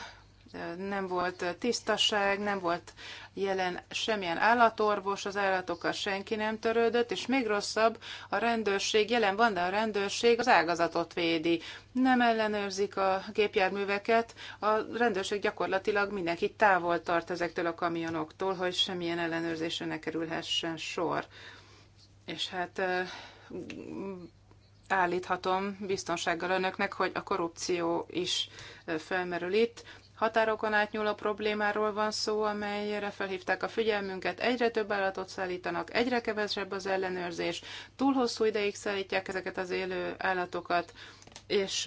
nem volt tisztaság, nem volt jelen semmilyen állatorvos, az állatokkal senki nem törődött, és még rosszabb, a rendőrség jelen van, de a rendőrség az ágazatot védi. Nem ellenőrzik a gépjárműveket, a rendőrség gyakorlatilag mindenkit távol tart ezektől a kamionoktól, hogy semmilyen ellenőrzésre ne kerülhessen sor. És hát állíthatom biztonsággal önöknek, hogy a korrupció is felmerül itt határokon átnyúló problémáról van szó, amelyre felhívták a figyelmünket. Egyre több állatot szállítanak, egyre kevesebb az ellenőrzés, túl hosszú ideig szállítják ezeket az élő állatokat, és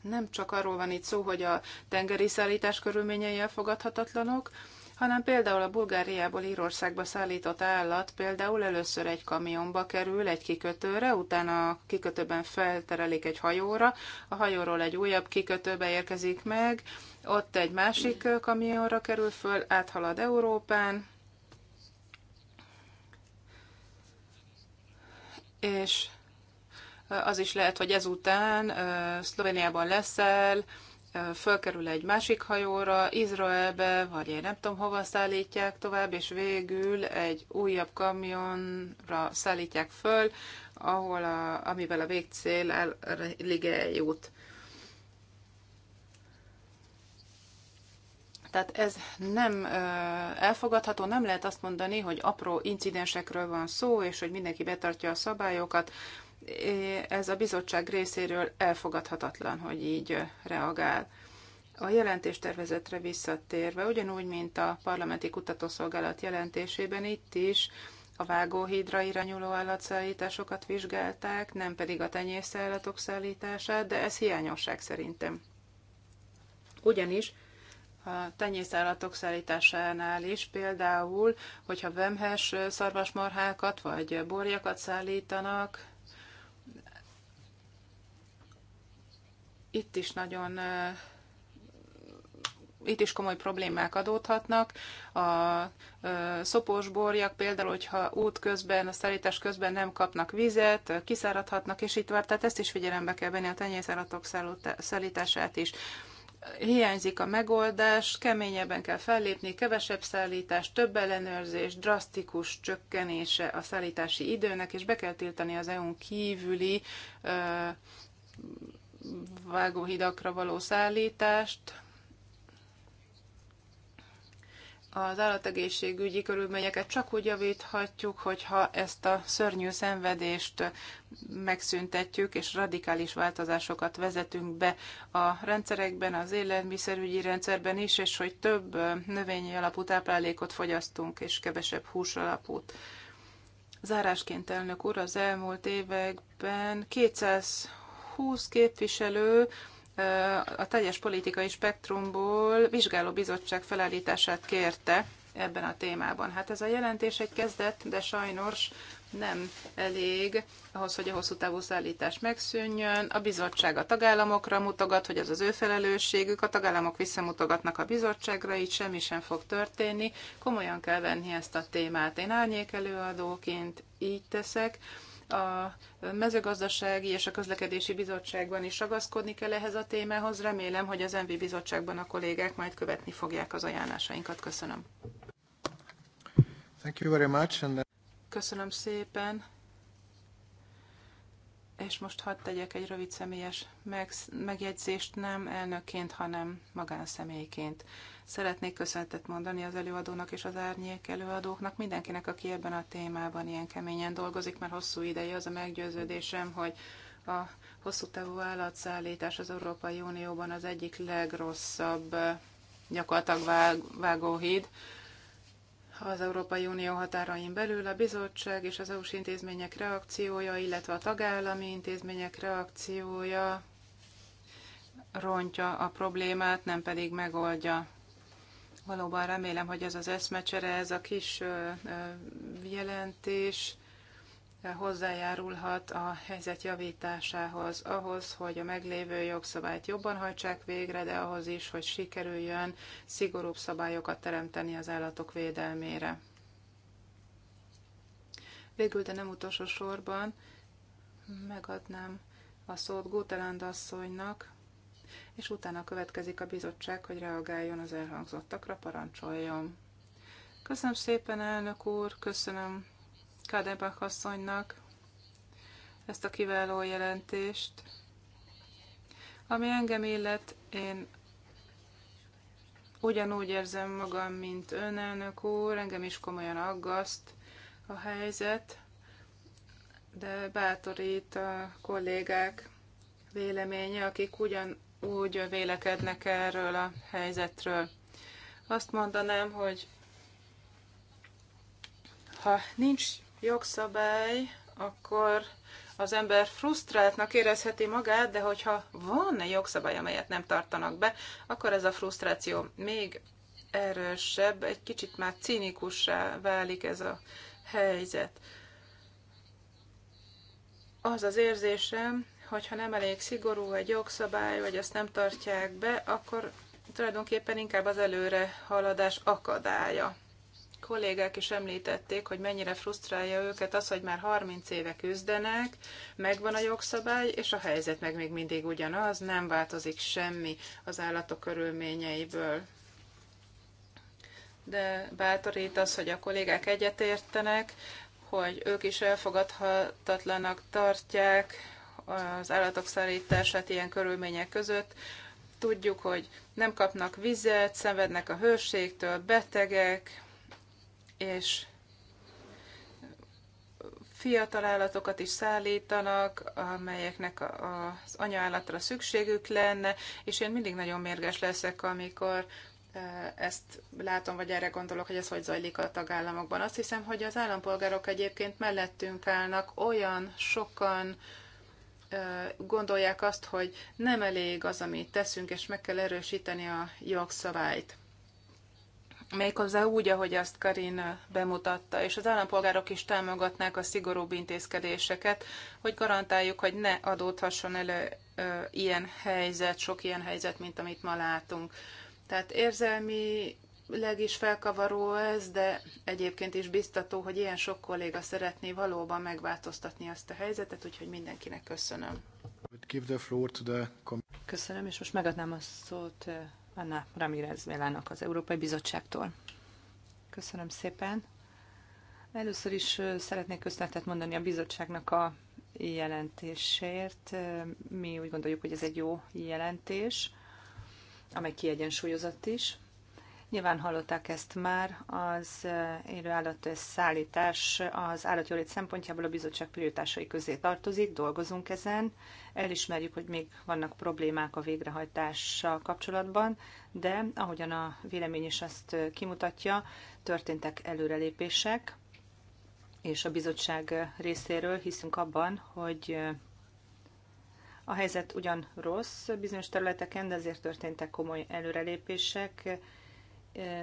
nem csak arról van itt szó, hogy a tengeri szállítás körülményei elfogadhatatlanok, hanem például a Bulgáriából Írországba szállított állat például először egy kamionba kerül egy kikötőre, utána a kikötőben felterelik egy hajóra, a hajóról egy újabb kikötőbe érkezik meg, ott egy másik kamionra kerül föl, áthalad Európán, és az is lehet, hogy ezután Szlovéniában leszel, fölkerül egy másik hajóra, Izraelbe, vagy én nem tudom hova szállítják tovább, és végül egy újabb kamionra szállítják föl, ahol a, amivel a végcél el, eljut. Tehát ez nem elfogadható, nem lehet azt mondani, hogy apró incidensekről van szó, és hogy mindenki betartja a szabályokat ez a bizottság részéről elfogadhatatlan, hogy így reagál. A jelentéstervezetre visszatérve, ugyanúgy, mint a parlamenti kutatószolgálat jelentésében, itt is a vágóhídra irányuló állatszállításokat vizsgálták, nem pedig a tenyészállatok szállítását, de ez hiányosság szerintem. Ugyanis a tenyészállatok szállításánál is például, hogyha vemhes szarvasmarhákat vagy borjakat szállítanak, itt is nagyon itt is komoly problémák adódhatnak. A szopós borjak például, hogyha út közben, a szállítás közben nem kapnak vizet, kiszáradhatnak, és itt tovább. Tehát ezt is figyelembe kell venni a tenyészállatok szállítását is. Hiányzik a megoldás, keményebben kell fellépni, kevesebb szállítás, több ellenőrzés, drasztikus csökkenése a szállítási időnek, és be kell tiltani az EU-n kívüli vágóhidakra való szállítást, az állategészségügyi körülményeket csak úgy javíthatjuk, hogyha ezt a szörnyű szenvedést megszüntetjük, és radikális változásokat vezetünk be a rendszerekben, az élelmiszerügyi rendszerben is, és hogy több növényi alapú táplálékot fogyasztunk, és kevesebb hús alapút. Zárásként elnök úr, az elmúlt években 200 20 képviselő a teljes politikai spektrumból vizsgáló bizottság felállítását kérte ebben a témában. Hát ez a jelentés egy kezdet, de sajnos nem elég ahhoz, hogy a hosszú távú szállítás megszűnjön. A bizottság a tagállamokra mutogat, hogy ez az ő felelősségük, a tagállamok visszamutogatnak a bizottságra, így semmi sem fog történni. Komolyan kell venni ezt a témát. Én árnyék előadóként így teszek, a mezőgazdasági és a közlekedési bizottságban is ragaszkodni kell ehhez a témához. Remélem, hogy az MV bizottságban a kollégák majd követni fogják az ajánlásainkat. Köszönöm. Thank you very much. And... Köszönöm szépen. És most hadd tegyek egy rövid személyes megjegyzést, nem elnökként, hanem magánszemélyként. Szeretnék köszöntet mondani az előadónak és az árnyék előadóknak, mindenkinek, aki ebben a témában ilyen keményen dolgozik, mert hosszú ideje az a meggyőződésem, hogy a hosszú távú állatszállítás az Európai Unióban az egyik legrosszabb eh, gyakorlatilag vág, vágóhíd az Európai Unió határain belül a bizottság és az EU-s intézmények reakciója, illetve a tagállami intézmények reakciója rontja a problémát, nem pedig megoldja. Valóban remélem, hogy ez az eszmecsere, ez a kis jelentés hozzájárulhat a helyzet javításához, ahhoz, hogy a meglévő jogszabályt jobban hajtsák végre, de ahhoz is, hogy sikerüljön szigorúbb szabályokat teremteni az állatok védelmére. Végül, de nem utolsó sorban megadnám a szót Guteland asszonynak, és utána következik a bizottság, hogy reagáljon az elhangzottakra, parancsoljon. Köszönöm szépen, elnök úr, köszönöm Kadebach asszonynak ezt a kiváló jelentést. Ami engem illet, én ugyanúgy érzem magam, mint ön, elnök úr, engem is komolyan aggaszt a helyzet, de bátorít a kollégák véleménye, akik ugyan úgy vélekednek erről a helyzetről. Azt mondanám, hogy ha nincs jogszabály, akkor az ember frusztráltnak érezheti magát, de hogyha van egy jogszabály, amelyet nem tartanak be, akkor ez a frusztráció még erősebb, egy kicsit már cinikussá válik ez a helyzet. Az az érzésem, hogyha nem elég szigorú egy jogszabály, vagy azt nem tartják be, akkor tulajdonképpen inkább az előre haladás akadálya. Kollégák is említették, hogy mennyire frusztrálja őket az, hogy már 30 éve küzdenek, megvan a jogszabály, és a helyzet meg még mindig ugyanaz, nem változik semmi az állatok körülményeiből de bátorít az, hogy a kollégák egyetértenek, hogy ők is elfogadhatatlanak tartják az állatok szállítását ilyen körülmények között. Tudjuk, hogy nem kapnak vizet, szenvednek a hőségtől, betegek, és fiatal állatokat is szállítanak, amelyeknek az anyaállatra szükségük lenne, és én mindig nagyon mérges leszek, amikor e, ezt látom, vagy erre gondolok, hogy ez hogy zajlik a tagállamokban. Azt hiszem, hogy az állampolgárok egyébként mellettünk állnak, olyan sokan gondolják azt, hogy nem elég az, amit teszünk, és meg kell erősíteni a jogszabályt. Méghozzá úgy, ahogy azt Karin bemutatta, és az állampolgárok is támogatnák a szigorúbb intézkedéseket, hogy garantáljuk, hogy ne adódhasson elő ilyen helyzet, sok ilyen helyzet, mint amit ma látunk. Tehát érzelmi leg is felkavaró ez, de egyébként is biztató, hogy ilyen sok kolléga szeretné valóban megváltoztatni azt a helyzetet, úgyhogy mindenkinek köszönöm. Köszönöm, és most megadnám a szót eh, Anna Ramirez Mélának az Európai Bizottságtól. Köszönöm szépen. Először is eh, szeretnék köszönetet mondani a bizottságnak a jelentésért. Eh, Mi úgy gondoljuk, hogy ez egy jó jelentés, amely kiegyensúlyozott is Nyilván hallották ezt már, az eh, élő állatszállítás az állatjólét szempontjából a bizottság prioritásai közé tartozik, dolgozunk ezen, elismerjük, hogy még vannak problémák a végrehajtással kapcsolatban, de ahogyan a vélemény is azt eh, kimutatja, történtek előrelépések, és a bizottság eh, részéről hiszünk abban, hogy a helyzet ugyan rossz bizonyos területeken, de azért történtek komoly előrelépések,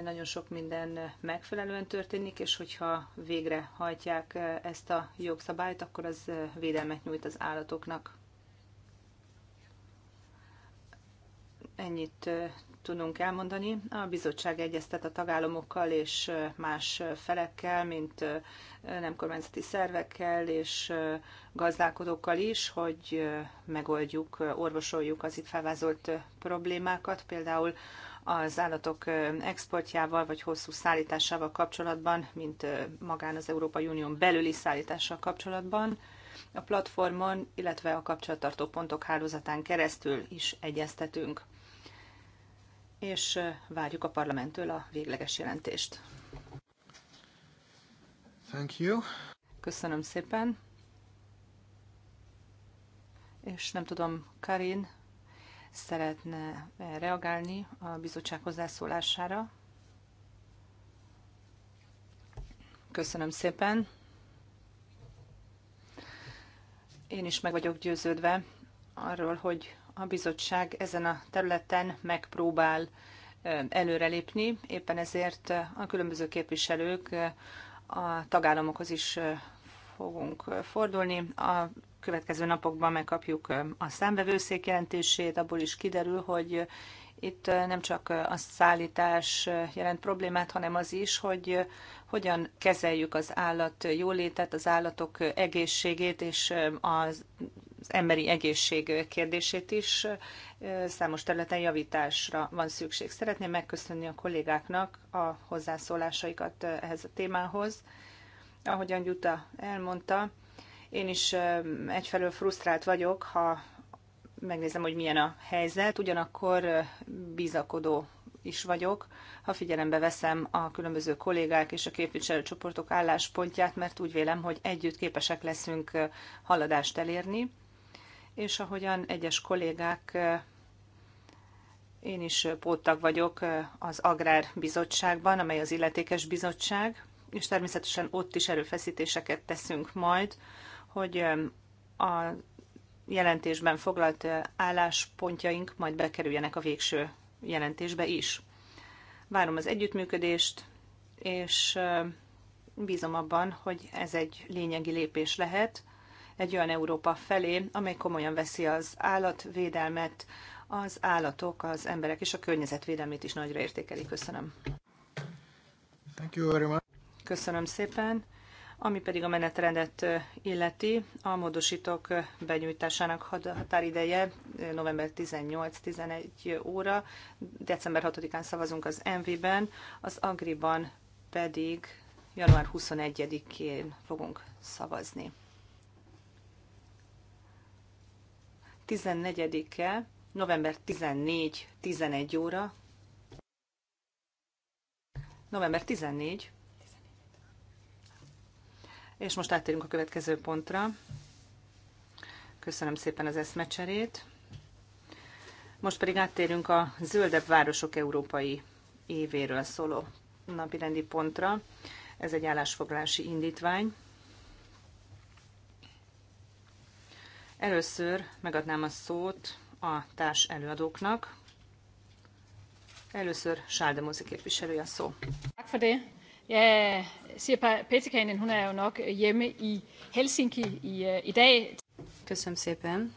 nagyon sok minden megfelelően történik, és hogyha végre hajtják ezt a jogszabályt, akkor az védelmet nyújt az állatoknak. Ennyit tudunk elmondani. A bizottság egyeztet a tagállamokkal és más felekkel, mint nem kormányzati szervekkel és gazdálkodókkal is, hogy megoldjuk, orvosoljuk az itt felvázolt problémákat, például az állatok exportjával vagy hosszú szállításával kapcsolatban, mint magán az Európai Unión belüli szállítással kapcsolatban. A platformon, illetve a kapcsolattartó pontok hálózatán keresztül is egyeztetünk, és várjuk a parlamenttől a végleges jelentést. Thank you. Köszönöm szépen. És nem tudom, Karin, szeretne reagálni a bizottság hozzászólására. Köszönöm szépen. Én is meg vagyok győződve arról, hogy a bizottság ezen a területen megpróbál előrelépni. Éppen ezért a különböző képviselők a tagállamokhoz is fogunk fordulni. A következő napokban megkapjuk a számbevőszék jelentését, abból is kiderül, hogy itt nem csak a szállítás jelent problémát, hanem az is, hogy hogyan kezeljük az állat jólétet, az állatok egészségét és az emberi egészség kérdését is. Számos területen javításra van szükség. Szeretném megköszönni a kollégáknak a hozzászólásaikat ehhez a témához. Ahogyan Gyuta elmondta, én is egyfelől frusztrált vagyok, ha megnézem, hogy milyen a helyzet, ugyanakkor bizakodó is vagyok, ha figyelembe veszem a különböző kollégák és a képviselőcsoportok álláspontját, mert úgy vélem, hogy együtt képesek leszünk haladást elérni, és ahogyan egyes kollégák, én is póttag vagyok az Agrárbizottságban, amely az illetékes bizottság, és természetesen ott is erőfeszítéseket teszünk majd hogy a jelentésben foglalt álláspontjaink majd bekerüljenek a végső jelentésbe is. Várom az együttműködést, és bízom abban, hogy ez egy lényegi lépés lehet egy olyan Európa felé, amely komolyan veszi az állatvédelmet, az állatok, az emberek és a környezetvédelmét is nagyra értékeli. Köszönöm. Thank you very much. Köszönöm szépen. Ami pedig a menetrendet illeti, a módosítók benyújtásának határideje november 18-11 óra, december 6-án szavazunk az MV-ben, az Agriban pedig január 21-én fogunk szavazni. 14-e, november 14, 11 óra. November 14, és most áttérünk a következő pontra. Köszönöm szépen az eszmecserét. Most pedig áttérünk a Zöldebb Városok Európai évéről szóló rendi pontra. Ez egy állásfoglalási indítvány. Először megadnám a szót a társ előadóknak. Először Sáldemózi képviselője a szó. Ja, siger Petikanen, hun er jo nok hjemme i Helsinki i, øh, i dag. Köszönöm szépen.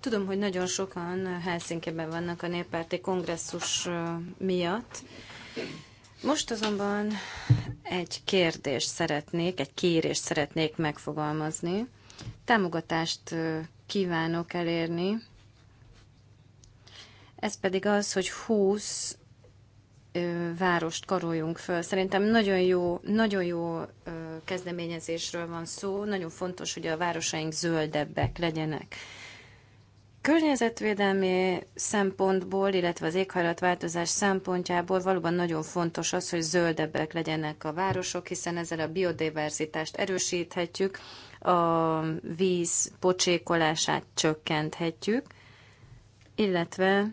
Tudom, hogy nagyon sokan Helsinkiben vannak a néppárti kongresszus miatt. Most azonban egy kérdést szeretnék, egy kérést szeretnék megfogalmazni. Támogatást kívánok elérni. Ez pedig az, hogy 20 várost karoljunk föl. Szerintem nagyon jó, nagyon jó kezdeményezésről van szó, nagyon fontos, hogy a városaink zöldebbek legyenek. Környezetvédelmi szempontból, illetve az éghajlatváltozás szempontjából valóban nagyon fontos az, hogy zöldebbek legyenek a városok, hiszen ezzel a biodiverzitást erősíthetjük, a víz pocsékolását csökkenthetjük, illetve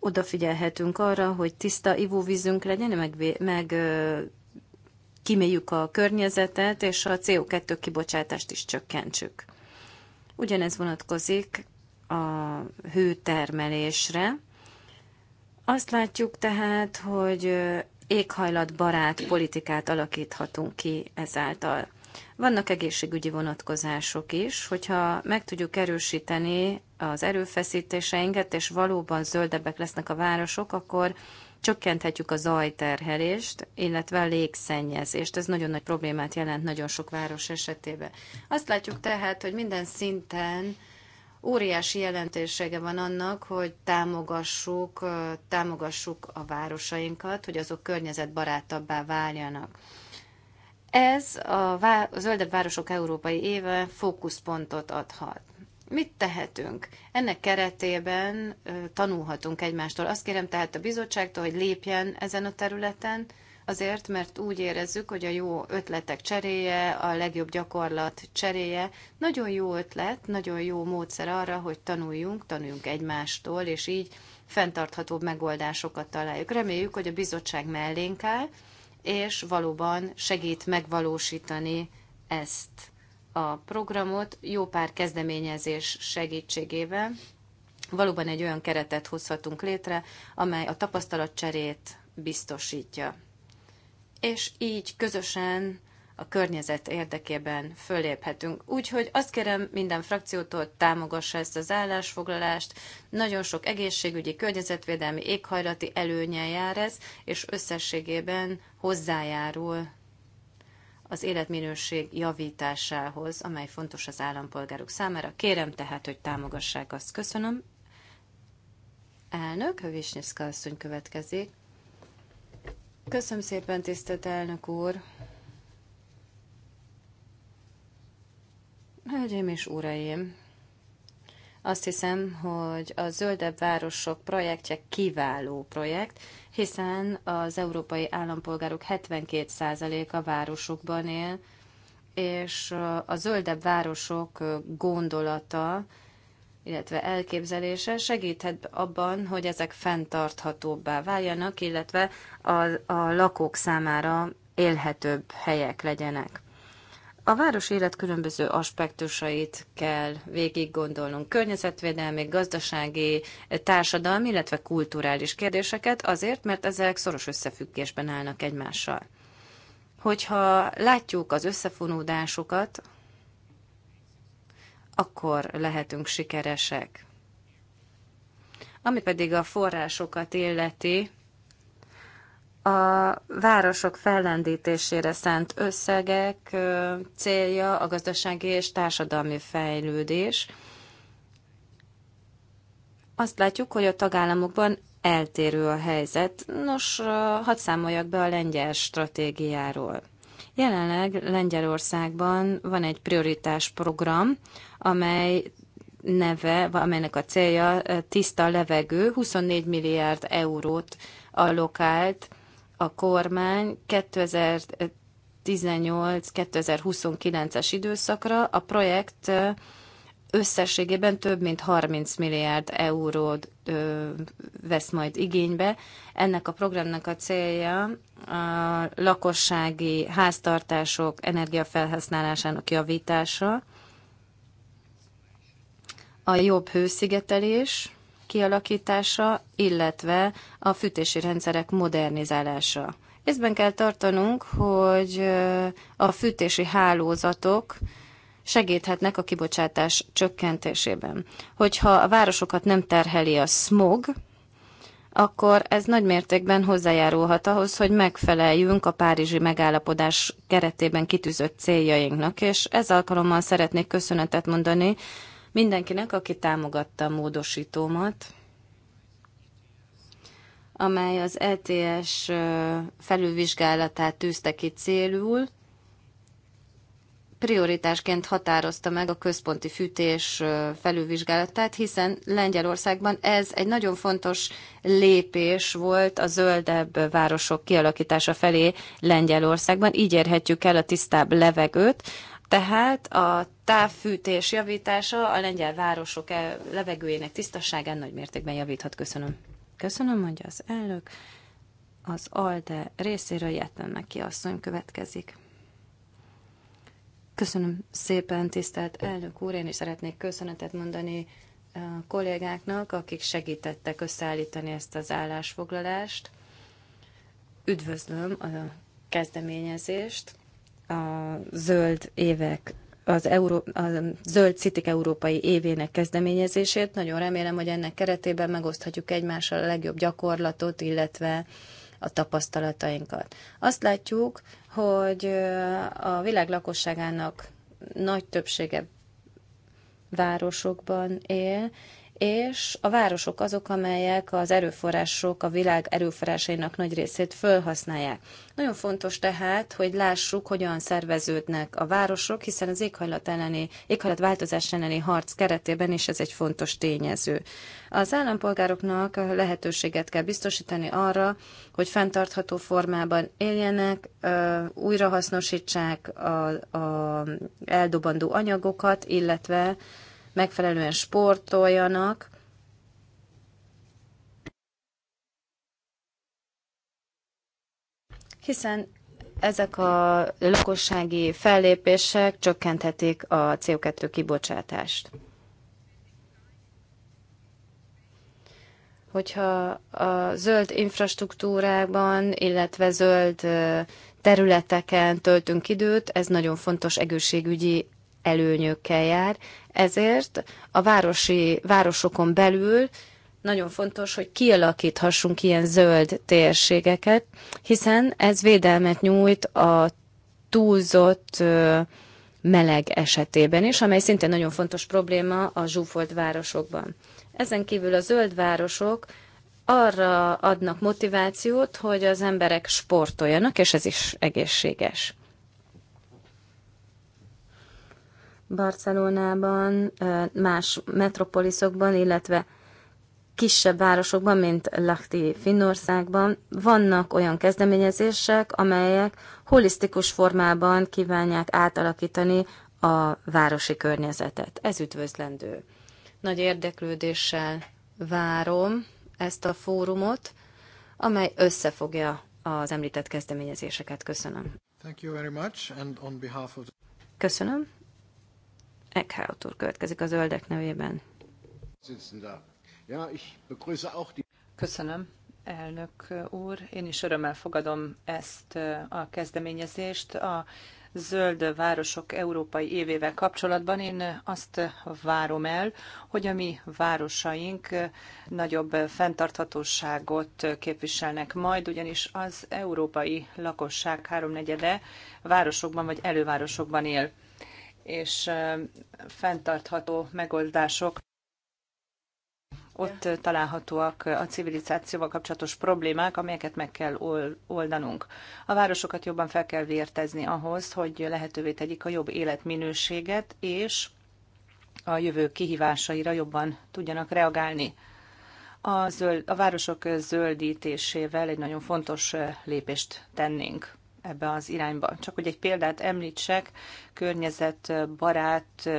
odafigyelhetünk arra, hogy tiszta ivóvízünk legyen, meg, meg kiméljük a környezetet, és a CO2 kibocsátást is csökkentsük. Ugyanez vonatkozik a hőtermelésre. Azt látjuk tehát, hogy éghajlatbarát politikát alakíthatunk ki ezáltal. Vannak egészségügyi vonatkozások is, hogyha meg tudjuk erősíteni az erőfeszítéseinket, és valóban zöldebbek lesznek a városok, akkor csökkenthetjük a zajterhelést, illetve a légszennyezést. Ez nagyon nagy problémát jelent nagyon sok város esetében. Azt látjuk tehát, hogy minden szinten óriási jelentősége van annak, hogy támogassuk, támogassuk a városainkat, hogy azok környezetbarátabbá váljanak. Ez a Zöldebb Városok Európai Éve fókuszpontot adhat. Mit tehetünk? Ennek keretében tanulhatunk egymástól. Azt kérem tehát a bizottságtól, hogy lépjen ezen a területen, azért, mert úgy érezzük, hogy a jó ötletek cseréje, a legjobb gyakorlat cseréje nagyon jó ötlet, nagyon jó módszer arra, hogy tanuljunk, tanuljunk egymástól, és így fenntarthatóbb megoldásokat találjuk. Reméljük, hogy a bizottság mellénk áll, és valóban segít megvalósítani ezt a programot jó pár kezdeményezés segítségével. Valóban egy olyan keretet hozhatunk létre, amely a tapasztalatcserét biztosítja. És így közösen a környezet érdekében föléphetünk. Úgyhogy azt kérem minden frakciótól támogassa ezt az állásfoglalást. Nagyon sok egészségügyi, környezetvédelmi, éghajlati előnye jár ez, és összességében hozzájárul az életminőség javításához, amely fontos az állampolgárok számára. Kérem tehát, hogy támogassák azt. Köszönöm. Elnök, Visnyiszka asszony következik. Köszönöm szépen, tisztelt elnök úr! Hölgyeim és uraim, azt hiszem, hogy a Zöldebb Városok projektje kiváló projekt, hiszen az európai állampolgárok 72%-a városokban él, és a Zöldebb Városok gondolata, illetve elképzelése segíthet abban, hogy ezek fenntarthatóbbá váljanak, illetve a, a lakók számára élhetőbb helyek legyenek. A város élet különböző aspektusait kell végig gondolnunk, környezetvédelmi, gazdasági, társadalmi, illetve kulturális kérdéseket, azért, mert ezek szoros összefüggésben állnak egymással. Hogyha látjuk az összefonódásokat, akkor lehetünk sikeresek. Ami pedig a forrásokat illeti, a városok fellendítésére szánt összegek célja a gazdasági és társadalmi fejlődés. Azt látjuk, hogy a tagállamokban eltérő a helyzet. Nos, hadd számoljak be a lengyel stratégiáról. Jelenleg Lengyelországban van egy prioritás program, amely neve, amelynek a célja tiszta levegő, 24 milliárd eurót allokált a kormány 2018-2029-es időszakra a projekt összességében több mint 30 milliárd eurót ö, vesz majd igénybe. Ennek a programnak a célja a lakossági háztartások energiafelhasználásának javítása, a jobb hőszigetelés, kialakítása, illetve a fűtési rendszerek modernizálása. Észben kell tartanunk, hogy a fűtési hálózatok segíthetnek a kibocsátás csökkentésében. Hogyha a városokat nem terheli a smog, akkor ez nagy mértékben hozzájárulhat ahhoz, hogy megfeleljünk a Párizsi megállapodás keretében kitűzött céljainknak, és ez alkalommal szeretnék köszönetet mondani mindenkinek, aki támogatta a módosítómat, amely az ETS felülvizsgálatát tűzte ki célul, prioritásként határozta meg a központi fűtés felülvizsgálatát, hiszen Lengyelországban ez egy nagyon fontos lépés volt a zöldebb városok kialakítása felé Lengyelországban. Így érhetjük el a tisztább levegőt, tehát a távfűtés javítása a lengyel városok e- levegőjének tisztaságán nagy mértékben javíthat. Köszönöm. Köszönöm, mondja az elnök. Az ALDE részéről jelten neki asszony következik. Köszönöm szépen, tisztelt elnök úr. Én is szeretnék köszönetet mondani a kollégáknak, akik segítettek összeállítani ezt az állásfoglalást. Üdvözlöm a kezdeményezést a zöld évek az, Euró- a Zöld Citik Európai Évének kezdeményezését. Nagyon remélem, hogy ennek keretében megoszthatjuk egymással a legjobb gyakorlatot, illetve a tapasztalatainkat. Azt látjuk, hogy a világ lakosságának nagy többsége városokban él, és a városok azok, amelyek az erőforrások, a világ erőforrásainak nagy részét felhasználják. Nagyon fontos tehát, hogy lássuk, hogyan szerveződnek a városok, hiszen az éghajlat elleni, éghajlatváltozás elleni harc keretében is ez egy fontos tényező. Az állampolgároknak lehetőséget kell biztosítani arra, hogy fenntartható formában éljenek, újrahasznosítsák az a eldobandó anyagokat, illetve megfelelően sportoljanak, hiszen ezek a lakossági fellépések csökkenthetik a CO2 kibocsátást. Hogyha a zöld infrastruktúrákban, illetve zöld területeken töltünk időt, ez nagyon fontos egészségügyi előnyökkel jár, ezért a városi, városokon belül nagyon fontos, hogy kialakíthassunk ilyen zöld térségeket, hiszen ez védelmet nyújt a túlzott meleg esetében is, amely szintén nagyon fontos probléma a zsúfolt városokban. Ezen kívül a zöld városok arra adnak motivációt, hogy az emberek sportoljanak, és ez is egészséges. Barcelonában, más metropoliszokban, illetve kisebb városokban, mint Lahti Finnországban vannak olyan kezdeményezések, amelyek holisztikus formában kívánják átalakítani a városi környezetet. Ez üdvözlendő. Nagy érdeklődéssel várom ezt a fórumot, amely összefogja az említett kezdeményezéseket. Köszönöm. Köszönöm. Eckhout úr következik a zöldek nevében. Köszönöm, elnök úr. Én is örömmel fogadom ezt a kezdeményezést. A Zöld Városok Európai Évével kapcsolatban én azt várom el, hogy a mi városaink nagyobb fenntarthatóságot képviselnek majd, ugyanis az európai lakosság háromnegyede városokban vagy elővárosokban él és fenntartható megoldások ott találhatóak a civilizációval kapcsolatos problémák, amelyeket meg kell oldanunk. A városokat jobban fel kell vértezni ahhoz, hogy lehetővé tegyik a jobb életminőséget, és a jövő kihívásaira jobban tudjanak reagálni. A, zöld, a városok zöldítésével egy nagyon fontos lépést tennénk ebbe az irányba. Csak hogy egy példát említsek, környezetbarát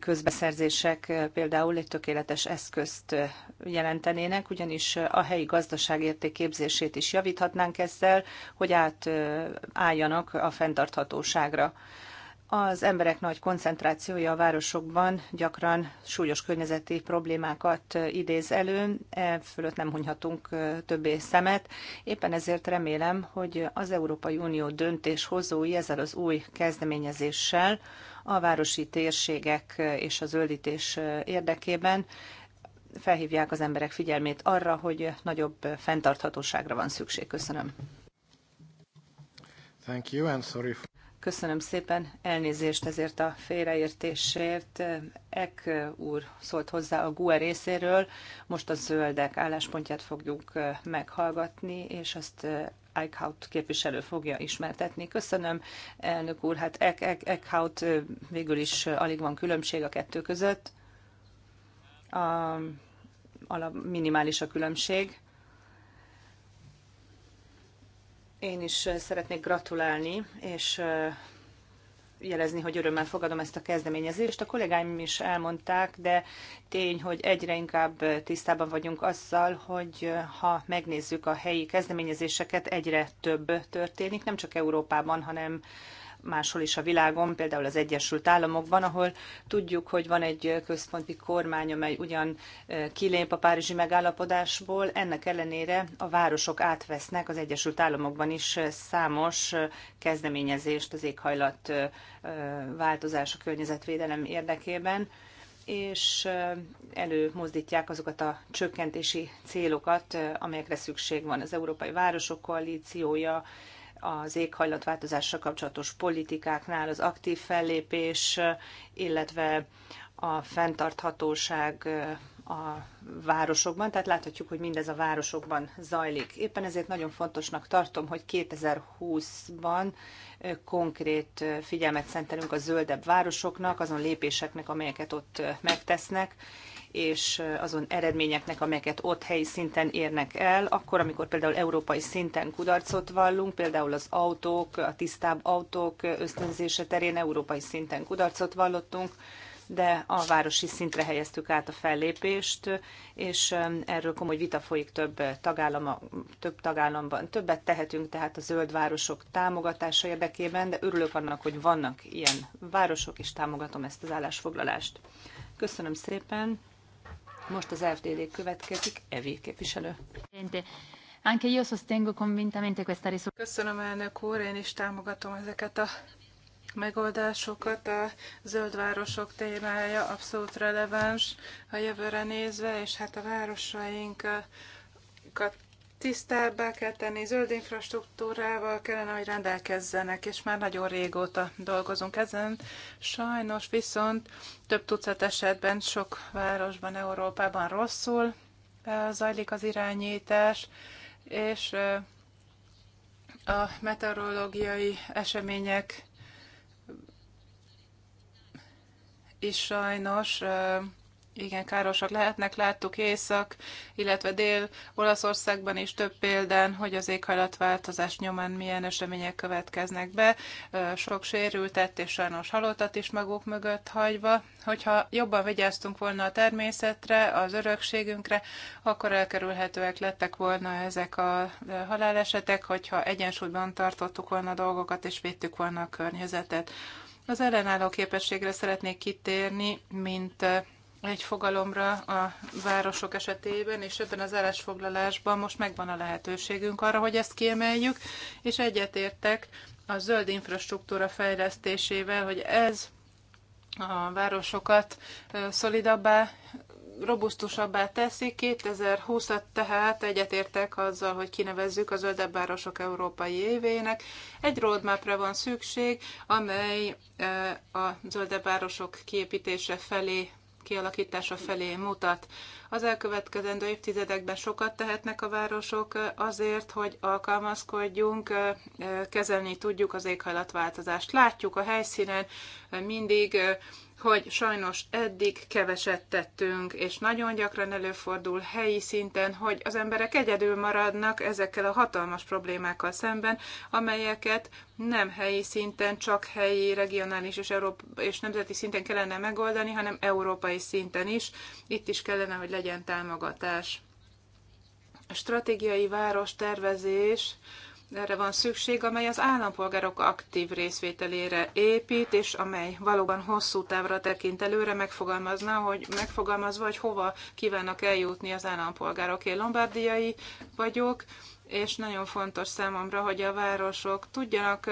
közbeszerzések például egy tökéletes eszközt jelentenének, ugyanis a helyi gazdaság értékképzését is javíthatnánk ezzel, hogy átálljanak a fenntarthatóságra. Az emberek nagy koncentrációja a városokban gyakran súlyos környezeti problémákat idéz elő, e fölött nem hunyhatunk többé szemet. Éppen ezért remélem, hogy az Európai Unió döntéshozói ezzel az új kezdeményezéssel a városi térségek és a zöldítés érdekében felhívják az emberek figyelmét arra, hogy nagyobb fenntarthatóságra van szükség. Köszönöm. Thank you and sorry for... Köszönöm szépen, elnézést ezért a félreértésért. Ek úr szólt hozzá a GUE részéről, most a zöldek álláspontját fogjuk meghallgatni, és azt Eichhout képviselő fogja ismertetni. Köszönöm, elnök úr, hát Eichhout végül is alig van különbség a kettő között. A, a minimális a különbség Én is szeretnék gratulálni, és jelezni, hogy örömmel fogadom ezt a kezdeményezést. A kollégáim is elmondták, de tény, hogy egyre inkább tisztában vagyunk azzal, hogy ha megnézzük a helyi kezdeményezéseket, egyre több történik, nem csak Európában, hanem máshol is a világon, például az Egyesült Államokban, ahol tudjuk, hogy van egy központi kormány, amely ugyan kilép a párizsi megállapodásból, ennek ellenére a városok átvesznek az Egyesült Államokban is számos kezdeményezést az éghajlat változás a környezetvédelem érdekében és előmozdítják azokat a csökkentési célokat, amelyekre szükség van. Az Európai Városok Koalíciója, az éghajlatváltozással kapcsolatos politikáknál az aktív fellépés, illetve a fenntarthatóság eh, a városokban, tehát láthatjuk, hogy mindez a városokban zajlik. Éppen ezért nagyon fontosnak tartom, hogy 2020-ban eh, konkrét eh, figyelmet szentelünk a zöldebb városoknak, azon lépéseknek, amelyeket ott megtesznek, és azon eredményeknek, amelyeket ott helyi szinten érnek el, akkor, amikor például európai szinten kudarcot vallunk, például az autók, a tisztább autók ösztönzése terén európai szinten kudarcot vallottunk, de a városi szintre helyeztük át a fellépést, és erről komoly vita folyik több, tagállama, több tagállamban. Többet tehetünk tehát a zöld városok támogatása érdekében, de örülök annak, hogy vannak ilyen városok, és támogatom ezt az állásfoglalást. Köszönöm szépen! Most az FDD következik, Evi képviselő. Anche io sostengo convintamente questa risoluzione. Köszönöm, elnök úr, én is támogatom ezeket a megoldásokat. A zöld városok témája abszolút releváns a jövőre nézve, és hát a városainkat tisztábbá kell tenni, zöld infrastruktúrával kellene, hogy rendelkezzenek, és már nagyon régóta dolgozunk ezen. Sajnos viszont több tucat esetben sok városban, Európában rosszul zajlik az irányítás, és a meteorológiai események is sajnos igen károsak lehetnek. Láttuk észak, illetve dél Olaszországban is több példán, hogy az éghajlatváltozás nyomán milyen események következnek be. Sok sérültet és sajnos halottat is maguk mögött hagyva. Hogyha jobban vigyáztunk volna a természetre, az örökségünkre, akkor elkerülhetőek lettek volna ezek a halálesetek, hogyha egyensúlyban tartottuk volna a dolgokat és védtük volna a környezetet. Az ellenálló képességre szeretnék kitérni, mint egy fogalomra a városok esetében, és ebben az állásfoglalásban most megvan a lehetőségünk arra, hogy ezt kiemeljük, és egyetértek a zöld infrastruktúra fejlesztésével, hogy ez a városokat szolidabbá, robusztusabbá teszi. 2020-at tehát egyetértek azzal, hogy kinevezzük a Zöldebb Városok Európai Évének. Egy roadmapra van szükség, amely a zöldebb városok kiépítése felé kialakítása felé mutat. Az elkövetkezendő évtizedekben sokat tehetnek a városok azért, hogy alkalmazkodjunk, kezelni tudjuk az éghajlatváltozást. Látjuk a helyszínen mindig hogy sajnos eddig keveset tettünk, és nagyon gyakran előfordul helyi szinten, hogy az emberek egyedül maradnak ezekkel a hatalmas problémákkal szemben, amelyeket nem helyi szinten, csak helyi, regionális és, Európa, és nemzeti szinten kellene megoldani, hanem európai szinten is. Itt is kellene, hogy legyen támogatás. A stratégiai város tervezés, erre van szükség, amely az állampolgárok aktív részvételére épít, és amely valóban hosszú távra tekint előre, megfogalmazna, hogy megfogalmazva, hogy hova kívánnak eljutni az állampolgárok. Én lombardiai vagyok, és nagyon fontos számomra, hogy a városok tudjanak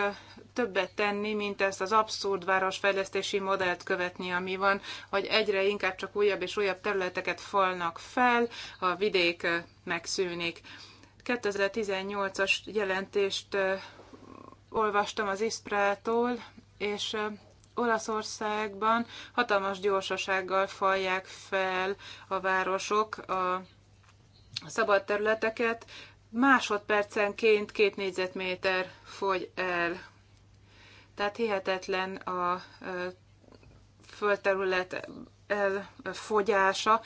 többet tenni, mint ezt az abszurd városfejlesztési modellt követni, ami van, hogy egyre inkább csak újabb és újabb területeket falnak fel, a vidék megszűnik. 2018-as jelentést olvastam az Isprától, és Olaszországban hatalmas gyorsasággal falják fel a városok a szabad területeket, másodpercenként két négyzetméter fogy el. Tehát hihetetlen a földterület elfogyása,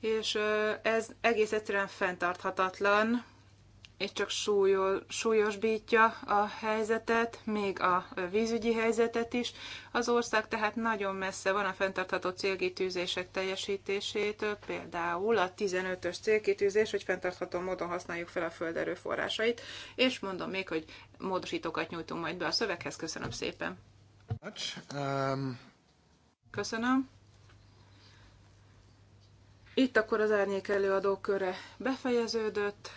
és ez egész egyszerűen fenntarthatatlan és csak súlyol, súlyosbítja a helyzetet, még a vízügyi helyzetet is. Az ország tehát nagyon messze van a fenntartható célkitűzések teljesítésétől, például a 15-ös célkitűzés, hogy fenntartható módon használjuk fel a föld erőforrásait, és mondom még, hogy módosítókat nyújtunk majd be a szöveghez. Köszönöm szépen! Um, Köszönöm! Itt akkor az árnyék előadó köre befejeződött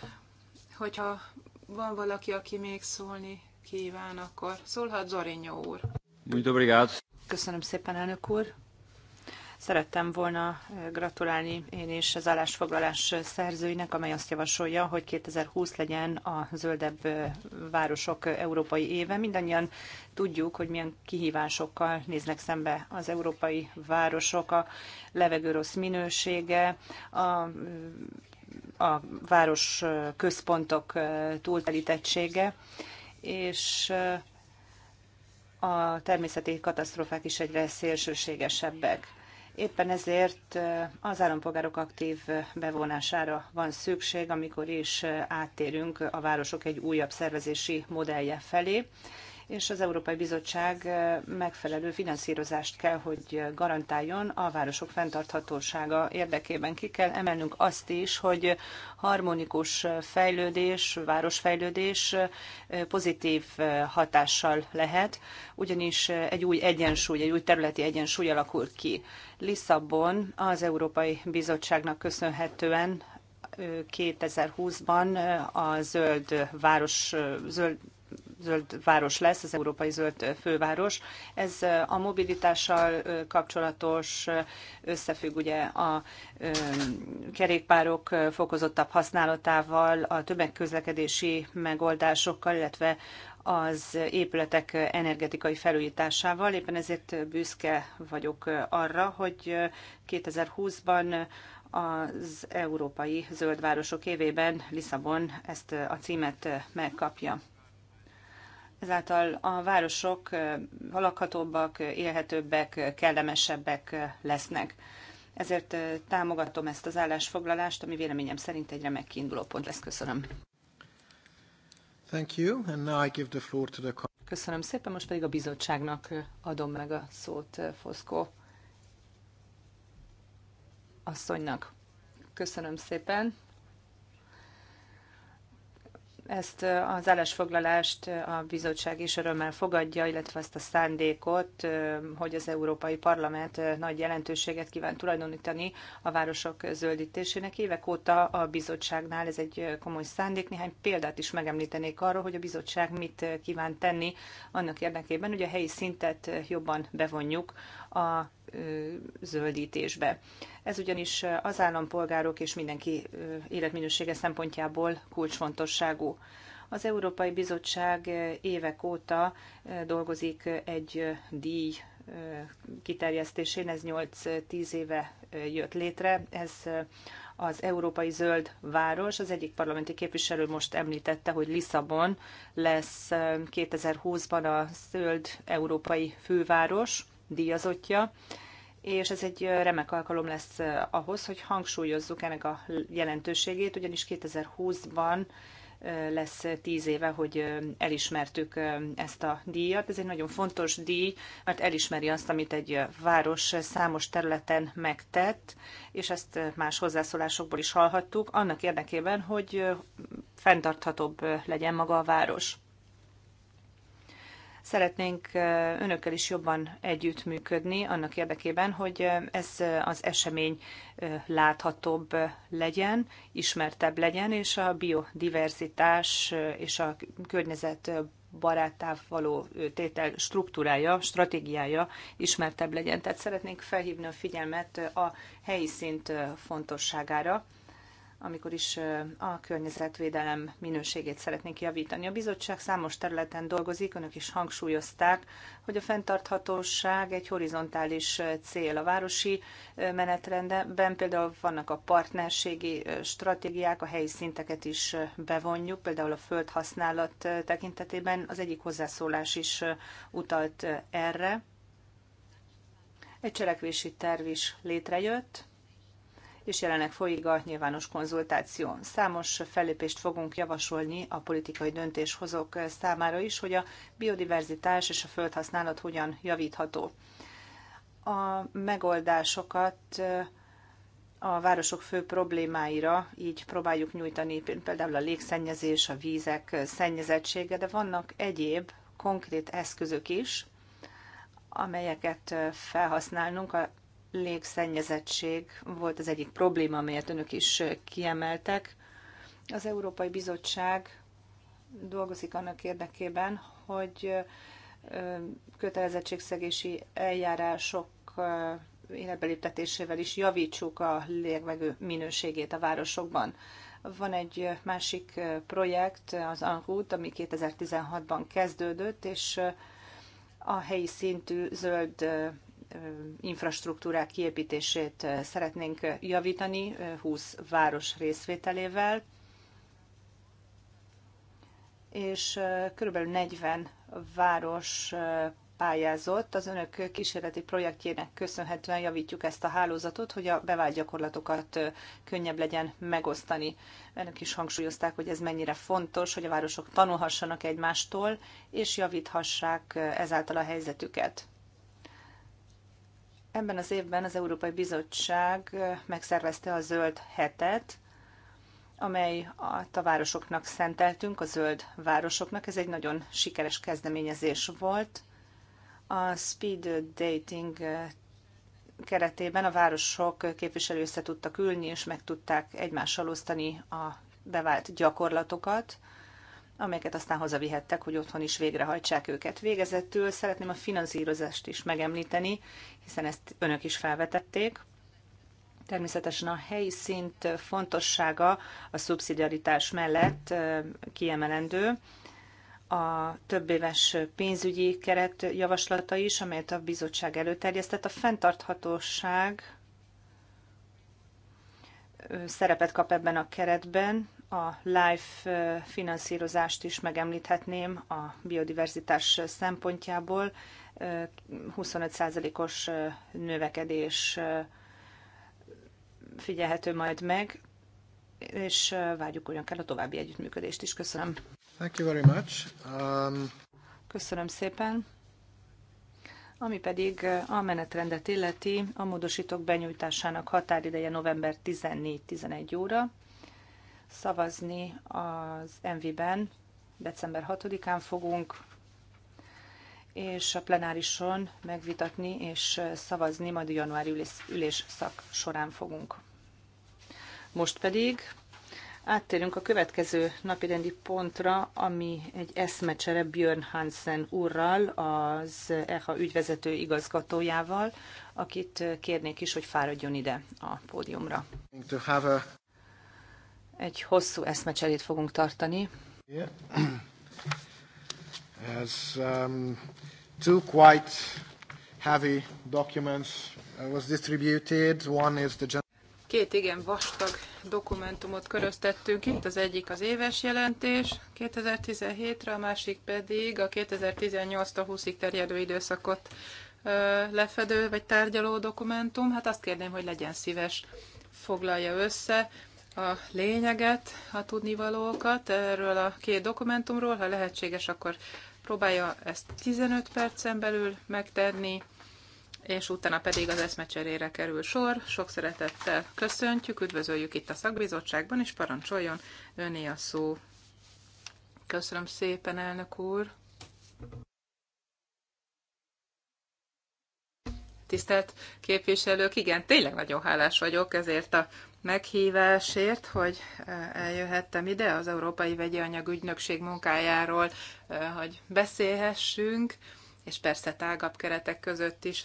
hogyha van valaki, aki még szólni kíván, akkor szólhat Zorinyó úr. Muito obrigado. Köszönöm szépen, elnök úr. Szerettem volna eh, gratulálni én is az állásfoglalás szerzőinek, amely azt javasolja, hogy 2020 legyen a zöldebb eh, városok európai éve. Mindannyian tudjuk, hogy milyen kihívásokkal néznek szembe az európai városok, a levegő rossz minősége, a a város központok túltelítettsége, és a természeti katasztrófák is egyre szélsőségesebbek. Éppen ezért az állampolgárok aktív bevonására van szükség, amikor is áttérünk a városok egy újabb szervezési modellje felé és az Európai Bizottság megfelelő finanszírozást kell, hogy garantáljon a városok fenntarthatósága érdekében. Ki kell emelnünk azt is, hogy harmonikus fejlődés, városfejlődés pozitív hatással lehet, ugyanis egy új egyensúly, egy új területi egyensúly alakul ki. Lisszabon az Európai Bizottságnak köszönhetően 2020-ban a zöld város, zöld zöld város lesz, az Európai Zöld Főváros. Ez a mobilitással kapcsolatos összefügg ugye a kerékpárok fokozottabb használatával, a tömegközlekedési megoldásokkal, illetve az épületek energetikai felújításával. Éppen ezért büszke vagyok arra, hogy 2020-ban az Európai Zöldvárosok évében Lisszabon ezt a címet megkapja. Ezáltal a városok lakhatóbbak, élhetőbbek, kellemesebbek lesznek. Ezért támogatom ezt az állásfoglalást, ami véleményem szerint egy remek kiinduló pont lesz. Köszönöm. Thank you, and now I give the floor to the... Köszönöm szépen, most pedig a bizottságnak adom meg a szót Foszkó asszonynak. Köszönöm szépen. Ezt az állásfoglalást a bizottság is örömmel fogadja, illetve ezt a szándékot, hogy az Európai Parlament nagy jelentőséget kíván tulajdonítani a városok zöldítésének. Évek óta a bizottságnál ez egy komoly szándék. Néhány példát is megemlítenék arról, hogy a bizottság mit kíván tenni annak érdekében, hogy a helyi szintet jobban bevonjuk a zöldítésbe. Ez ugyanis az állampolgárok és mindenki életminősége szempontjából kulcsfontosságú. Az Európai Bizottság évek óta dolgozik egy díj kiterjesztésén, ez 8-10 éve jött létre. Ez az Európai Zöld Város. Az egyik parlamenti képviselő most említette, hogy Lisszabon lesz 2020-ban a Zöld Európai Főváros díjazottja, és ez egy remek alkalom lesz eh, ahhoz, hogy hangsúlyozzuk ennek a jelentőségét, ugyanis 2020-ban eh, lesz tíz éve, hogy eh, elismertük ezt a díjat. Ez egy nagyon fontos díj, mert elismeri azt, amit egy város számos területen megtett, és ezt más hozzászólásokból is hallhattuk, annak érdekében, hogy fenntarthatóbb legyen maga a város. Szeretnénk önökkel is jobban együttműködni annak érdekében, hogy ez az esemény láthatóbb legyen, ismertebb legyen, és a biodiverzitás és a környezet baráttá való tétel struktúrája, stratégiája ismertebb legyen. Tehát szeretnénk felhívni a figyelmet a helyi szint fontosságára amikor is a környezetvédelem minőségét szeretnénk javítani. A bizottság számos területen dolgozik, önök is hangsúlyozták, hogy a fenntarthatóság egy horizontális cél a városi menetrendben. Például vannak a partnerségi stratégiák, a helyi szinteket is bevonjuk, például a földhasználat tekintetében az egyik hozzászólás is utalt erre. Egy cselekvési terv is létrejött, és jelenleg folyik a nyilvános konzultáció. Számos fellépést fogunk javasolni a politikai döntéshozók számára is, hogy a biodiverzitás és a földhasználat hogyan javítható. A megoldásokat a városok fő problémáira így próbáljuk nyújtani, például a légszennyezés, a vízek szennyezettsége, de vannak egyéb konkrét eszközök is, amelyeket felhasználunk a légszennyezettség volt az egyik probléma, amelyet önök is kiemeltek. Az Európai Bizottság dolgozik annak érdekében, hogy kötelezettségszegési eljárások életbeléptetésével is javítsuk a légvegő minőségét a városokban. Van egy másik projekt, az Ankút, ami 2016-ban kezdődött, és a helyi szintű zöld infrastruktúrák kiépítését szeretnénk javítani 20 város részvételével, és körülbelül 40 város pályázott. Az önök kísérleti projektjének köszönhetően javítjuk ezt a hálózatot, hogy a bevált gyakorlatokat könnyebb legyen megosztani. Önök is hangsúlyozták, hogy ez mennyire fontos, hogy a városok tanulhassanak egymástól, és javíthassák ezáltal a helyzetüket. Ebben az évben az Európai Bizottság megszervezte a Zöld Hetet, amely a városoknak szenteltünk, a zöld városoknak. Ez egy nagyon sikeres kezdeményezés volt. A speed dating keretében a városok képviselő össze tudtak ülni, és meg tudták egymással osztani a bevált gyakorlatokat amelyeket aztán hazavihettek, hogy otthon is végrehajtsák őket. Végezetül szeretném a finanszírozást is megemlíteni, hiszen ezt önök is felvetették. Természetesen a helyi szint fontossága a szubszidiaritás mellett kiemelendő. A több éves pénzügyi keret javaslata is, amelyet a bizottság előterjesztett, a fenntarthatóság szerepet kap ebben a keretben, a LIFE finanszírozást is megemlíthetném a biodiverzitás szempontjából. 25%-os növekedés figyelhető majd meg, és várjuk olyan kell a további együttműködést is. Köszönöm. Thank you very much. Um... Köszönöm szépen. Ami pedig a menetrendet illeti, a módosítók benyújtásának határideje november 14-11 óra Szavazni az MV-ben december 6-án fogunk, és a plenárison megvitatni és szavazni, majd a januári ülés, ülés szak során fogunk. Most pedig áttérünk a következő napirendi pontra, ami egy eszmecsere Björn Hansen úrral, az EHA ügyvezető igazgatójával, akit kérnék is, hogy fáradjon ide a pódiumra. To have a egy hosszú eszmecserét fogunk tartani. (clears throat) As, um, two quite heavy documents uh, was distributed. One is the Két igen vastag dokumentumot köröztettünk itt, az egyik az éves jelentés 2017-re, a másik pedig a 2018-20-ig terjedő időszakot lefedő vagy tárgyaló dokumentum. Hát azt kérném, hogy legyen szíves, foglalja össze a lényeget, a tudnivalókat erről a két dokumentumról. Ha lehetséges, akkor próbálja ezt 15 percen belül megtenni, és utána pedig az eszmecserére kerül sor. Sok szeretettel köszöntjük, üdvözöljük itt a szakbizottságban, és parancsoljon öné a szó. Köszönöm szépen, elnök úr! Tisztelt képviselők, igen, tényleg nagyon hálás vagyok ezért a meghívásért, hogy eljöhettem ide az Európai Vegyi Anyag Ügynökség munkájáról, hogy beszélhessünk, és persze tágabb keretek között is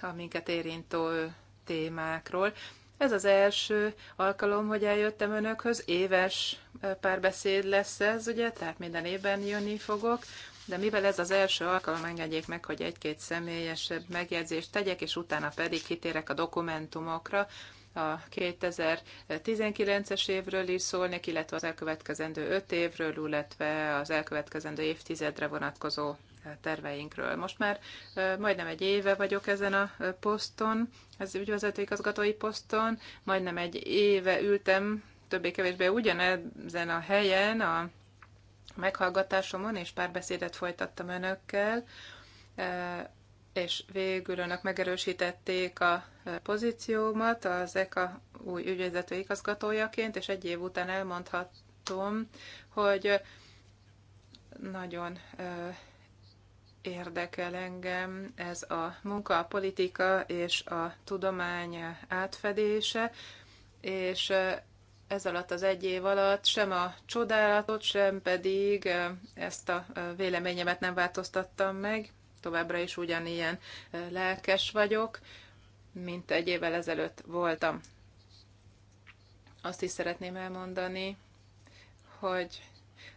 a minket érintő témákról. Ez az első alkalom, hogy eljöttem önökhöz. Éves párbeszéd lesz ez, ugye, tehát minden évben jönni fogok, de mivel ez az első alkalom, engedjék meg, hogy egy-két személyesebb megjegyzést tegyek, és utána pedig kitérek a dokumentumokra, a 2019-es évről is szólnék, illetve az elkövetkezendő 5 évről, illetve az elkövetkezendő évtizedre vonatkozó eh, terveinkről. Most már eh, majdnem egy éve vagyok ezen a eh, poszton, az ügyvezető igazgatói poszton, majdnem egy éve ültem többé-kevésbé ugyanezen a helyen, a meghallgatásomon, és párbeszédet folytattam önökkel és végül önök megerősítették a e, pozíciómat az EKA új ügyvezető igazgatójaként, és egy év után elmondhatom, hogy nagyon e, érdekel engem ez a munka, a politika és a tudomány átfedése, és e, ez alatt az egy év alatt sem a csodálatot, sem pedig ezt a véleményemet nem változtattam meg, továbbra is ugyanilyen lelkes vagyok, mint egy évvel ezelőtt voltam. Azt is szeretném elmondani, hogy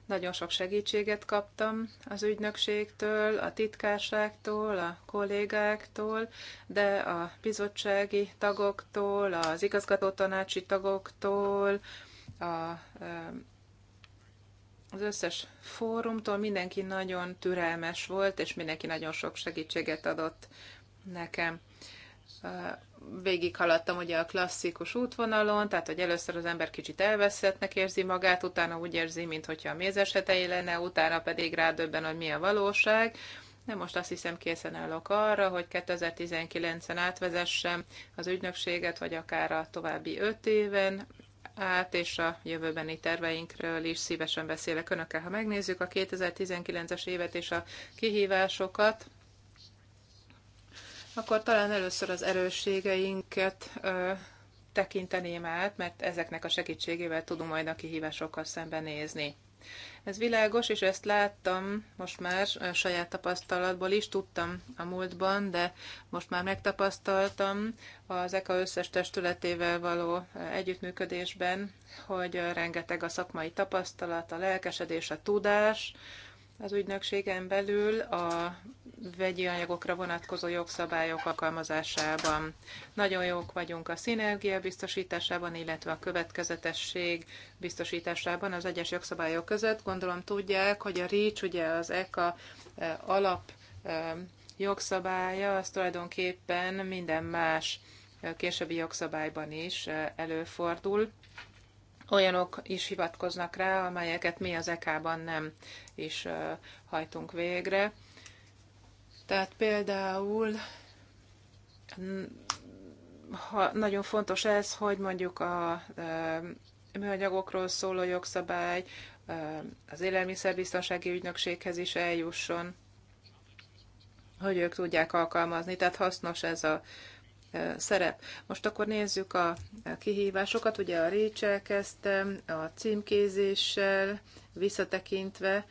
nagyon sok segítséget kaptam az ügynökségtől, a titkárságtól, a kollégáktól, de a bizottsági tagoktól, az igazgatótanácsi tagoktól, a az összes fórumtól mindenki nagyon türelmes volt, és mindenki nagyon sok segítséget adott nekem. végig haladtam, ugye a klasszikus útvonalon, tehát hogy először az ember kicsit elveszettnek érzi magát, utána úgy érzi, mintha a mézes hetei lenne, utána pedig rádöbben, hogy mi a valóság. De most azt hiszem készen állok arra, hogy 2019-en átvezessem az ügynökséget, vagy akár a további öt éven át, és a jövőbeni terveinkről is szívesen beszélek önökkel. Ha megnézzük a 2019-es évet és a kihívásokat, akkor talán először az erősségeinket ö, tekinteném át, mert ezeknek a segítségével tudunk majd a kihívásokkal szembenézni. Ez világos, és ezt láttam most már a saját tapasztalatból is, tudtam a múltban, de most már megtapasztaltam az EKA összes testületével való együttműködésben, hogy rengeteg a szakmai tapasztalat, a lelkesedés, a tudás, az ügynökségen belül a vegyi anyagokra vonatkozó jogszabályok alkalmazásában. Nagyon jók vagyunk a szinergia biztosításában, illetve a következetesség biztosításában az egyes jogszabályok között. Gondolom tudják, hogy a REACH, ugye az ECA eh, alap eh, jogszabálya, az tulajdonképpen minden más eh, későbbi jogszabályban is előfordul olyanok is hivatkoznak rá, amelyeket mi az EK-ban nem is hajtunk végre. Tehát például ha nagyon fontos ez, hogy mondjuk a műanyagokról szóló jogszabály az élelmiszerbiztonsági ügynökséghez is eljusson, hogy ők tudják alkalmazni. Tehát hasznos ez a szerep. Most akkor nézzük a kihívásokat. Ugye a récsel kezdtem, a címkézéssel, visszatekintve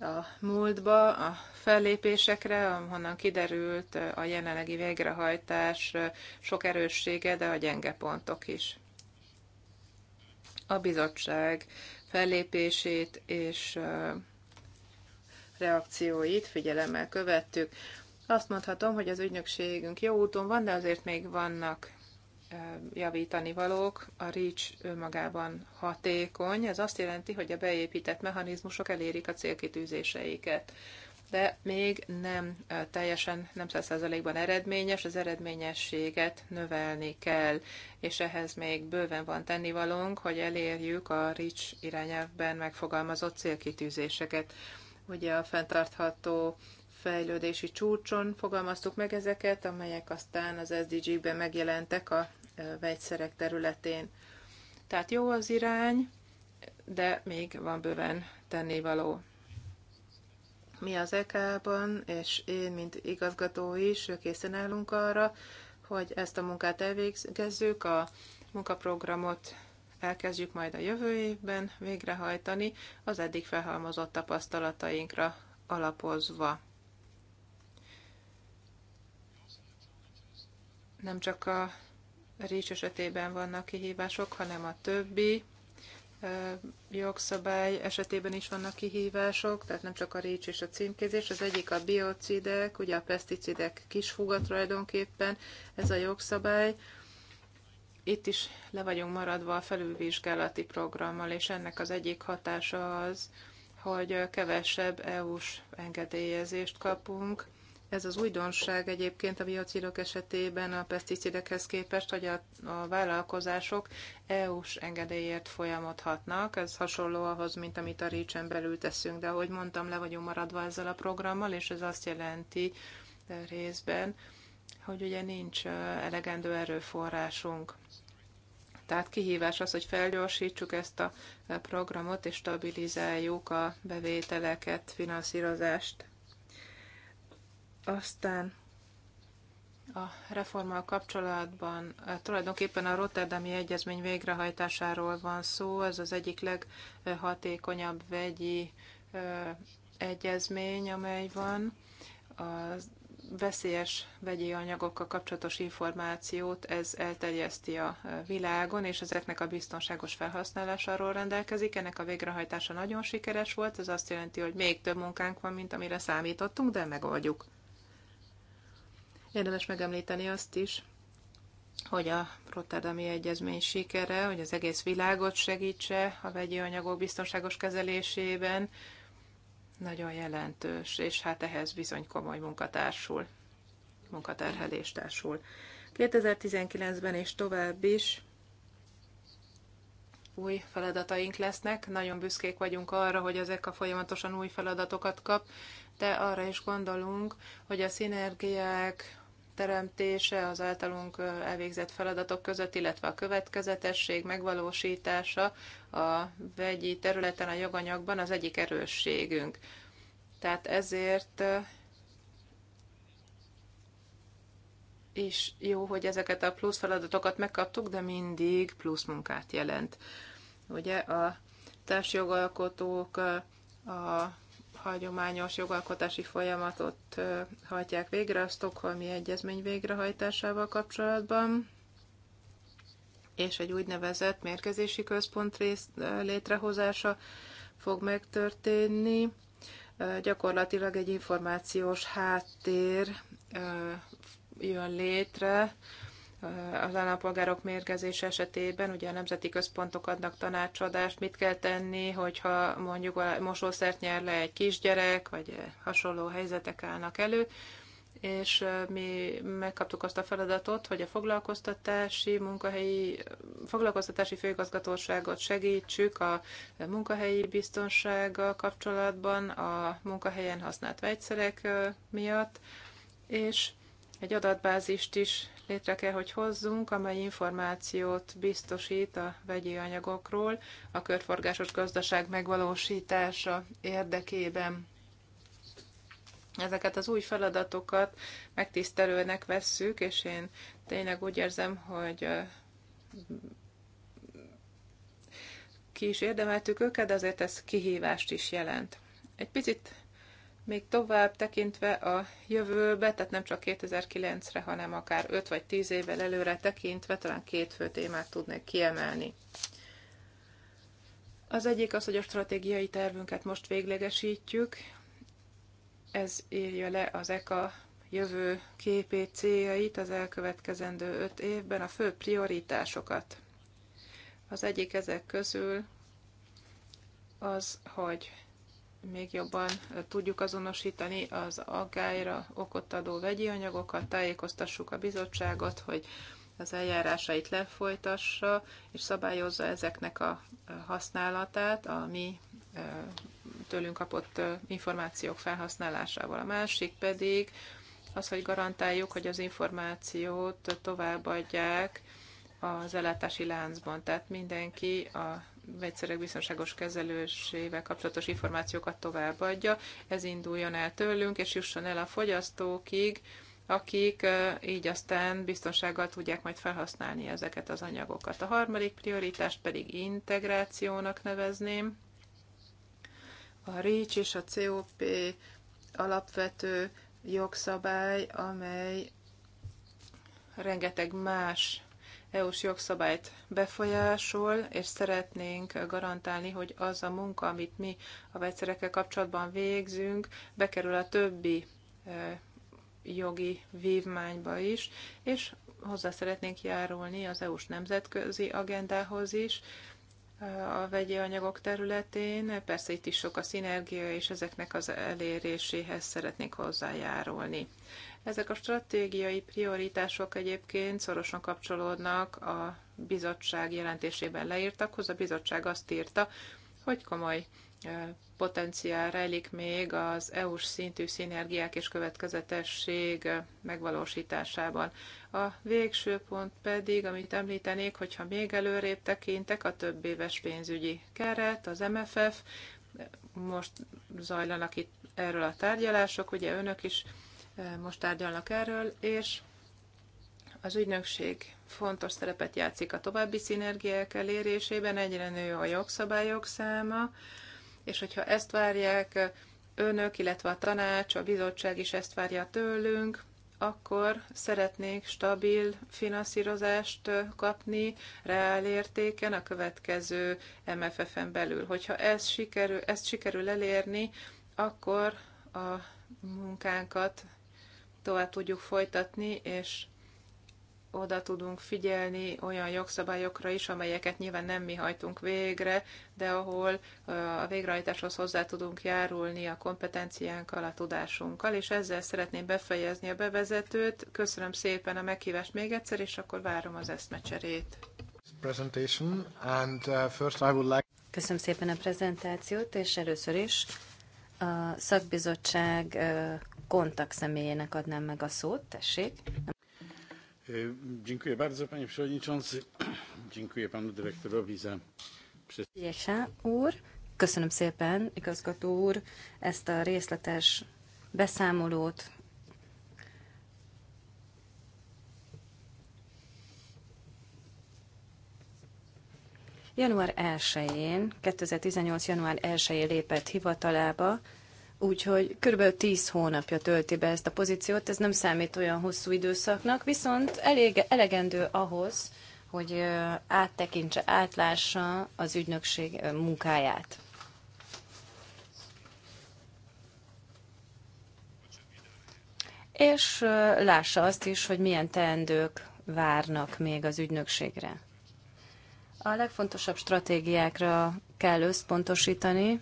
a múltba, a fellépésekre, ahonnan kiderült a jelenlegi végrehajtás sok erőssége, de a gyenge pontok is. A bizottság fellépését és reakcióit figyelemmel követtük. Azt mondhatom, hogy az ügynökségünk jó úton van, de azért még vannak javítani valók. A REACH önmagában hatékony. Ez azt jelenti, hogy a beépített mechanizmusok elérik a célkitűzéseiket de még nem teljesen, nem 100%-ban eredményes, az eredményességet növelni kell, és ehhez még bőven van tennivalónk, hogy elérjük a REACH irányelvben megfogalmazott célkitűzéseket. Ugye a fenntartható fejlődési csúcson fogalmaztuk meg ezeket, amelyek aztán az SDG-ben megjelentek a vegyszerek területén. Tehát jó az irány, de még van bőven tennivaló. Mi az EK-ban, és én, mint igazgató is készen állunk arra, hogy ezt a munkát elvégezzük, a munkaprogramot elkezdjük majd a jövő évben végrehajtani, az eddig felhalmozott tapasztalatainkra alapozva. nem csak a Rics esetében vannak kihívások, hanem a többi jogszabály esetében is vannak kihívások, tehát nem csak a rics és a címkézés. Az egyik a biocidek, ugye a peszticidek kis tulajdonképpen, ez a jogszabály. Itt is le vagyunk maradva a felülvizsgálati programmal, és ennek az egyik hatása az, hogy kevesebb EU-s engedélyezést kapunk, ez az újdonság egyébként a biocidok esetében a peszticidekhez képest, hogy a, a vállalkozások EU-s engedélyért folyamodhatnak. Ez hasonló ahhoz, mint amit a Récsen belül teszünk, de ahogy mondtam, le vagyunk maradva ezzel a programmal, és ez azt jelenti részben, hogy ugye nincs elegendő erőforrásunk. Tehát kihívás az, hogy felgyorsítsuk ezt a programot, és stabilizáljuk a bevételeket, finanszírozást. Aztán a reformmal kapcsolatban eh, tulajdonképpen a Rotterdami Egyezmény végrehajtásáról van szó, ez az egyik leghatékonyabb vegyi eh, egyezmény, amely van. A veszélyes vegyi anyagokkal kapcsolatos információt ez elterjeszti a eh, világon, és ezeknek a biztonságos felhasználásáról rendelkezik. Ennek a végrehajtása nagyon sikeres volt, ez azt jelenti, hogy még több munkánk van, mint amire számítottunk, de megoldjuk. Érdemes megemlíteni azt is, hogy a Rotterdami Egyezmény sikere, hogy az egész világot segítse a vegyi anyagok biztonságos kezelésében, nagyon jelentős, és hát ehhez bizony komoly munkatársul, munkaterhelés társul. 2019-ben és tovább is új feladataink lesznek. Nagyon büszkék vagyunk arra, hogy ezek a folyamatosan új feladatokat kap, de arra is gondolunk, hogy a szinergiák, teremtése, az általunk elvégzett feladatok között, illetve a következetesség megvalósítása a vegyi területen, a joganyagban az egyik erősségünk. Tehát ezért is jó, hogy ezeket a plusz feladatokat megkaptuk, de mindig plusz munkát jelent. Ugye a társjogalkotók a hagyományos jogalkotási folyamatot hajtják végre a Stockholmi Egyezmény végrehajtásával kapcsolatban, és egy úgynevezett mérkezési központ rész, létrehozása fog megtörténni. Gyakorlatilag egy információs háttér jön létre az állampolgárok mérgezés esetében, ugye a nemzeti központok adnak tanácsadást, mit kell tenni, hogyha mondjuk a mosószert nyer le egy kisgyerek, vagy hasonló helyzetek állnak elő, és mi megkaptuk azt a feladatot, hogy a foglalkoztatási munkahelyi, foglalkoztatási főigazgatóságot segítsük a munkahelyi biztonsággal kapcsolatban, a munkahelyen használt vegyszerek miatt, és egy adatbázist is létre kell, hogy hozzunk, amely információt biztosít a vegyi anyagokról a körforgásos gazdaság megvalósítása érdekében. Ezeket az új feladatokat megtisztelőnek vesszük, és én tényleg úgy érzem, hogy ki is érdemeltük őket, de azért ez kihívást is jelent. Egy picit még tovább tekintve a jövőbe, tehát nem csak 2009-re, hanem akár 5 vagy 10 évvel előre tekintve, talán két fő témát tudnék kiemelni. Az egyik az, hogy a stratégiai tervünket most véglegesítjük. Ez írja le az ECA jövő képét, céljait az elkövetkezendő 5 évben, a fő prioritásokat. Az egyik ezek közül az, hogy még jobban tudjuk azonosítani az aggályra okot adó vegyi anyagokat, tájékoztassuk a bizottságot, hogy az eljárásait lefolytassa, és szabályozza ezeknek a használatát, a mi tőlünk kapott információk felhasználásával. A másik pedig az, hogy garantáljuk, hogy az információt továbbadják az ellátási láncban. Tehát mindenki a vegyszerek biztonságos kezelésével kapcsolatos információkat továbbadja, ez induljon el tőlünk, és jusson el a fogyasztókig, akik így aztán biztonsággal tudják majd felhasználni ezeket az anyagokat. A harmadik prioritást pedig integrációnak nevezném. A REACH és a COP alapvető jogszabály, amely rengeteg más EU-s jogszabályt befolyásol, és szeretnénk garantálni, hogy az a munka, amit mi a vegyszerekkel kapcsolatban végzünk, bekerül a többi e, jogi vívmányba is, és hozzá szeretnénk járulni az EU-s nemzetközi agendához is, e, a vegyi anyagok területén. Persze itt is sok a szinergia, és ezeknek az eléréséhez szeretnék hozzájárulni. Ezek a stratégiai prioritások egyébként szorosan kapcsolódnak a bizottság jelentésében leírtakhoz. A bizottság azt írta, hogy komoly potenciál rejlik még az EU-s szintű szinergiák és következetesség megvalósításában. A végső pont pedig, amit említenék, hogyha még előrébb tekintek, a több éves pénzügyi keret, az MFF, most zajlanak itt erről a tárgyalások, ugye önök is most tárgyalnak erről, és az ügynökség fontos szerepet játszik a további szinergiák elérésében, egyre nő a jogszabályok száma, és hogyha ezt várják önök, illetve a tanács, a bizottság is ezt várja tőlünk, akkor szeretnék stabil finanszírozást kapni reálértéken a következő MFF-en belül. Hogyha ezt sikerül, ezt sikerül elérni, akkor a munkánkat tovább tudjuk folytatni, és oda tudunk figyelni olyan jogszabályokra is, amelyeket nyilván nem mi hajtunk végre, de ahol a végrehajtáshoz hozzá tudunk járulni a kompetenciánkkal, a tudásunkkal, és ezzel szeretném befejezni a bevezetőt. Köszönöm szépen a meghívást még egyszer, és akkor várom az eszmecserét. Uh, Köszönöm szépen a prezentációt, és először is a szakbizottság kontakt személyének adnám meg a szót. Tessék. Dziękuję bardzo, panie przewodniczący. Dziękuję panu dyrektorowi za... Jese úr, köszönöm szépen, igazgató úr, ezt a részletes beszámolót. Január 1-én, 2018. január 1-én lépett hivatalába, Úgyhogy kb. 10 hónapja tölti be ezt a pozíciót, ez nem számít olyan hosszú időszaknak, viszont elég, elegendő ahhoz, hogy áttekintse, átlássa az ügynökség munkáját. És lássa azt is, hogy milyen teendők várnak még az ügynökségre. A legfontosabb stratégiákra kell összpontosítani,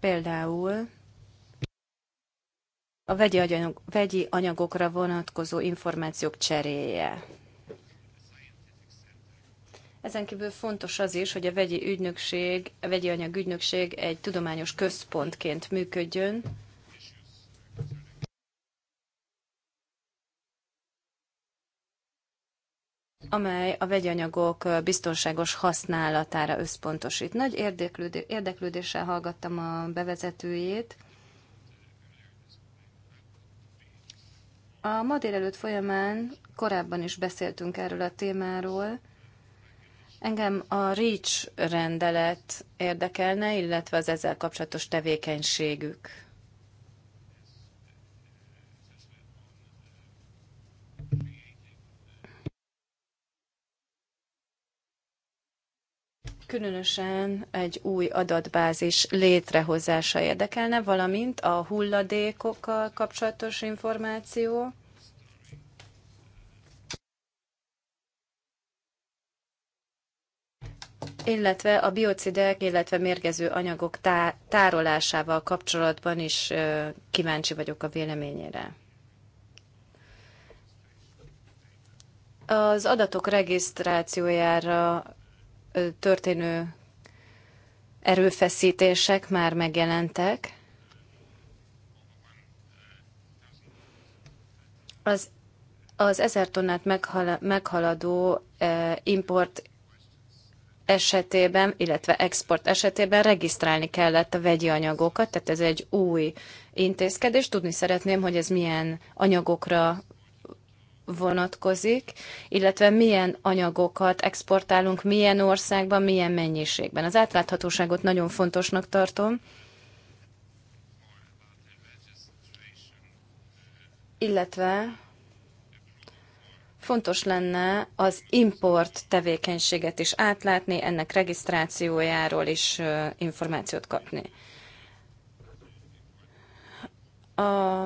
Például a vegyi, anyag, vegyi anyagokra vonatkozó információk cseréje. Ezen kívül fontos az is, hogy a vegyi ügynökség, a vegyi anyagügynökség egy tudományos központként működjön, amely a vegyanyagok biztonságos használatára összpontosít. Nagy érdeklődéssel hallgattam a bevezetőjét. A ma délelőtt folyamán korábban is beszéltünk erről a témáról. Engem a REACH rendelet érdekelne, illetve az ezzel kapcsolatos tevékenységük. különösen egy új adatbázis létrehozása érdekelne, valamint a hulladékokkal kapcsolatos információ. illetve a biocidek, illetve mérgező anyagok tá- tárolásával kapcsolatban is ö, kíváncsi vagyok a véleményére. Az adatok regisztrációjára történő erőfeszítések már megjelentek. Az, az ezer tonnát meghal, meghaladó import esetében, illetve export esetében regisztrálni kellett a vegyi anyagokat, tehát ez egy új intézkedés. Tudni szeretném, hogy ez milyen anyagokra vonatkozik, illetve milyen anyagokat exportálunk, milyen országban, milyen mennyiségben. Az átláthatóságot nagyon fontosnak tartom. Illetve fontos lenne az import tevékenységet is átlátni, ennek regisztrációjáról is információt kapni. A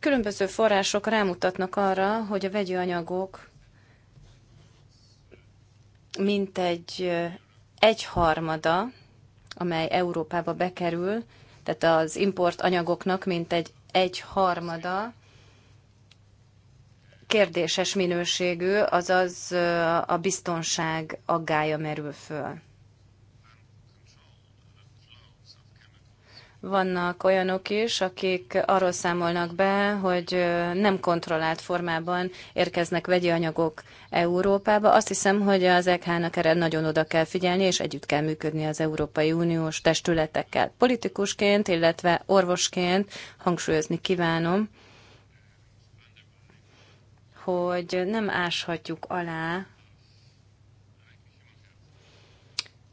Különböző források rámutatnak arra, hogy a vegyi anyagok mint egy egyharmada, amely Európába bekerül, tehát az import anyagoknak mint egy egyharmada kérdéses minőségű, azaz a biztonság aggája merül föl. Vannak olyanok is, akik arról számolnak be, hogy nem kontrollált formában érkeznek vegyi anyagok Európába. Azt hiszem, hogy az EKH-nak erre nagyon oda kell figyelni, és együtt kell működni az Európai Uniós testületekkel. Politikusként, illetve orvosként hangsúlyozni kívánom, hogy nem áshatjuk alá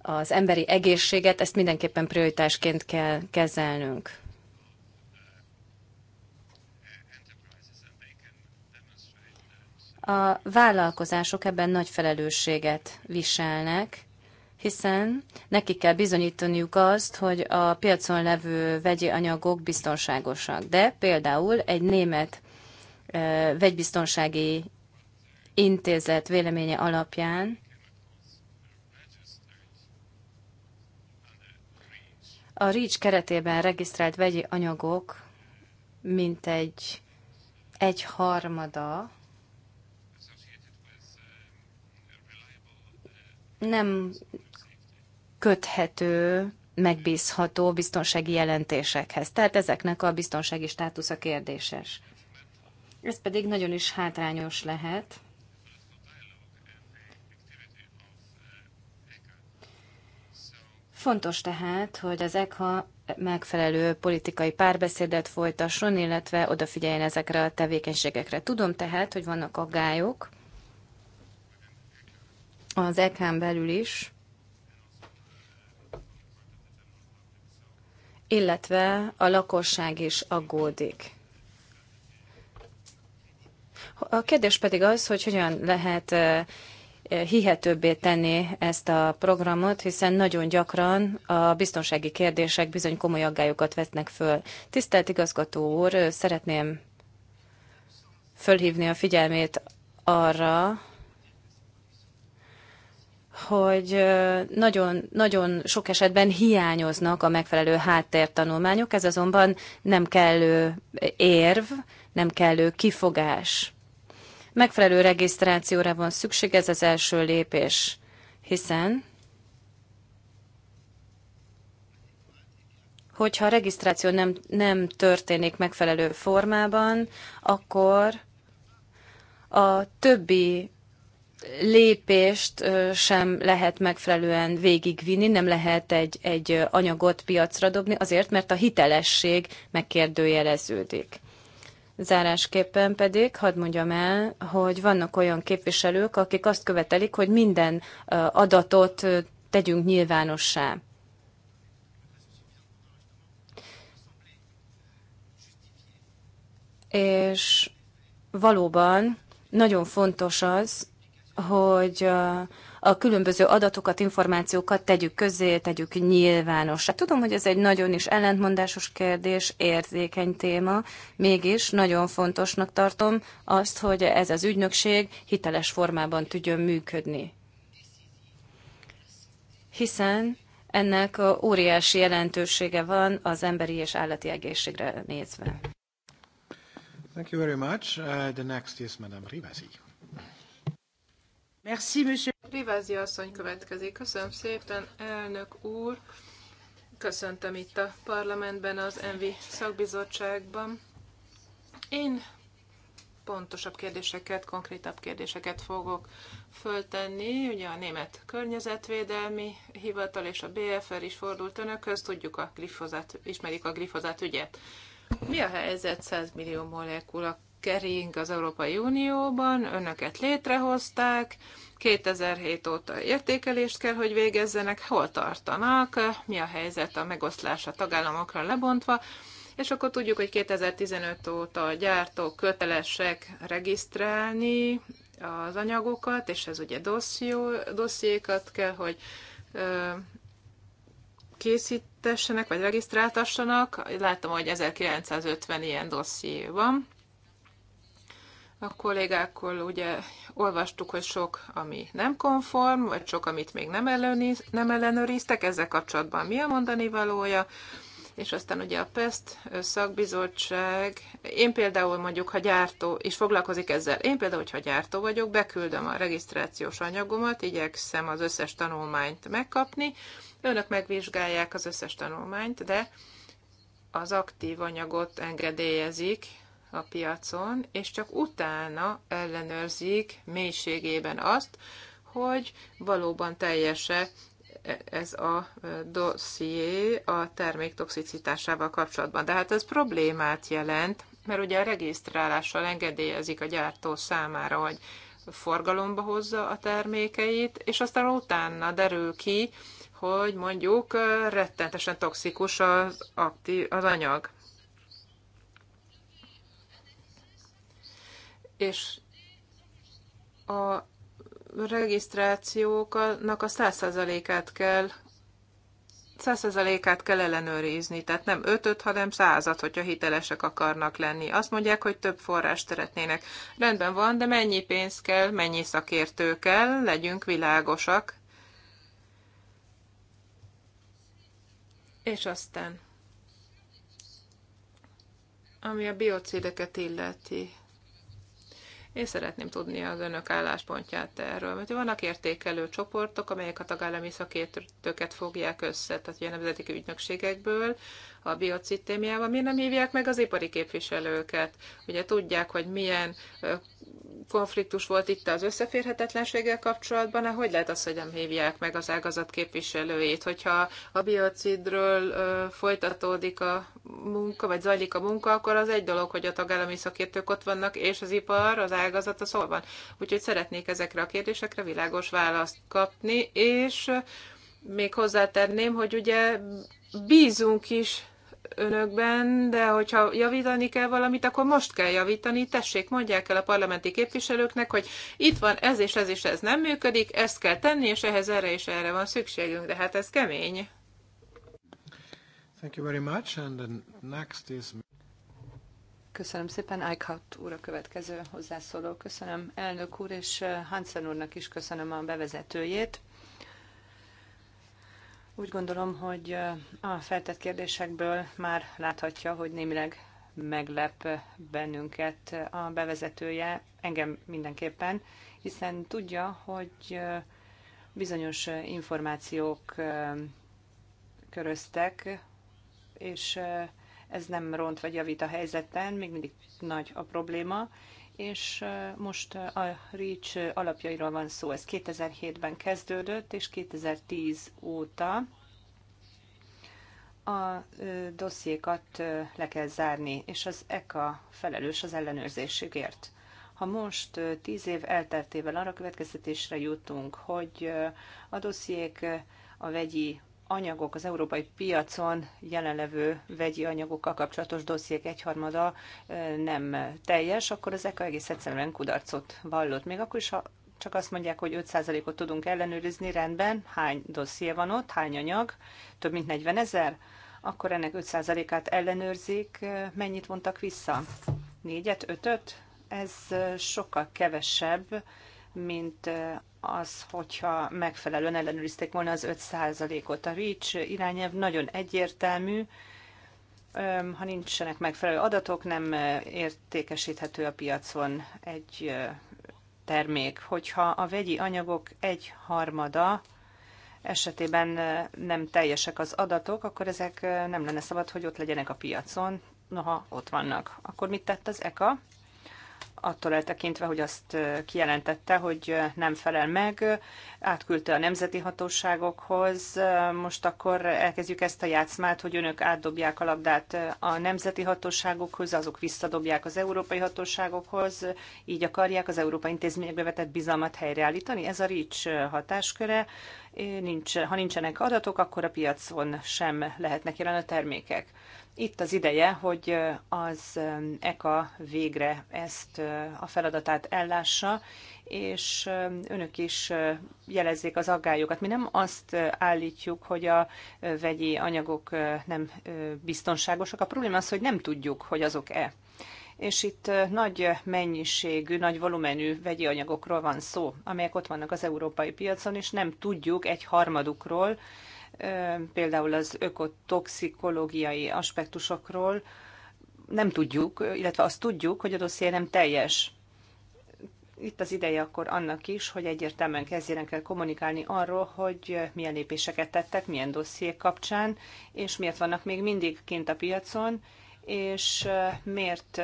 az emberi egészséget, ezt mindenképpen prioritásként kell kezelnünk. A vállalkozások ebben nagy felelősséget viselnek, hiszen nekik kell bizonyítaniuk azt, hogy a piacon levő vegyi anyagok biztonságosak. De például egy német vegybiztonsági intézet véleménye alapján A REACH keretében regisztrált vegyi anyagok egy egy harmada nem köthető, megbízható biztonsági jelentésekhez. Tehát ezeknek a biztonsági státusza kérdéses. Ez pedig nagyon is hátrányos lehet Fontos tehát, hogy az ECHA megfelelő politikai párbeszédet folytasson, illetve odafigyeljen ezekre a tevékenységekre. Tudom tehát, hogy vannak aggályok az ECHA-n belül is, illetve a lakosság is aggódik. A kérdés pedig az, hogy hogyan lehet eh, Eh, hihetőbbé tenni ezt a programot, hiszen nagyon gyakran a biztonsági kérdések bizony komoly aggályokat vetnek föl. Tisztelt igazgató úr, eh, szeretném fölhívni a figyelmét arra, hogy eh, nagyon, nagyon sok esetben hiányoznak a megfelelő háttértanulmányok, ez azonban nem kellő érv, nem kellő kifogás. Megfelelő regisztrációra van szükség, ez az első lépés, hiszen hogyha a regisztráció nem, nem történik megfelelő formában, akkor a többi lépést sem lehet megfelelően végigvinni, nem lehet egy, egy anyagot piacra dobni, azért, mert a hitelesség megkérdőjeleződik. Zárásképpen pedig hadd mondjam el, hogy vannak olyan képviselők, akik azt követelik, hogy minden adatot tegyünk nyilvánossá. És valóban nagyon fontos az, hogy a különböző adatokat, információkat tegyük közzé, tegyük nyilvános. Tudom, hogy ez egy nagyon is ellentmondásos kérdés, érzékeny téma, mégis nagyon fontosnak tartom azt, hogy ez az ügynökség hiteles formában tudjon működni. Hiszen ennek óriási jelentősége van az emberi és állati egészségre nézve. Thank you very much. Uh, the next is Madame Rivasi. Merci, monsieur. Rivázi asszony következik. Köszönöm szépen, elnök úr. Köszöntöm itt a parlamentben, az ENVI szakbizottságban. Én pontosabb kérdéseket, konkrétabb kérdéseket fogok föltenni. Ugye a Német Környezetvédelmi Hivatal és a BFR is fordult önökhöz, tudjuk a glifozát, ismerik a glifozát ügyet. Mi a helyzet 100 millió molekula kering az Európai Unióban, önöket létrehozták, 2007 óta értékelést kell, hogy végezzenek, hol tartanak, mi a helyzet a megoszlás a tagállamokra lebontva, és akkor tudjuk, hogy 2015 óta a gyártók kötelesek regisztrálni az anyagokat, és ez ugye dosszió, dossziékat kell, hogy ö, készítessenek, vagy regisztráltassanak. Látom, hogy 1950 ilyen dosszié van. A kollégákkal ugye olvastuk, hogy sok, ami nem konform, vagy sok, amit még nem, ellenőriz, nem ellenőriztek, ezzel kapcsolatban mi a mondani valója, és aztán ugye a PEST szakbizottság, én például mondjuk, ha gyártó, és foglalkozik ezzel, én például, ha gyártó vagyok, beküldöm a regisztrációs anyagomat, igyekszem az összes tanulmányt megkapni, önök megvizsgálják az összes tanulmányt, de az aktív anyagot engedélyezik, a piacon, és csak utána ellenőrzik mélységében azt, hogy valóban teljese ez a dosszié a termék toxicitásával kapcsolatban. De hát ez problémát jelent, mert ugye a regisztrálással engedélyezik a gyártó számára, hogy forgalomba hozza a termékeit, és aztán utána derül ki, hogy mondjuk rettentesen toxikus az, aktív, az anyag. és a regisztrációknak a 100%-át kell 100%-át kell ellenőrizni, tehát nem 5-5, hanem 100-at, hogyha hitelesek akarnak lenni. Azt mondják, hogy több forrás szeretnének. Rendben van, de mennyi pénz kell, mennyi szakértő kell, legyünk világosak. És aztán, ami a biocideket illeti, és szeretném tudni az önök álláspontját erről. Mert vannak értékelő csoportok, amelyek a tagállami szakértőket fogják össze, tehát ugye a nemzeti ügynökségekből, a biocid témájában, miért nem hívják meg az ipari képviselőket? Ugye tudják, hogy milyen konfliktus volt itt az összeférhetetlenséggel kapcsolatban, de hogy lehet az, hogy nem hívják meg az ágazat képviselőjét, hogyha a biocidről folytatódik a munka, vagy zajlik a munka, akkor az egy dolog, hogy a tagállami szakértők ott vannak, és az ipar, az ágazat a szóval van. Úgyhogy szeretnék ezekre a kérdésekre világos választ kapni, és még hozzátenném, hogy ugye bízunk is önökben, de hogyha javítani kell valamit, akkor most kell javítani. Tessék, mondják el a parlamenti képviselőknek, hogy itt van ez és ez és ez nem működik, ezt kell tenni, és ehhez erre és erre van szükségünk, de hát ez kemény. Thank you very much, and the next is... Köszönöm szépen. Eichhardt úr a következő hozzászóló. Köszönöm elnök úr, és eh, Hansen úrnak is köszönöm a bevezetőjét. Úgy gondolom, hogy a feltett kérdésekből már láthatja, hogy némileg meglep bennünket a bevezetője, engem mindenképpen, hiszen tudja, hogy bizonyos információk köröztek, és ez nem ront vagy javít a helyzeten, még mindig nagy a probléma, és most a REACH alapjairól van szó. Ez 2007-ben kezdődött, és 2010 óta a dossziékat le kell zárni, és az ECA felelős az ellenőrzésükért. Ha most tíz év elteltével arra következtetésre jutunk, hogy a dossziék a vegyi anyagok, az európai piacon jelenlevő vegyi anyagokkal kapcsolatos dossziék egyharmada nem teljes, akkor ezek egész egyszerűen kudarcot vallott. Még akkor is, ha csak azt mondják, hogy 5%-ot tudunk ellenőrizni, rendben, hány dosszié van ott, hány anyag, több mint 40 ezer, akkor ennek 5%-át ellenőrzik, mennyit vontak vissza? Négyet, ötöt? Ez sokkal kevesebb, mint az, hogyha megfelelően ellenőrizték volna az 5%-ot. A REACH irányelv nagyon egyértelmű, ha nincsenek megfelelő adatok, nem értékesíthető a piacon egy termék. Hogyha a vegyi anyagok egy harmada esetében nem teljesek az adatok, akkor ezek nem lenne szabad, hogy ott legyenek a piacon, noha ott vannak. Akkor mit tett az ECA? attól eltekintve, hogy azt kijelentette, hogy nem felel meg, átküldte a nemzeti hatóságokhoz. Most akkor elkezdjük ezt a játszmát, hogy önök átdobják a labdát a nemzeti hatóságokhoz, azok visszadobják az európai hatóságokhoz, így akarják az európai intézményekbe vetett bizalmat helyreállítani. Ez a RICS hatásköre. Nincs, ha nincsenek adatok, akkor a piacon sem lehetnek jelen a termékek itt az ideje, hogy az ECA végre ezt a feladatát ellássa, és önök is jelezzék az aggályokat. Mi nem azt állítjuk, hogy a vegyi anyagok nem biztonságosak. A probléma az, hogy nem tudjuk, hogy azok-e. És itt nagy mennyiségű, nagy volumenű vegyi anyagokról van szó, amelyek ott vannak az európai piacon, és nem tudjuk egy harmadukról, például az ökotoxikológiai aspektusokról nem tudjuk, illetve azt tudjuk, hogy a dosszié nem teljes. Itt az ideje akkor annak is, hogy egyértelműen kezdjenek kell kommunikálni arról, hogy milyen lépéseket tettek, milyen dossziék kapcsán, és miért vannak még mindig kint a piacon, és miért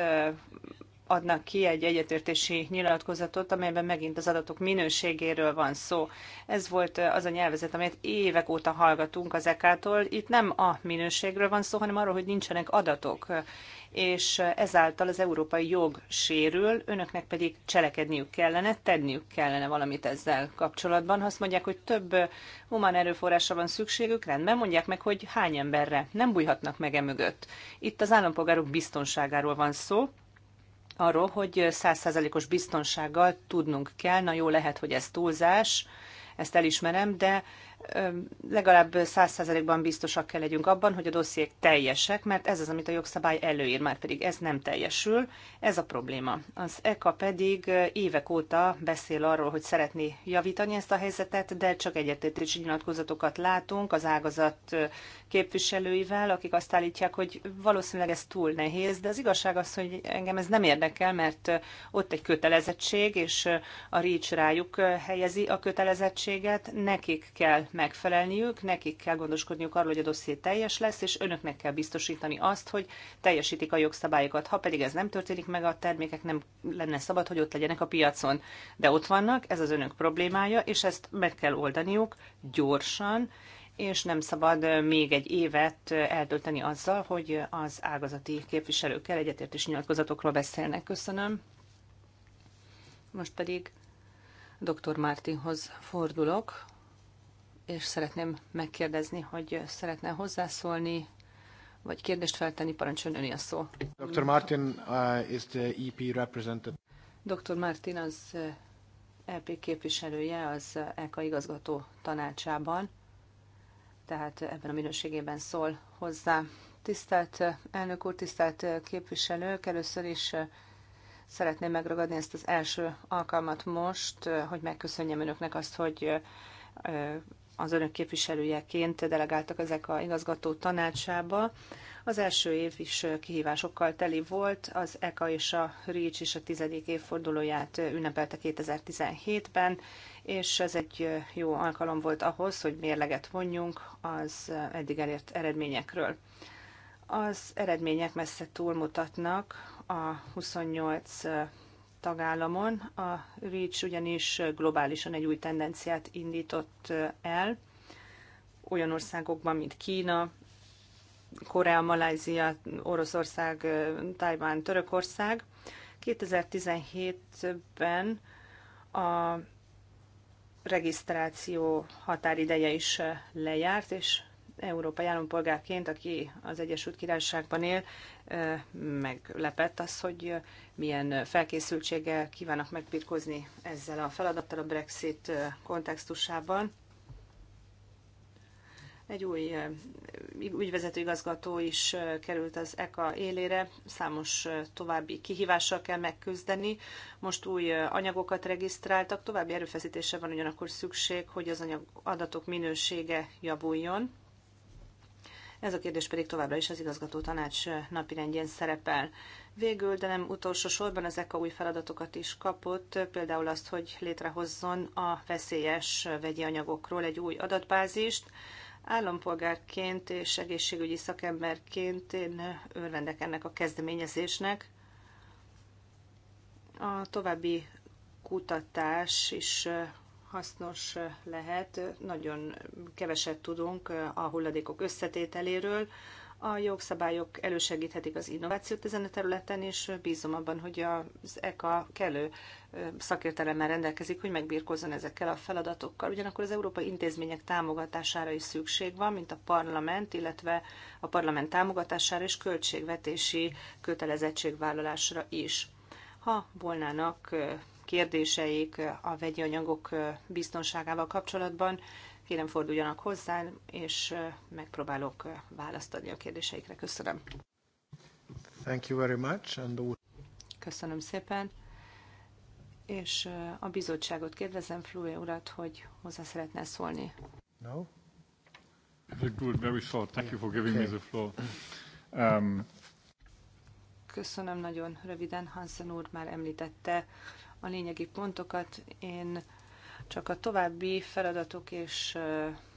adnak ki egy egyetértési nyilatkozatot, amelyben megint az adatok minőségéről van szó. Ez volt eh, az a nyelvezet, amelyet évek óta hallgatunk az EK-tól. Itt nem a minőségről van szó, hanem arról, hogy nincsenek adatok, eh, és ezáltal az európai jog sérül, önöknek pedig cselekedniük kellene, tenniük kellene valamit ezzel kapcsolatban. Ha azt mondják, hogy több eh, humán erőforrásra van szükségük, rendben mondják meg, hogy hány emberre. Nem bújhatnak meg e mögött. Itt az állampolgárok biztonságáról van szó, arról, hogy százszázalékos biztonsággal tudnunk kell. Na jó, lehet, hogy ez túlzás, ezt elismerem, de legalább 100%-ban biztosak kell legyünk abban, hogy a dossziék teljesek, mert ez az, amit a jogszabály előír, már pedig ez nem teljesül, ez a probléma. Az ECA pedig évek óta beszél arról, hogy szeretné javítani ezt a helyzetet, de csak egyetértési nyilatkozatokat látunk az ágazat képviselőivel, akik azt állítják, hogy valószínűleg ez túl nehéz, de az igazság az, hogy engem ez nem érdekel, mert ott egy kötelezettség, és a REACH rájuk helyezi a kötelezettséget, nekik kell megfelelniük, nekik kell gondoskodniuk arról, hogy a dosszié teljes lesz, és önöknek kell biztosítani azt, hogy teljesítik a jogszabályokat. Ha pedig ez nem történik meg, a termékek nem lenne szabad, hogy ott legyenek a piacon. De ott vannak, ez az önök problémája, és ezt meg kell oldaniuk gyorsan, és nem szabad még egy évet eltölteni azzal, hogy az ágazati képviselőkkel egyetértés nyilatkozatokról beszélnek. Köszönöm. Most pedig dr. Mártinhoz fordulok, és szeretném megkérdezni, hogy szeretne hozzászólni, vagy kérdést feltenni, parancsoljon öni a szó. Dr. Martin uh, is the EP representative. Dr. Martin az uh, EP képviselője az uh, EKA igazgató tanácsában, tehát uh, ebben a minőségében szól hozzá. Tisztelt elnök úr, tisztelt képviselők, először is szeretném megragadni ezt az első alkalmat most, hogy megköszönjem önöknek azt, hogy az önök képviselőjeként delegáltak ezek a igazgató tanácsába. Az első év is kihívásokkal teli volt, az ECA és a RICS is a tizedik évfordulóját ünnepelte 2017-ben, és ez egy jó alkalom volt ahhoz, hogy mérleget vonjunk az eddig elért eredményekről. Az eredmények messze túlmutatnak a 28 tagállamon. A REACH ugyanis globálisan egy új tendenciát indított el, olyan országokban, mint Kína, Korea, Malajzia, Oroszország, Tajván, Törökország. 2017-ben a regisztráció határideje is lejárt, és európai állampolgárként, aki az Egyesült Királyságban él, meglepett az, hogy milyen felkészültséggel kívánnak megbirkózni ezzel a feladattal a Brexit kontextusában. Egy új ügyvezető igazgató is került az ECA élére, számos további kihívással kell megküzdeni. Most új anyagokat regisztráltak, további erőfeszítése van ugyanakkor szükség, hogy az anyag adatok minősége javuljon ez a kérdés pedig továbbra is az igazgató tanács napirendjén szerepel. Végül, de nem utolsó sorban az ECA új feladatokat is kapott, például azt, hogy létrehozzon a veszélyes vegyi anyagokról egy új adatbázist. Állampolgárként és egészségügyi szakemberként én örvendek ennek a kezdeményezésnek. A további kutatás is hasznos lehet. Nagyon keveset tudunk a hulladékok összetételéről. A jogszabályok elősegíthetik az innovációt ezen a területen, és bízom abban, hogy az ECA kellő szakértelemmel rendelkezik, hogy megbírkozzon ezekkel a feladatokkal. Ugyanakkor az európai intézmények támogatására is szükség van, mint a parlament, illetve a parlament támogatására és költségvetési kötelezettségvállalásra is. Ha volnának kérdéseik a vegyi anyagok biztonságával kapcsolatban, kérem forduljanak hozzám, és megpróbálok választ adni a kérdéseikre. Köszönöm. Thank you very much. And... Köszönöm szépen. És a bizottságot kérdezem, Flúé urat, hogy hozzá szeretne szólni. No? Good, very short. Thank you for giving okay. me the floor. Um... Köszönöm nagyon röviden. Hansen úr már említette a lényegi pontokat. Én csak a további feladatok és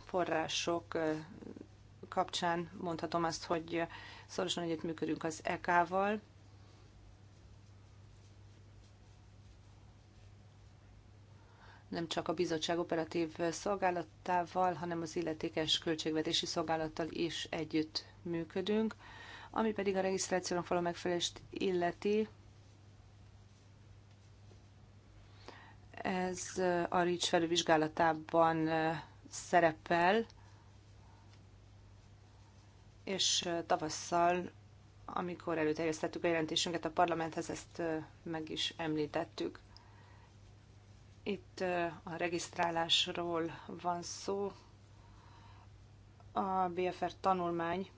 források kapcsán mondhatom azt, hogy szorosan együttműködünk az EK-val, nem csak a bizottság operatív szolgálatával, hanem az illetékes költségvetési szolgálattal is együtt működünk. Ami pedig a regisztrációnak való megfelelést illeti, Ez a RICS felülvizsgálatában szerepel, és tavasszal, amikor előterjesztettük a jelentésünket a parlamenthez, ezt meg is említettük. Itt a regisztrálásról van szó. A BFR tanulmány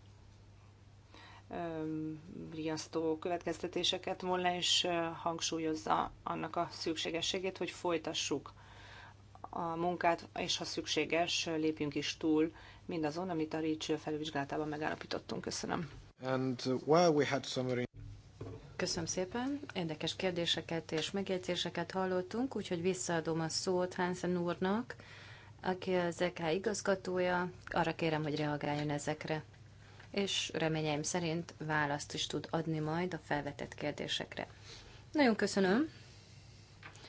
riasztó következtetéseket volna, és hangsúlyozza annak a szükségességét, hogy folytassuk a munkát, és ha szükséges, lépjünk is túl mindazon, amit a REACH felvizsgálatában megállapítottunk. Köszönöm. And uh, while we had summary... Köszönöm szépen. Érdekes kérdéseket és megjegyzéseket hallottunk, úgyhogy visszaadom a szót Hansen úrnak, aki az EK igazgatója. Arra kérem, hogy reagáljon ezekre és reményeim szerint választ is tud adni majd a felvetett kérdésekre. Nagyon köszönöm.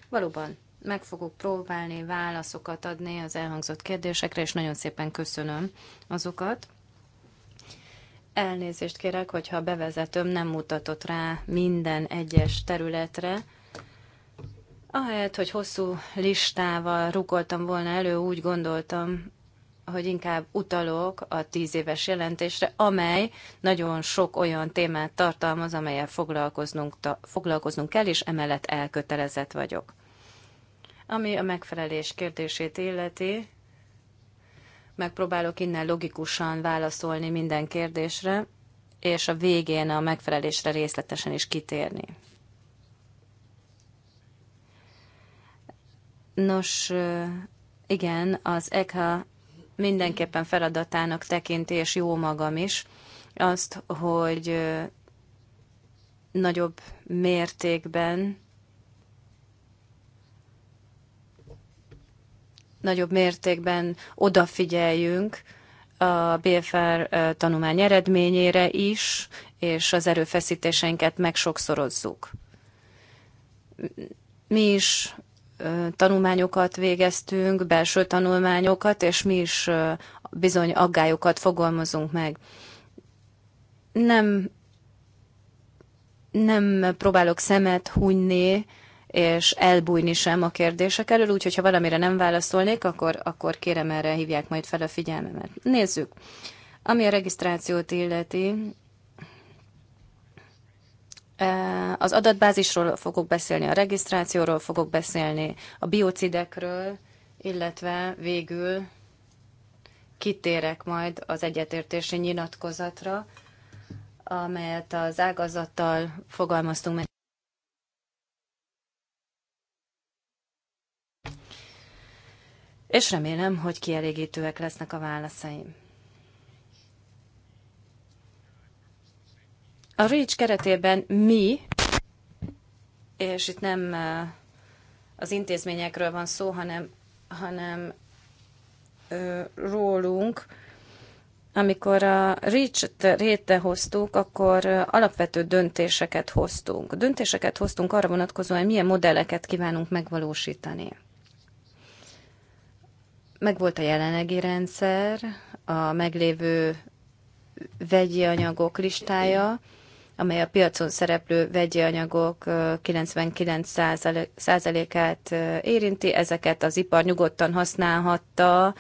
Valóban meg fogok próbálni válaszokat adni az elhangzott kérdésekre, és nagyon szépen köszönöm azokat. Elnézést kérek, hogyha a bevezetőm nem mutatott rá minden egyes területre. Ahelyett, hogy hosszú listával rukoltam volna elő, úgy gondoltam, hogy inkább utalok a tíz éves jelentésre, amely nagyon sok olyan témát tartalmaz, amelyel foglalkoznunk, ta, foglalkoznunk kell, és emellett elkötelezett vagyok. Ami a megfelelés kérdését illeti, megpróbálok innen logikusan válaszolni minden kérdésre, és a végén a megfelelésre részletesen is kitérni. Nos, igen, az ECHA mindenképpen feladatának tekinti, és jó magam is, azt, hogy nagyobb mértékben nagyobb mértékben odafigyeljünk a BFR tanulmány eredményére is, és az erőfeszítéseinket megsokszorozzuk. Mi is tanulmányokat végeztünk, belső tanulmányokat, és mi is bizony aggályokat fogalmazunk meg. Nem, nem próbálok szemet hunyni, és elbújni sem a kérdések elől, úgyhogy ha valamire nem válaszolnék, akkor, akkor kérem erre hívják majd fel a figyelmemet. Nézzük. Ami a regisztrációt illeti, Eh, az adatbázisról fogok beszélni, a regisztrációról fogok beszélni, a biocidekről, illetve végül kitérek majd az egyetértési nyilatkozatra, amelyet az ágazattal fogalmaztunk meg. És remélem, hogy kielégítőek lesznek a válaszaim. A REACH keretében mi, és itt nem eh, az intézményekről van szó, hanem, hanem rólunk, amikor a REACH-t rétehoztuk, akkor eh, alapvető döntéseket hoztunk. Döntéseket hoztunk arra vonatkozóan, hogy milyen modelleket kívánunk megvalósítani. Megvolt a jelenlegi rendszer, a meglévő vegyi anyagok listája, amely a piacon szereplő vegyi anyagok 99%-át érinti. Ezeket az ipar nyugodtan használhatta,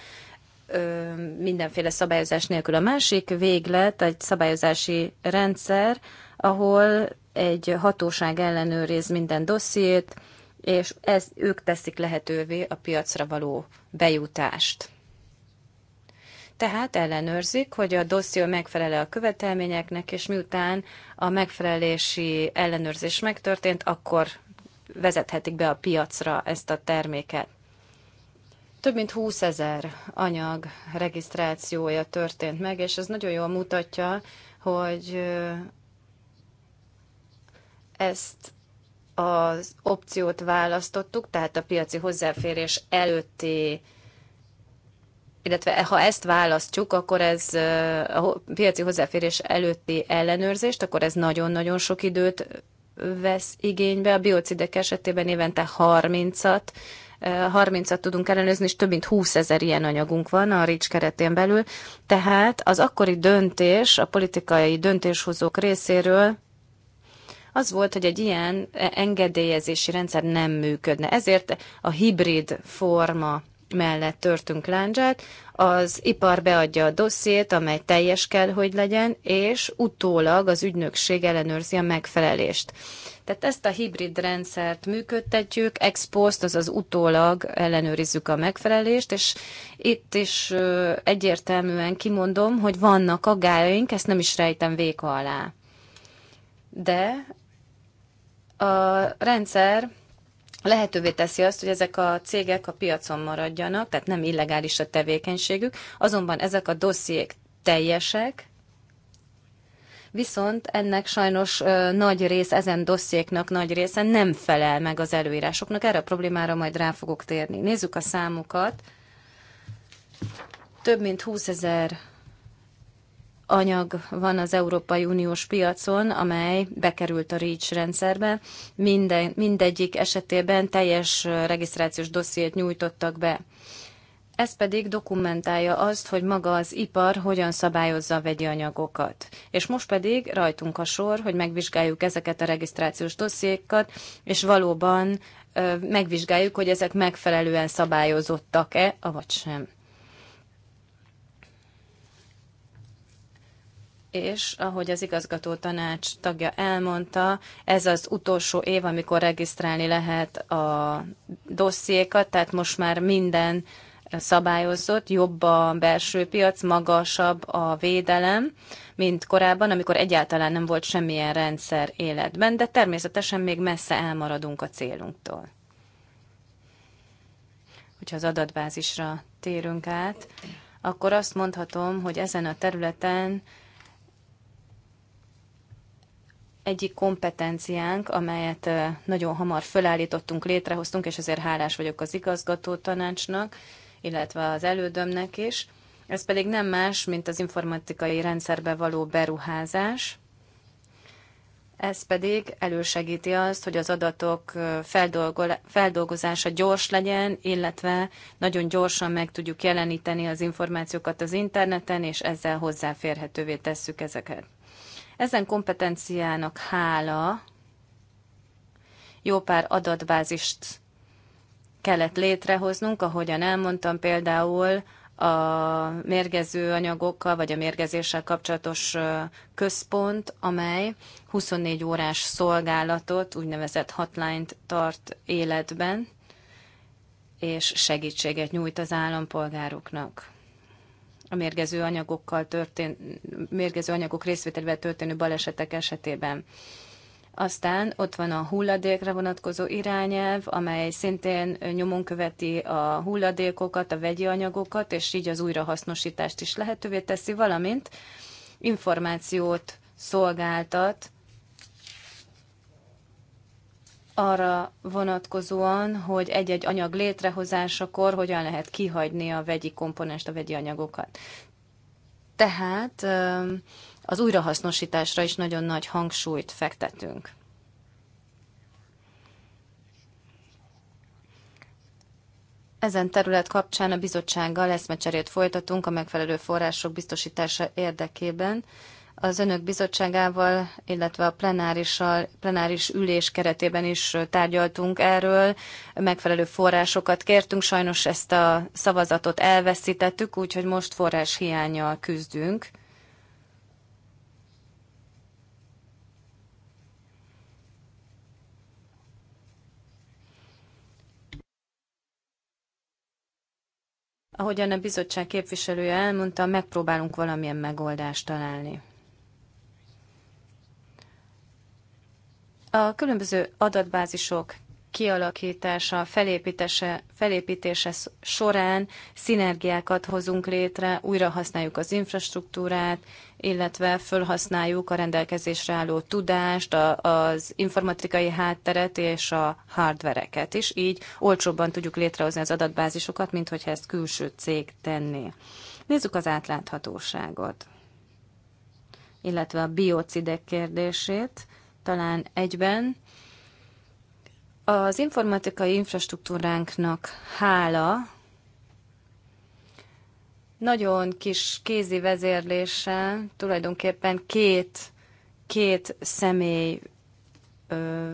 mindenféle szabályozás nélkül. A másik véglet egy szabályozási rendszer, ahol egy hatóság ellenőriz minden dossziét, és ez, ők teszik lehetővé a piacra való bejutást. Tehát ellenőrzik, hogy a dosszió megfelele a követelményeknek, és miután a megfelelési ellenőrzés megtörtént, akkor vezethetik be a piacra ezt a terméket. Több mint 20 ezer anyag regisztrációja történt meg, és ez nagyon jól mutatja, hogy ezt az opciót választottuk, tehát a piaci hozzáférés előtti illetve ha ezt választjuk, akkor ez a piaci hozzáférés előtti ellenőrzést, akkor ez nagyon-nagyon sok időt vesz igénybe. A biocidek esetében évente 30-at 30-at tudunk ellenőrizni, és több mint 20 ezer ilyen anyagunk van a RICS keretén belül. Tehát az akkori döntés, a politikai döntéshozók részéről az volt, hogy egy ilyen engedélyezési rendszer nem működne. Ezért a hibrid forma mellett törtünk láncsát, az ipar beadja a dossziét, amely teljes kell, hogy legyen, és utólag az ügynökség ellenőrzi a megfelelést. Tehát ezt a hibrid rendszert működtetjük, ex post, azaz utólag ellenőrizzük a megfelelést, és itt is egyértelműen kimondom, hogy vannak aggájaink, ezt nem is rejtem véka alá. De a rendszer lehetővé teszi azt, hogy ezek a cégek a piacon maradjanak, tehát nem illegális a tevékenységük, azonban ezek a dossziék teljesek, viszont ennek sajnos nagy rész, ezen dossziéknak nagy része nem felel meg az előírásoknak. Erre a problémára majd rá fogok térni. Nézzük a számokat. Több mint 20 ezer anyag van az Európai Uniós piacon, amely bekerült a REACH rendszerbe. Minden, mindegyik esetében teljes regisztrációs dossziét nyújtottak be. Ez pedig dokumentálja azt, hogy maga az ipar hogyan szabályozza a vegyi anyagokat. És most pedig rajtunk a sor, hogy megvizsgáljuk ezeket a regisztrációs dossziékat, és valóban megvizsgáljuk, hogy ezek megfelelően szabályozottak-e, avagy sem. és ahogy az igazgató tanács tagja elmondta, ez az utolsó év, amikor regisztrálni lehet a dossziékat, tehát most már minden szabályozott, jobb a belső piac, magasabb a védelem, mint korábban, amikor egyáltalán nem volt semmilyen rendszer életben, de természetesen még messze elmaradunk a célunktól. Hogyha az adatbázisra térünk át, akkor azt mondhatom, hogy ezen a területen egyik kompetenciánk, amelyet nagyon hamar fölállítottunk, létrehoztunk, és azért hálás vagyok az igazgató tanácsnak, illetve az elődömnek is. Ez pedig nem más, mint az informatikai rendszerbe való beruházás. Ez pedig elősegíti azt, hogy az adatok feldolgozása gyors legyen, illetve nagyon gyorsan meg tudjuk jeleníteni az információkat az interneten, és ezzel hozzáférhetővé tesszük ezeket. Ezen kompetenciának hála jó pár adatbázist kellett létrehoznunk, ahogyan elmondtam például a mérgező anyagokkal vagy a mérgezéssel kapcsolatos központ, amely 24 órás szolgálatot, úgynevezett hotline-t tart életben, és segítséget nyújt az állampolgároknak a mérgező anyagokkal történ, mérgező anyagok részvételével történő balesetek esetében. Aztán ott van a hulladékra vonatkozó irányelv, amely szintén nyomon követi a hulladékokat, a vegyi anyagokat, és így az újrahasznosítást is lehetővé teszi, valamint információt szolgáltat arra vonatkozóan, hogy egy-egy anyag létrehozásakor hogyan lehet kihagyni a vegyi komponest, a vegyi anyagokat. Tehát az újrahasznosításra is nagyon nagy hangsúlyt fektetünk. Ezen terület kapcsán a bizottsággal eszmecserét folytatunk a megfelelő források biztosítása érdekében, az önök bizottságával, illetve a plenáris ülés keretében is tárgyaltunk erről, megfelelő forrásokat kértünk, sajnos ezt a szavazatot elveszítettük, úgyhogy most forrás hiányjal küzdünk. Ahogyan a bizottság képviselője elmondta, megpróbálunk valamilyen megoldást találni. A különböző adatbázisok kialakítása, felépítése, felépítése során szinergiákat hozunk létre, újra használjuk az infrastruktúrát, illetve felhasználjuk a rendelkezésre álló tudást, a, az informatikai hátteret és a hardvereket is, így olcsóbban tudjuk létrehozni az adatbázisokat, mint hogyha ezt külső cég tenné. Nézzük az átláthatóságot, illetve a biocidek kérdését talán egyben. Az informatikai infrastruktúránknak hála nagyon kis kézi vezérléssel tulajdonképpen két, két személy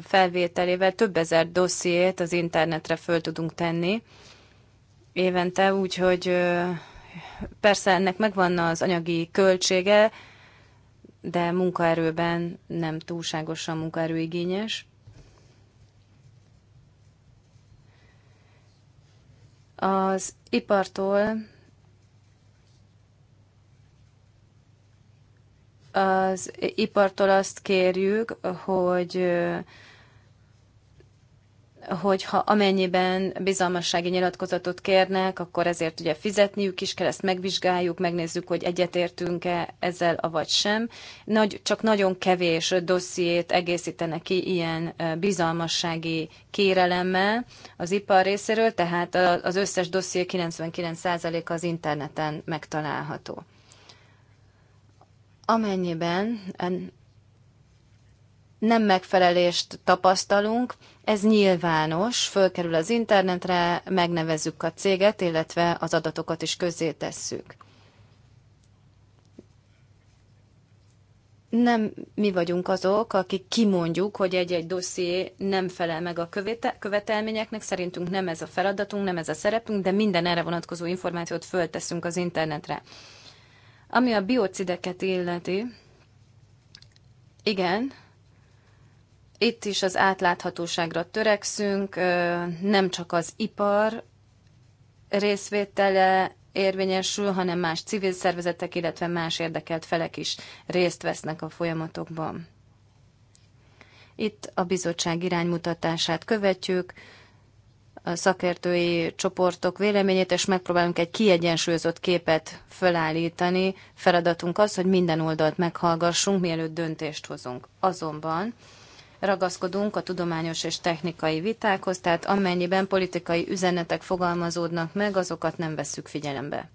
felvételével több ezer dossziét az internetre föl tudunk tenni évente, úgyhogy persze ennek megvan az anyagi költsége, de munkaerőben nem túlságosan munkaerőigényes. Az ipartól az ipartól azt kérjük, hogy hogyha amennyiben bizalmassági nyilatkozatot kérnek, akkor ezért ugye fizetniük is kell, ezt megvizsgáljuk, megnézzük, hogy egyetértünk-e ezzel, avagy sem. Nagy, csak nagyon kevés dossziét egészítenek ki ilyen bizalmassági kérelemmel az ipar részéről, tehát az összes dosszié 99%-a az interneten megtalálható. Amennyiben nem megfelelést tapasztalunk, ez nyilvános, fölkerül az internetre, megnevezzük a céget, illetve az adatokat is tesszük. nem mi vagyunk azok, akik kimondjuk, hogy egy-egy dosszié nem felel meg a követelményeknek, szerintünk nem ez a feladatunk, nem ez a szerepünk, de minden erre vonatkozó információt fölteszünk az internetre. Ami a biocideket illeti, igen, itt is az átláthatóságra törekszünk, nem csak az ipar részvétele érvényesül, hanem más civil szervezetek, illetve más érdekelt felek is részt vesznek a folyamatokban. Itt a bizottság iránymutatását követjük, a szakértői csoportok véleményét, és megpróbálunk egy kiegyensúlyozott képet fölállítani. Feladatunk az, hogy minden oldalt meghallgassunk, mielőtt döntést hozunk. Azonban ragaszkodunk a tudományos és technikai vitákhoz, tehát amennyiben politikai üzenetek fogalmazódnak meg, azokat nem vesszük figyelembe.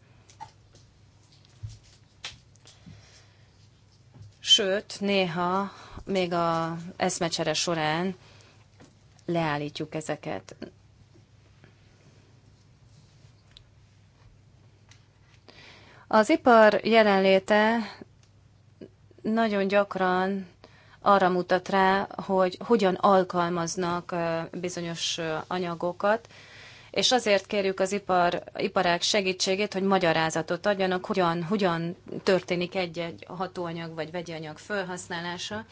Sőt, néha még a eszmecsere során leállítjuk ezeket. Az ipar jelenléte nagyon gyakran arra mutat rá, hogy hogyan alkalmaznak bizonyos anyagokat, és azért kérjük az ipar, iparák segítségét, hogy magyarázatot adjanak, hogyan, hogyan történik egy-egy hatóanyag vagy vegyi anyag felhasználása.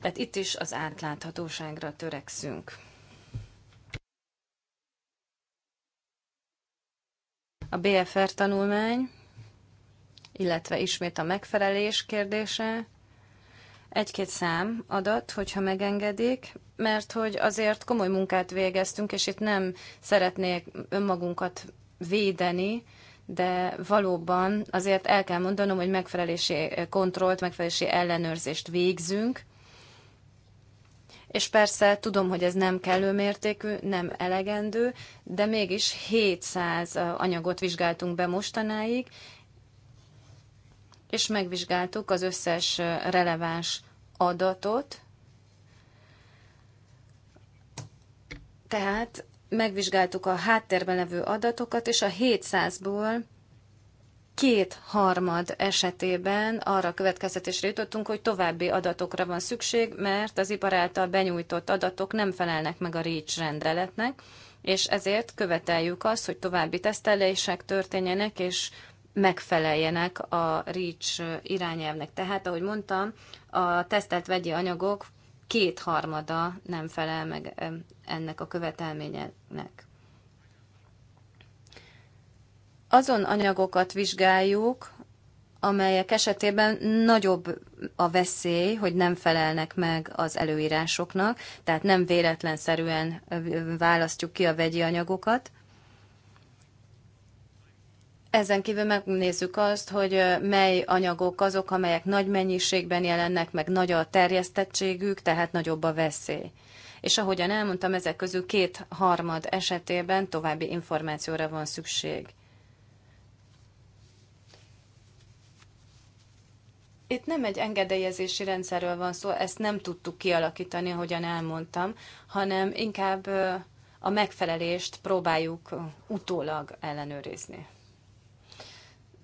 Tehát itt is az átláthatóságra törekszünk. A BFR tanulmány, illetve ismét a megfelelés kérdése egy-két szám adat, hogyha megengedik, mert hogy azért komoly munkát végeztünk, és itt nem szeretnék önmagunkat védeni, de valóban azért el kell mondanom, hogy megfelelési kontrollt, megfelelési ellenőrzést végzünk, és persze tudom, hogy ez nem kellő mértékű, nem elegendő, de mégis 700 anyagot vizsgáltunk be mostanáig, és megvizsgáltuk az összes releváns adatot, tehát megvizsgáltuk a háttérben levő adatokat, és a 700-ból harmad esetében arra következtetésre jutottunk, hogy további adatokra van szükség, mert az ipar által benyújtott adatok nem felelnek meg a REACH rendeletnek, és ezért követeljük azt, hogy további tesztelések történjenek, és megfeleljenek a REACH irányelvnek. Tehát, ahogy mondtam, a tesztelt vegyi anyagok kétharmada nem felel meg ennek a követelményeknek. Azon anyagokat vizsgáljuk, amelyek esetében nagyobb a veszély, hogy nem felelnek meg az előírásoknak, tehát nem véletlenszerűen választjuk ki a vegyi anyagokat. Ezen kívül megnézzük azt, hogy mely anyagok azok, amelyek nagy mennyiségben jelennek, meg nagy a terjesztettségük, tehát nagyobb a veszély. És ahogyan elmondtam, ezek közül két harmad esetében további információra van szükség. Itt nem egy engedélyezési rendszerről van szó, ezt nem tudtuk kialakítani, ahogyan elmondtam, hanem inkább a megfelelést próbáljuk utólag ellenőrizni.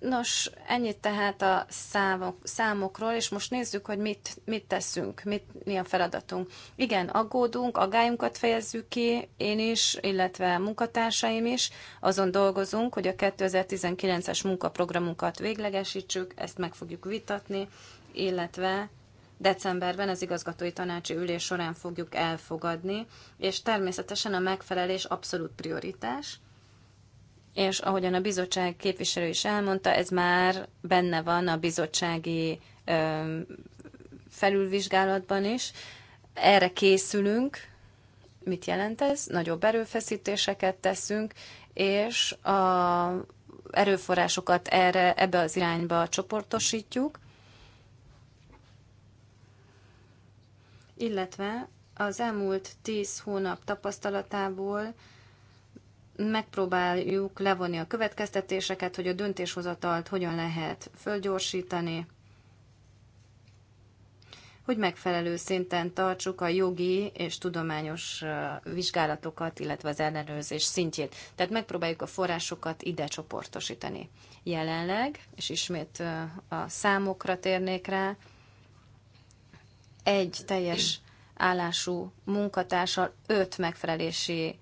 Nos, ennyit tehát a számok, számokról, és most nézzük, hogy mit, mit teszünk, mit, mi a feladatunk. Igen, aggódunk, aggályunkat fejezzük ki, én is, illetve a munkatársaim is. Azon dolgozunk, hogy a 2019-es munkaprogramunkat véglegesítsük, ezt meg fogjuk vitatni, illetve decemberben az igazgatói tanácsi ülés során fogjuk elfogadni, és természetesen a megfelelés abszolút prioritás – és ahogyan a bizottság képviselő is elmondta, ez már benne van a bizottsági felülvizsgálatban is. Erre készülünk. Mit jelent ez? Nagyobb erőfeszítéseket teszünk, és a erőforrásokat erre, ebbe az irányba csoportosítjuk. Illetve az elmúlt tíz hónap tapasztalatából megpróbáljuk levonni a következtetéseket, hogy a döntéshozatalt hogyan lehet fölgyorsítani, hogy megfelelő szinten tartsuk a jogi és tudományos vizsgálatokat, illetve az ellenőrzés szintjét. Tehát megpróbáljuk a forrásokat ide csoportosítani. Jelenleg, és ismét a számokra térnék rá, egy teljes állású munkatársal öt megfelelési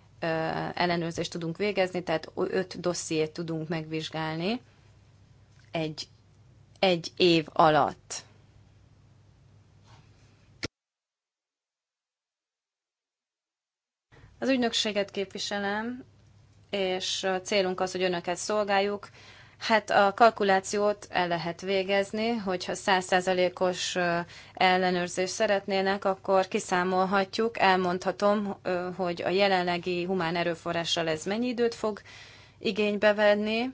ellenőrzést tudunk végezni, tehát öt dossziét tudunk megvizsgálni egy, egy év alatt. Az ügynökséget képviselem, és a célunk az, hogy önöket szolgáljuk, Hát a kalkulációt el lehet végezni, hogyha 100%-os ellenőrzést szeretnének, akkor kiszámolhatjuk, elmondhatom, hogy a jelenlegi humán erőforrással ez mennyi időt fog igénybe venni.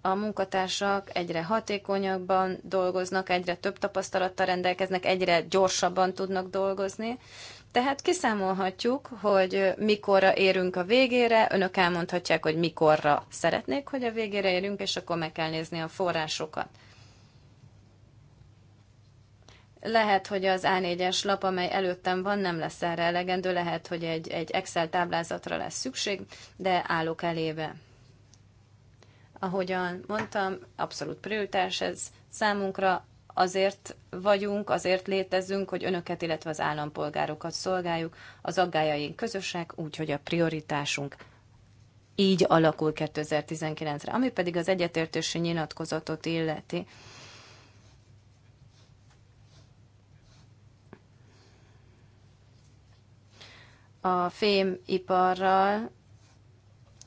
A munkatársak egyre hatékonyabban dolgoznak, egyre több tapasztalattal rendelkeznek, egyre gyorsabban tudnak dolgozni, tehát kiszámolhatjuk, hogy mikorra érünk a végére, önök elmondhatják, hogy mikorra szeretnék, hogy a végére érünk, és akkor meg kell nézni a forrásokat. Lehet, hogy az A4-es lap, amely előttem van, nem lesz erre elegendő, lehet, hogy egy, egy Excel táblázatra lesz szükség, de állok elébe. Ahogyan mondtam, abszolút prioritás ez számunkra, azért vagyunk, azért létezünk, hogy önöket, illetve az állampolgárokat szolgáljuk. Az aggájaink közösek, úgyhogy a prioritásunk így alakul 2019-re. Ami pedig az egyetértési nyilatkozatot illeti, a fémiparral,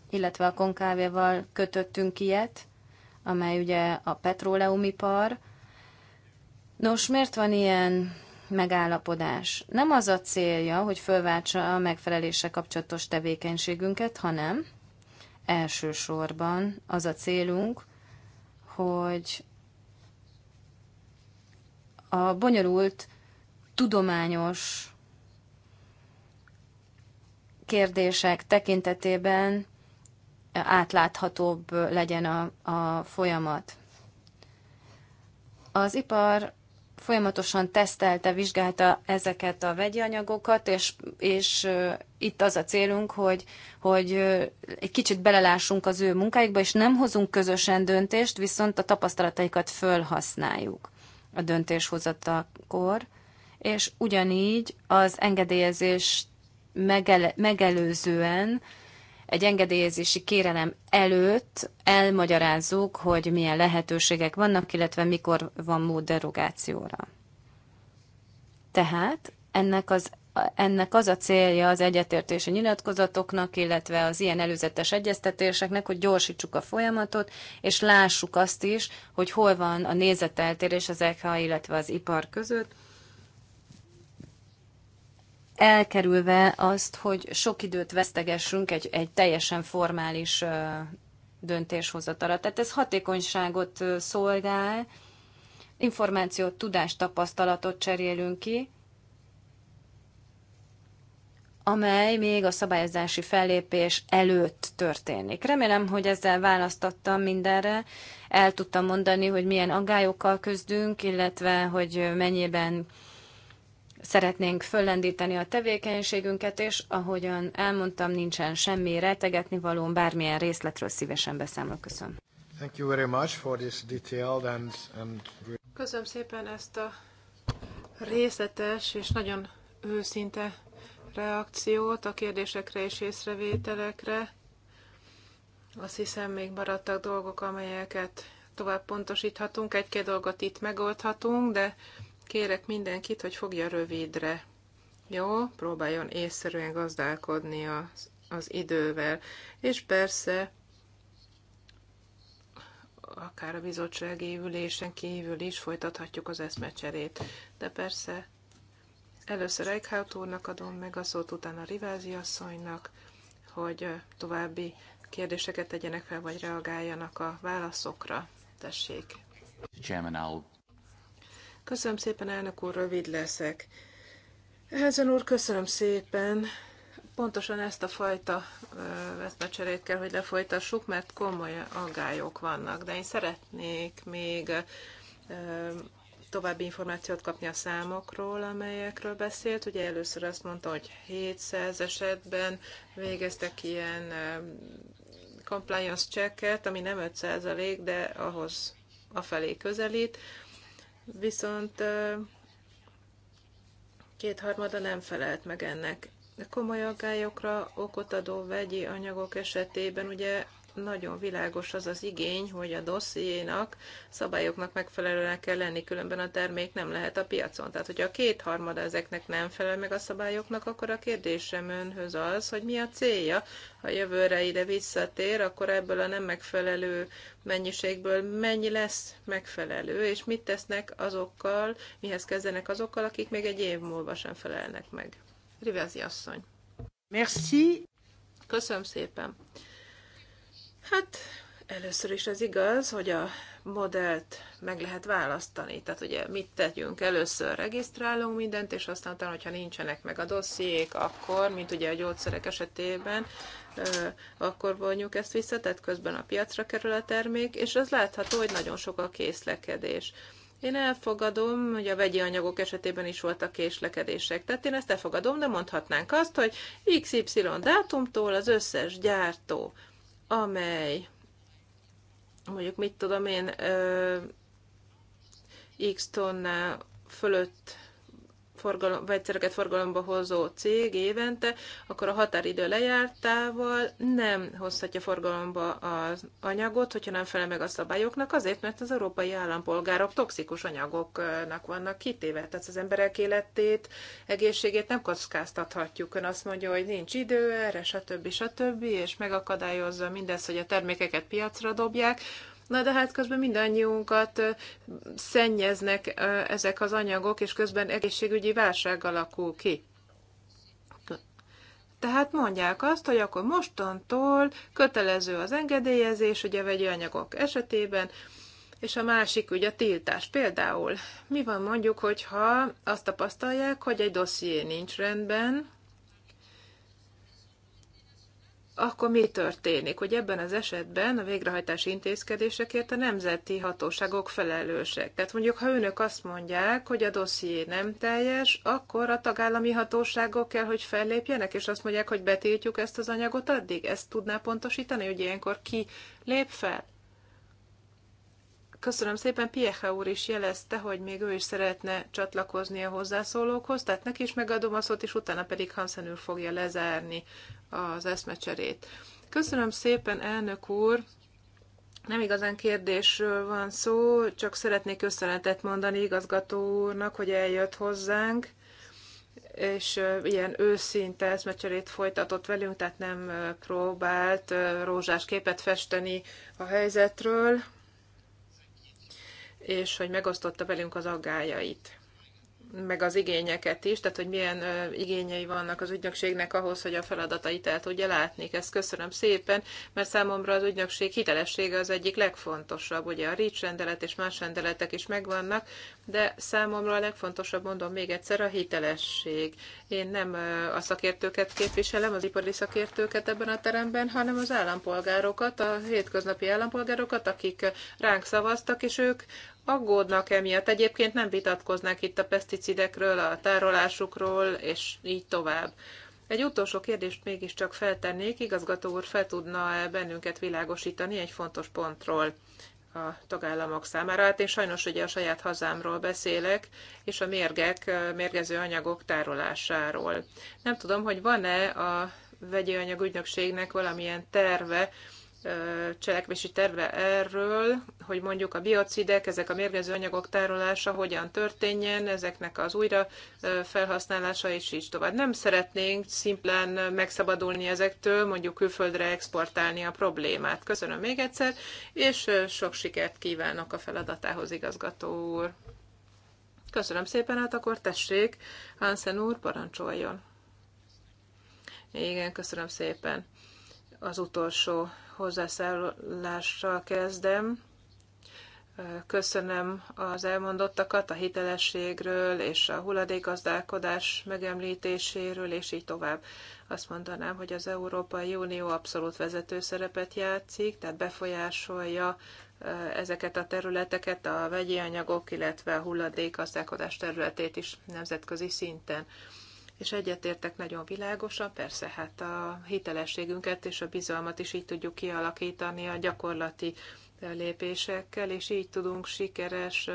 illetve a konkávéval kötöttünk ilyet, amely ugye a petróleumipar, Nos, miért van ilyen megállapodás? Nem az a célja, hogy fölváltsa a megfelelése kapcsolatos tevékenységünket, hanem elsősorban az a célunk, hogy a bonyolult tudományos kérdések tekintetében átláthatóbb legyen a, a folyamat. Az ipar folyamatosan tesztelte, vizsgálta ezeket a vegyi anyagokat, és, és itt az a célunk, hogy, hogy egy kicsit belelássunk az ő munkáikba, és nem hozunk közösen döntést, viszont a tapasztalataikat fölhasználjuk a döntéshozatakor, és ugyanígy az engedélyezés megele, megelőzően egy engedélyezési kérelem előtt elmagyarázzuk, hogy milyen lehetőségek vannak, illetve mikor van mód derogációra. Tehát ennek az ennek az a célja az egyetértési nyilatkozatoknak, illetve az ilyen előzetes egyeztetéseknek, hogy gyorsítsuk a folyamatot, és lássuk azt is, hogy hol van a nézeteltérés az EKH, illetve az ipar között, elkerülve azt, hogy sok időt vesztegessünk egy, egy teljesen formális döntéshozatalra. Tehát ez hatékonyságot szolgál, információt, tudást, tapasztalatot cserélünk ki, amely még a szabályozási fellépés előtt történik. Remélem, hogy ezzel választottam mindenre, el tudtam mondani, hogy milyen aggályokkal közdünk, illetve hogy mennyiben szeretnénk föllendíteni a tevékenységünket, és ahogyan elmondtam, nincsen semmi rejtegetni való, bármilyen részletről szívesen beszámolok. Köszönöm. Thank you very much for this detailed and, and... Köszönöm szépen ezt a részletes és nagyon őszinte reakciót a kérdésekre és észrevételekre. Azt hiszem, még maradtak dolgok, amelyeket tovább pontosíthatunk, egy-két dolgot itt megoldhatunk, de Kérek mindenkit, hogy fogja rövidre. Jó, próbáljon észszerűen gazdálkodni az, az idővel. És persze, akár a bizottsági ülésen kívül is folytathatjuk az eszmecserét. De persze, először Eichhout úrnak adom meg a szót, utána Rivázi asszonynak, hogy további kérdéseket tegyenek fel, vagy reagáljanak a válaszokra. Tessék. Chairman, I'll Köszönöm szépen, elnök úr, rövid leszek. Ezen úr, köszönöm szépen. Pontosan ezt a fajta veszmecserét kell, hogy lefolytassuk, mert komoly aggályok vannak, de én szeretnék még további információt kapni a számokról, amelyekről beszélt. Ugye először azt mondta, hogy 700 esetben végeztek ilyen compliance checket, ami nem 5 de ahhoz a felé közelít viszont kétharmada nem felelt meg ennek. Komoly aggályokra okot adó vegyi anyagok esetében ugye nagyon világos az az igény, hogy a dossziénak, szabályoknak megfelelően kell lenni, különben a termék nem lehet a piacon. Tehát, hogyha a kétharmada ezeknek nem felel meg a szabályoknak, akkor a kérdésem önhöz az, hogy mi a célja, ha jövőre ide visszatér, akkor ebből a nem megfelelő mennyiségből mennyi lesz megfelelő, és mit tesznek azokkal, mihez kezdenek azokkal, akik még egy év múlva sem felelnek meg. Rivezi asszony. Merci. Köszönöm szépen. Hát először is az igaz, hogy a modellt meg lehet választani. Tehát ugye mit tegyünk? Először regisztrálunk mindent, és aztán utána, hogyha nincsenek meg a dossziék, akkor, mint ugye a gyógyszerek esetében, akkor vonjuk ezt vissza, tehát közben a piacra kerül a termék, és az látható, hogy nagyon sok a készlekedés. Én elfogadom, hogy a vegyi anyagok esetében is voltak késlekedések. Tehát én ezt elfogadom, de mondhatnánk azt, hogy XY dátumtól az összes gyártó amely mondjuk mit tudom én, ö, x tonna fölött forgalom, vegyszereket forgalomba hozó cég évente, akkor a határidő lejártával nem hozhatja forgalomba az anyagot, hogyha nem felel meg a szabályoknak, azért, mert az európai állampolgárok toxikus anyagoknak vannak kitéve. Tehát az emberek életét, egészségét nem kockáztathatjuk. Ön azt mondja, hogy nincs idő erre, stb. stb. és megakadályozza mindezt, hogy a termékeket piacra dobják. Na de hát közben mindannyiunkat szennyeznek ezek az anyagok, és közben egészségügyi válság alakul ki. Tehát mondják azt, hogy akkor mostantól kötelező az engedélyezés, ugye vegyi anyagok esetében, és a másik ugye a tiltás. Például mi van mondjuk, hogyha azt tapasztalják, hogy egy dosszié nincs rendben, akkor mi történik? Hogy ebben az esetben a végrehajtási intézkedésekért a nemzeti hatóságok felelősek. Tehát mondjuk, ha önök azt mondják, hogy a dosszié nem teljes, akkor a tagállami hatóságok kell, hogy fellépjenek, és azt mondják, hogy betiltjuk ezt az anyagot addig? Ezt tudná pontosítani, hogy ilyenkor ki lép fel? Köszönöm szépen, Piecha úr is jelezte, hogy még ő is szeretne csatlakozni a hozzászólókhoz, tehát neki is megadom a szót, és utána pedig Hansen úr fogja lezárni az eszmecserét. Köszönöm szépen, elnök úr! Nem igazán kérdésről van szó, csak szeretnék köszönetet mondani igazgató úrnak, hogy eljött hozzánk, és ilyen őszinte eszmecserét folytatott velünk, tehát nem próbált rózsás képet festeni a helyzetről, és hogy megosztotta velünk az aggájait meg az igényeket is, tehát hogy milyen igényei vannak az ügynökségnek ahhoz, hogy a feladatait el tudja látni. Ezt köszönöm szépen, mert számomra az ügynökség hitelessége az egyik legfontosabb. Ugye a RICS rendelet és más rendeletek is megvannak, de számomra a legfontosabb, mondom még egyszer, a hitelesség. Én nem a szakértőket képviselem, az ipari szakértőket ebben a teremben, hanem az állampolgárokat, a hétköznapi állampolgárokat, akik ránk szavaztak, és ők aggódnak emiatt. Egyébként nem vitatkoznak itt a peszticidekről, a tárolásukról, és így tovább. Egy utolsó kérdést mégiscsak feltennék. Igazgató úr, fel tudna -e bennünket világosítani egy fontos pontról a tagállamok számára? Hát én sajnos ugye a saját hazámról beszélek, és a mérgek, mérgező anyagok tárolásáról. Nem tudom, hogy van-e a vegyi anyagügynökségnek valamilyen terve, cselekvési terve erről, hogy mondjuk a biocidek, ezek a mérgező anyagok tárolása hogyan történjen, ezeknek az újra felhasználása és így tovább. Nem szeretnénk szimplán megszabadulni ezektől, mondjuk külföldre exportálni a problémát. Köszönöm még egyszer, és sok sikert kívánok a feladatához, igazgató úr. Köszönöm szépen, hát akkor tessék, Hansen úr, parancsoljon. Igen, köszönöm szépen az utolsó hozzászállással kezdem. Köszönöm az elmondottakat a hitelességről és a hulladékgazdálkodás megemlítéséről, és így tovább. Azt mondanám, hogy az Európai Unió abszolút vezető szerepet játszik, tehát befolyásolja ezeket a területeket, a vegyi anyagok, illetve a hulladékgazdálkodás területét is nemzetközi szinten és egyetértek nagyon világosan, persze hát a hitelességünket és a bizalmat is így tudjuk kialakítani a gyakorlati lépésekkel, és így tudunk sikeres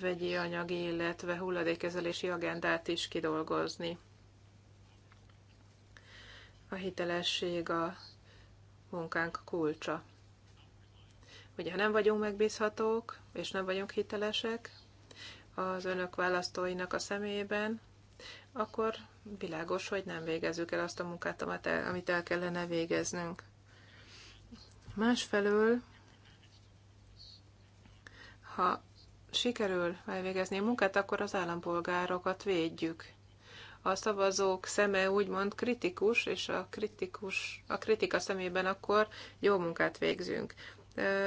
vegyi anyagi, illetve hulladékezelési agendát is kidolgozni. A hitelesség a munkánk kulcsa. Ugye, ha nem vagyunk megbízhatók, és nem vagyunk hitelesek az önök választóinak a szemében, akkor világos, hogy nem végezzük el azt a munkát, amit el kellene végeznünk. Másfelől, ha sikerül elvégezni a munkát, akkor az állampolgárokat védjük. A szavazók szeme úgymond kritikus, és a, kritikus, a kritika szemében akkor jó munkát végzünk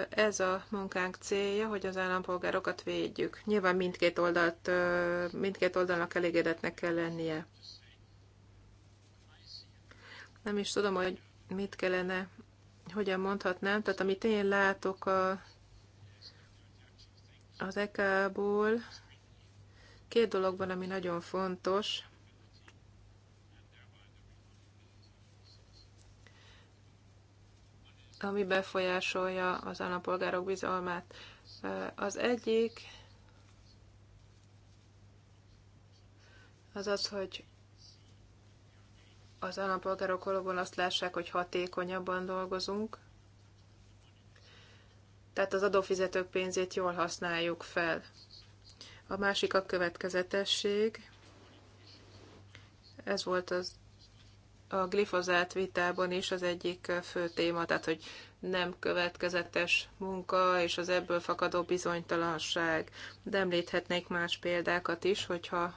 ez a munkánk célja, hogy az állampolgárokat védjük. Nyilván mindkét, oldalt, mindkét oldalnak elégedetnek kell lennie. Nem is tudom, hogy mit kellene, hogyan mondhatnám. Tehát amit én látok a, az EK-ból, két dolog van, ami nagyon fontos. ami befolyásolja az állampolgárok bizalmát. Az egyik az az, hogy az állampolgárok valóban azt lássák, hogy hatékonyabban dolgozunk, tehát az adófizetők pénzét jól használjuk fel. A másik a következetesség. Ez volt az a glifozát vitában is az egyik fő téma, tehát hogy nem következetes munka és az ebből fakadó bizonytalanság. De említhetnék más példákat is, hogyha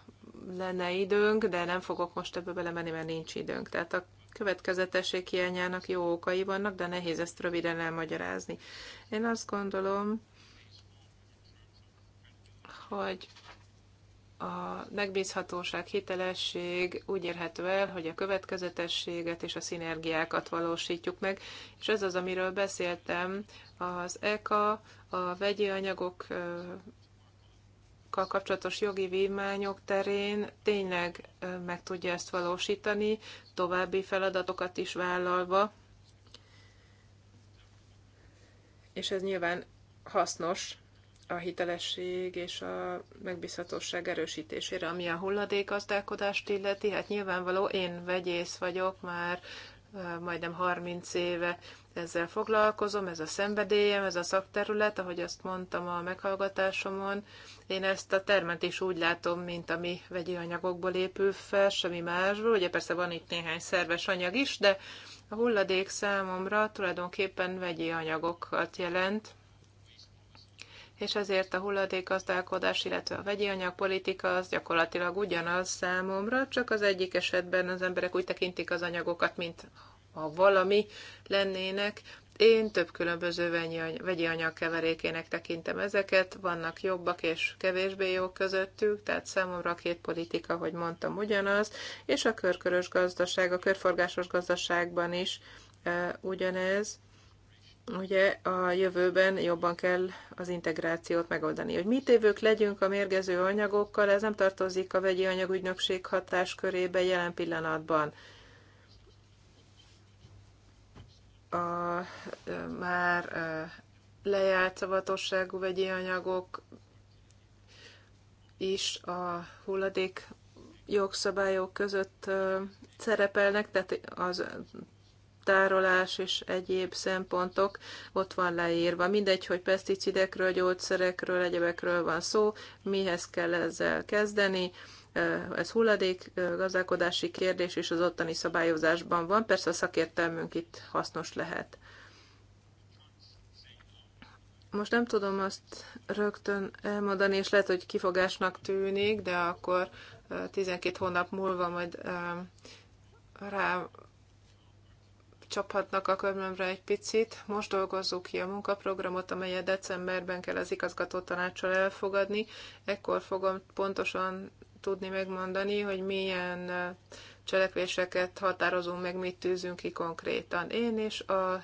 lenne időnk, de nem fogok most ebbe belemenni, mert nincs időnk. Tehát a következetesség hiányának jó okai vannak, de nehéz ezt röviden elmagyarázni. Én azt gondolom, hogy a megbízhatóság, hitelesség úgy érhető el, hogy a következetességet és a szinergiákat valósítjuk meg, és ez az, amiről beszéltem, az ECA, a vegyi anyagok kapcsolatos jogi vívmányok terén tényleg meg tudja ezt valósítani, további feladatokat is vállalva, és ez nyilván hasznos a hitelesség és a megbízhatóság erősítésére, ami a hulladékgazdálkodást illeti. Hát nyilvánvaló, én vegyész vagyok már majdnem 30 éve ezzel foglalkozom, ez a szenvedélyem, ez a szakterület, ahogy azt mondtam a meghallgatásomon, én ezt a termet is úgy látom, mint ami vegyi anyagokból épül fel, semmi másról. Ugye persze van itt néhány szerves anyag is, de a hulladék számomra tulajdonképpen vegyi anyagokat jelent, és ezért a gazdálkodás, illetve a vegyi anyagpolitika az gyakorlatilag ugyanaz számomra, csak az egyik esetben az emberek úgy tekintik az anyagokat, mint ha valami lennének. Én több különböző vegyi anyag keverékének tekintem ezeket, vannak jobbak és kevésbé jók közöttük, tehát számomra a két politika, hogy mondtam, ugyanaz, és a körkörös gazdaság, a körforgásos gazdaságban is e, ugyanez ugye a jövőben jobban kell az integrációt megoldani. Hogy mit évők legyünk a mérgező anyagokkal, ez nem tartozik a vegyi anyagügynökség hatáskörébe jelen pillanatban. A, már lejárt szavatosságú vegyi anyagok is a hulladék jogszabályok között szerepelnek, tehát az tárolás és egyéb szempontok ott van leírva. Mindegy, hogy peszticidekről, gyógyszerekről, egyebekről van szó, mihez kell ezzel kezdeni. Ez hulladék gazdálkodási kérdés, és az ottani szabályozásban van. Persze a szakértelmünk itt hasznos lehet. Most nem tudom azt rögtön elmondani, és lehet, hogy kifogásnak tűnik, de akkor 12 hónap múlva majd rá csaphatnak a körmömre egy picit. Most dolgozzuk ki a munkaprogramot, amelyet decemberben kell az igazgató tanácsal elfogadni. Ekkor fogom pontosan tudni megmondani, hogy milyen cselekvéseket határozunk meg, mit tűzünk ki konkrétan. Én és a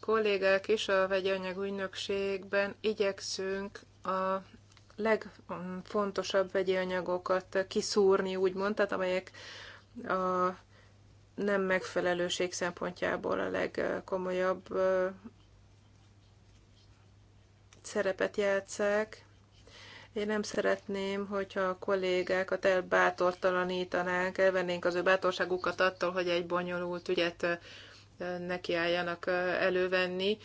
kollégák is a vegyi anyagügynökségben igyekszünk a legfontosabb vegyi anyagokat kiszúrni, úgymond, tehát amelyek a nem megfelelőség szempontjából a legkomolyabb szerepet játszák. Én nem szeretném, hogyha a kollégákat elbátortalanítanánk, elvennénk az ő bátorságukat attól, hogy egy bonyolult ügyet nekiálljanak elővenni,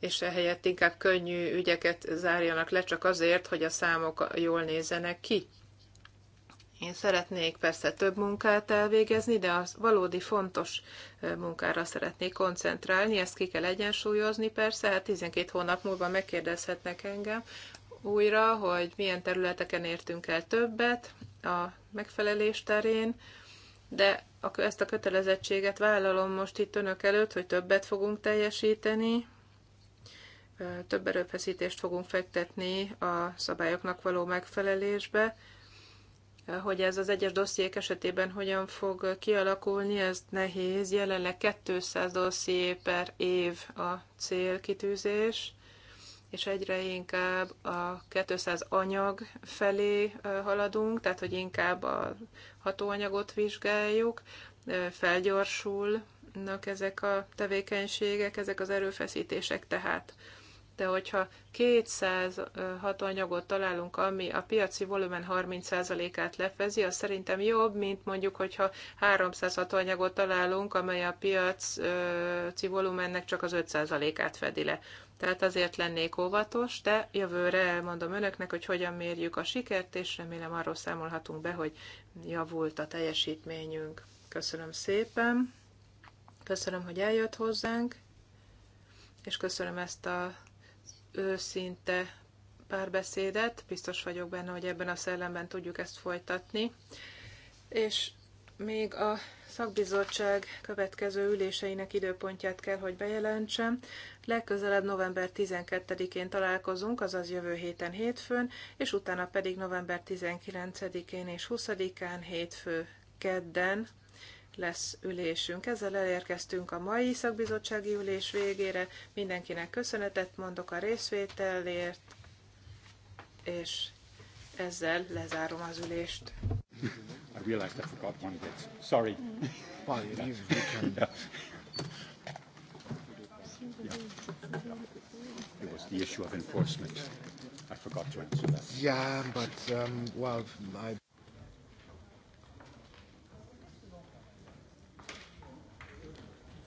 és ehelyett inkább könnyű ügyeket zárjanak le, csak azért, hogy a számok jól nézzenek ki. Én szeretnék persze több munkát elvégezni, de az valódi fontos munkára szeretnék koncentrálni, ezt ki kell egyensúlyozni persze, hát 12 hónap múlva megkérdezhetnek engem újra, hogy milyen területeken értünk el többet a megfelelés terén, de ezt a kötelezettséget vállalom most itt önök előtt, hogy többet fogunk teljesíteni, több erőfeszítést fogunk fektetni a szabályoknak való megfelelésbe, hogy ez az egyes dossziék esetében hogyan fog kialakulni, ez nehéz. Jelenleg 200 dosszié per év a célkitűzés, és egyre inkább a 200 anyag felé haladunk, tehát hogy inkább a hatóanyagot vizsgáljuk, felgyorsulnak ezek a tevékenységek, ezek az erőfeszítések tehát de hogyha 206 anyagot találunk, ami a piaci volumen 30%-át lefezi, az szerintem jobb, mint mondjuk, hogyha 306 anyagot találunk, amely a piaci volumennek csak az 5%-át fedi le. Tehát azért lennék óvatos, de jövőre elmondom önöknek, hogy hogyan mérjük a sikert, és remélem arról számolhatunk be, hogy javult a teljesítményünk. Köszönöm szépen, köszönöm, hogy eljött hozzánk, és köszönöm ezt a őszinte párbeszédet. Biztos vagyok benne, hogy ebben a szellemben tudjuk ezt folytatni. És még a szakbizottság következő üléseinek időpontját kell, hogy bejelentsem. Legközelebb november 12-én találkozunk, azaz jövő héten hétfőn, és utána pedig november 19-én és 20-án hétfő kedden lesz ülésünk. Ezzel elérkeztünk a mai szakbizottsági ülés végére. Mindenkinek köszönetet mondok a részvételért, és ezzel lezárom az ülést. I realized I forgot one bit. Sorry. Well, you, you can... yeah. Yeah. It was the issue of enforcement. I forgot to answer that. Yeah, but, um, well, I...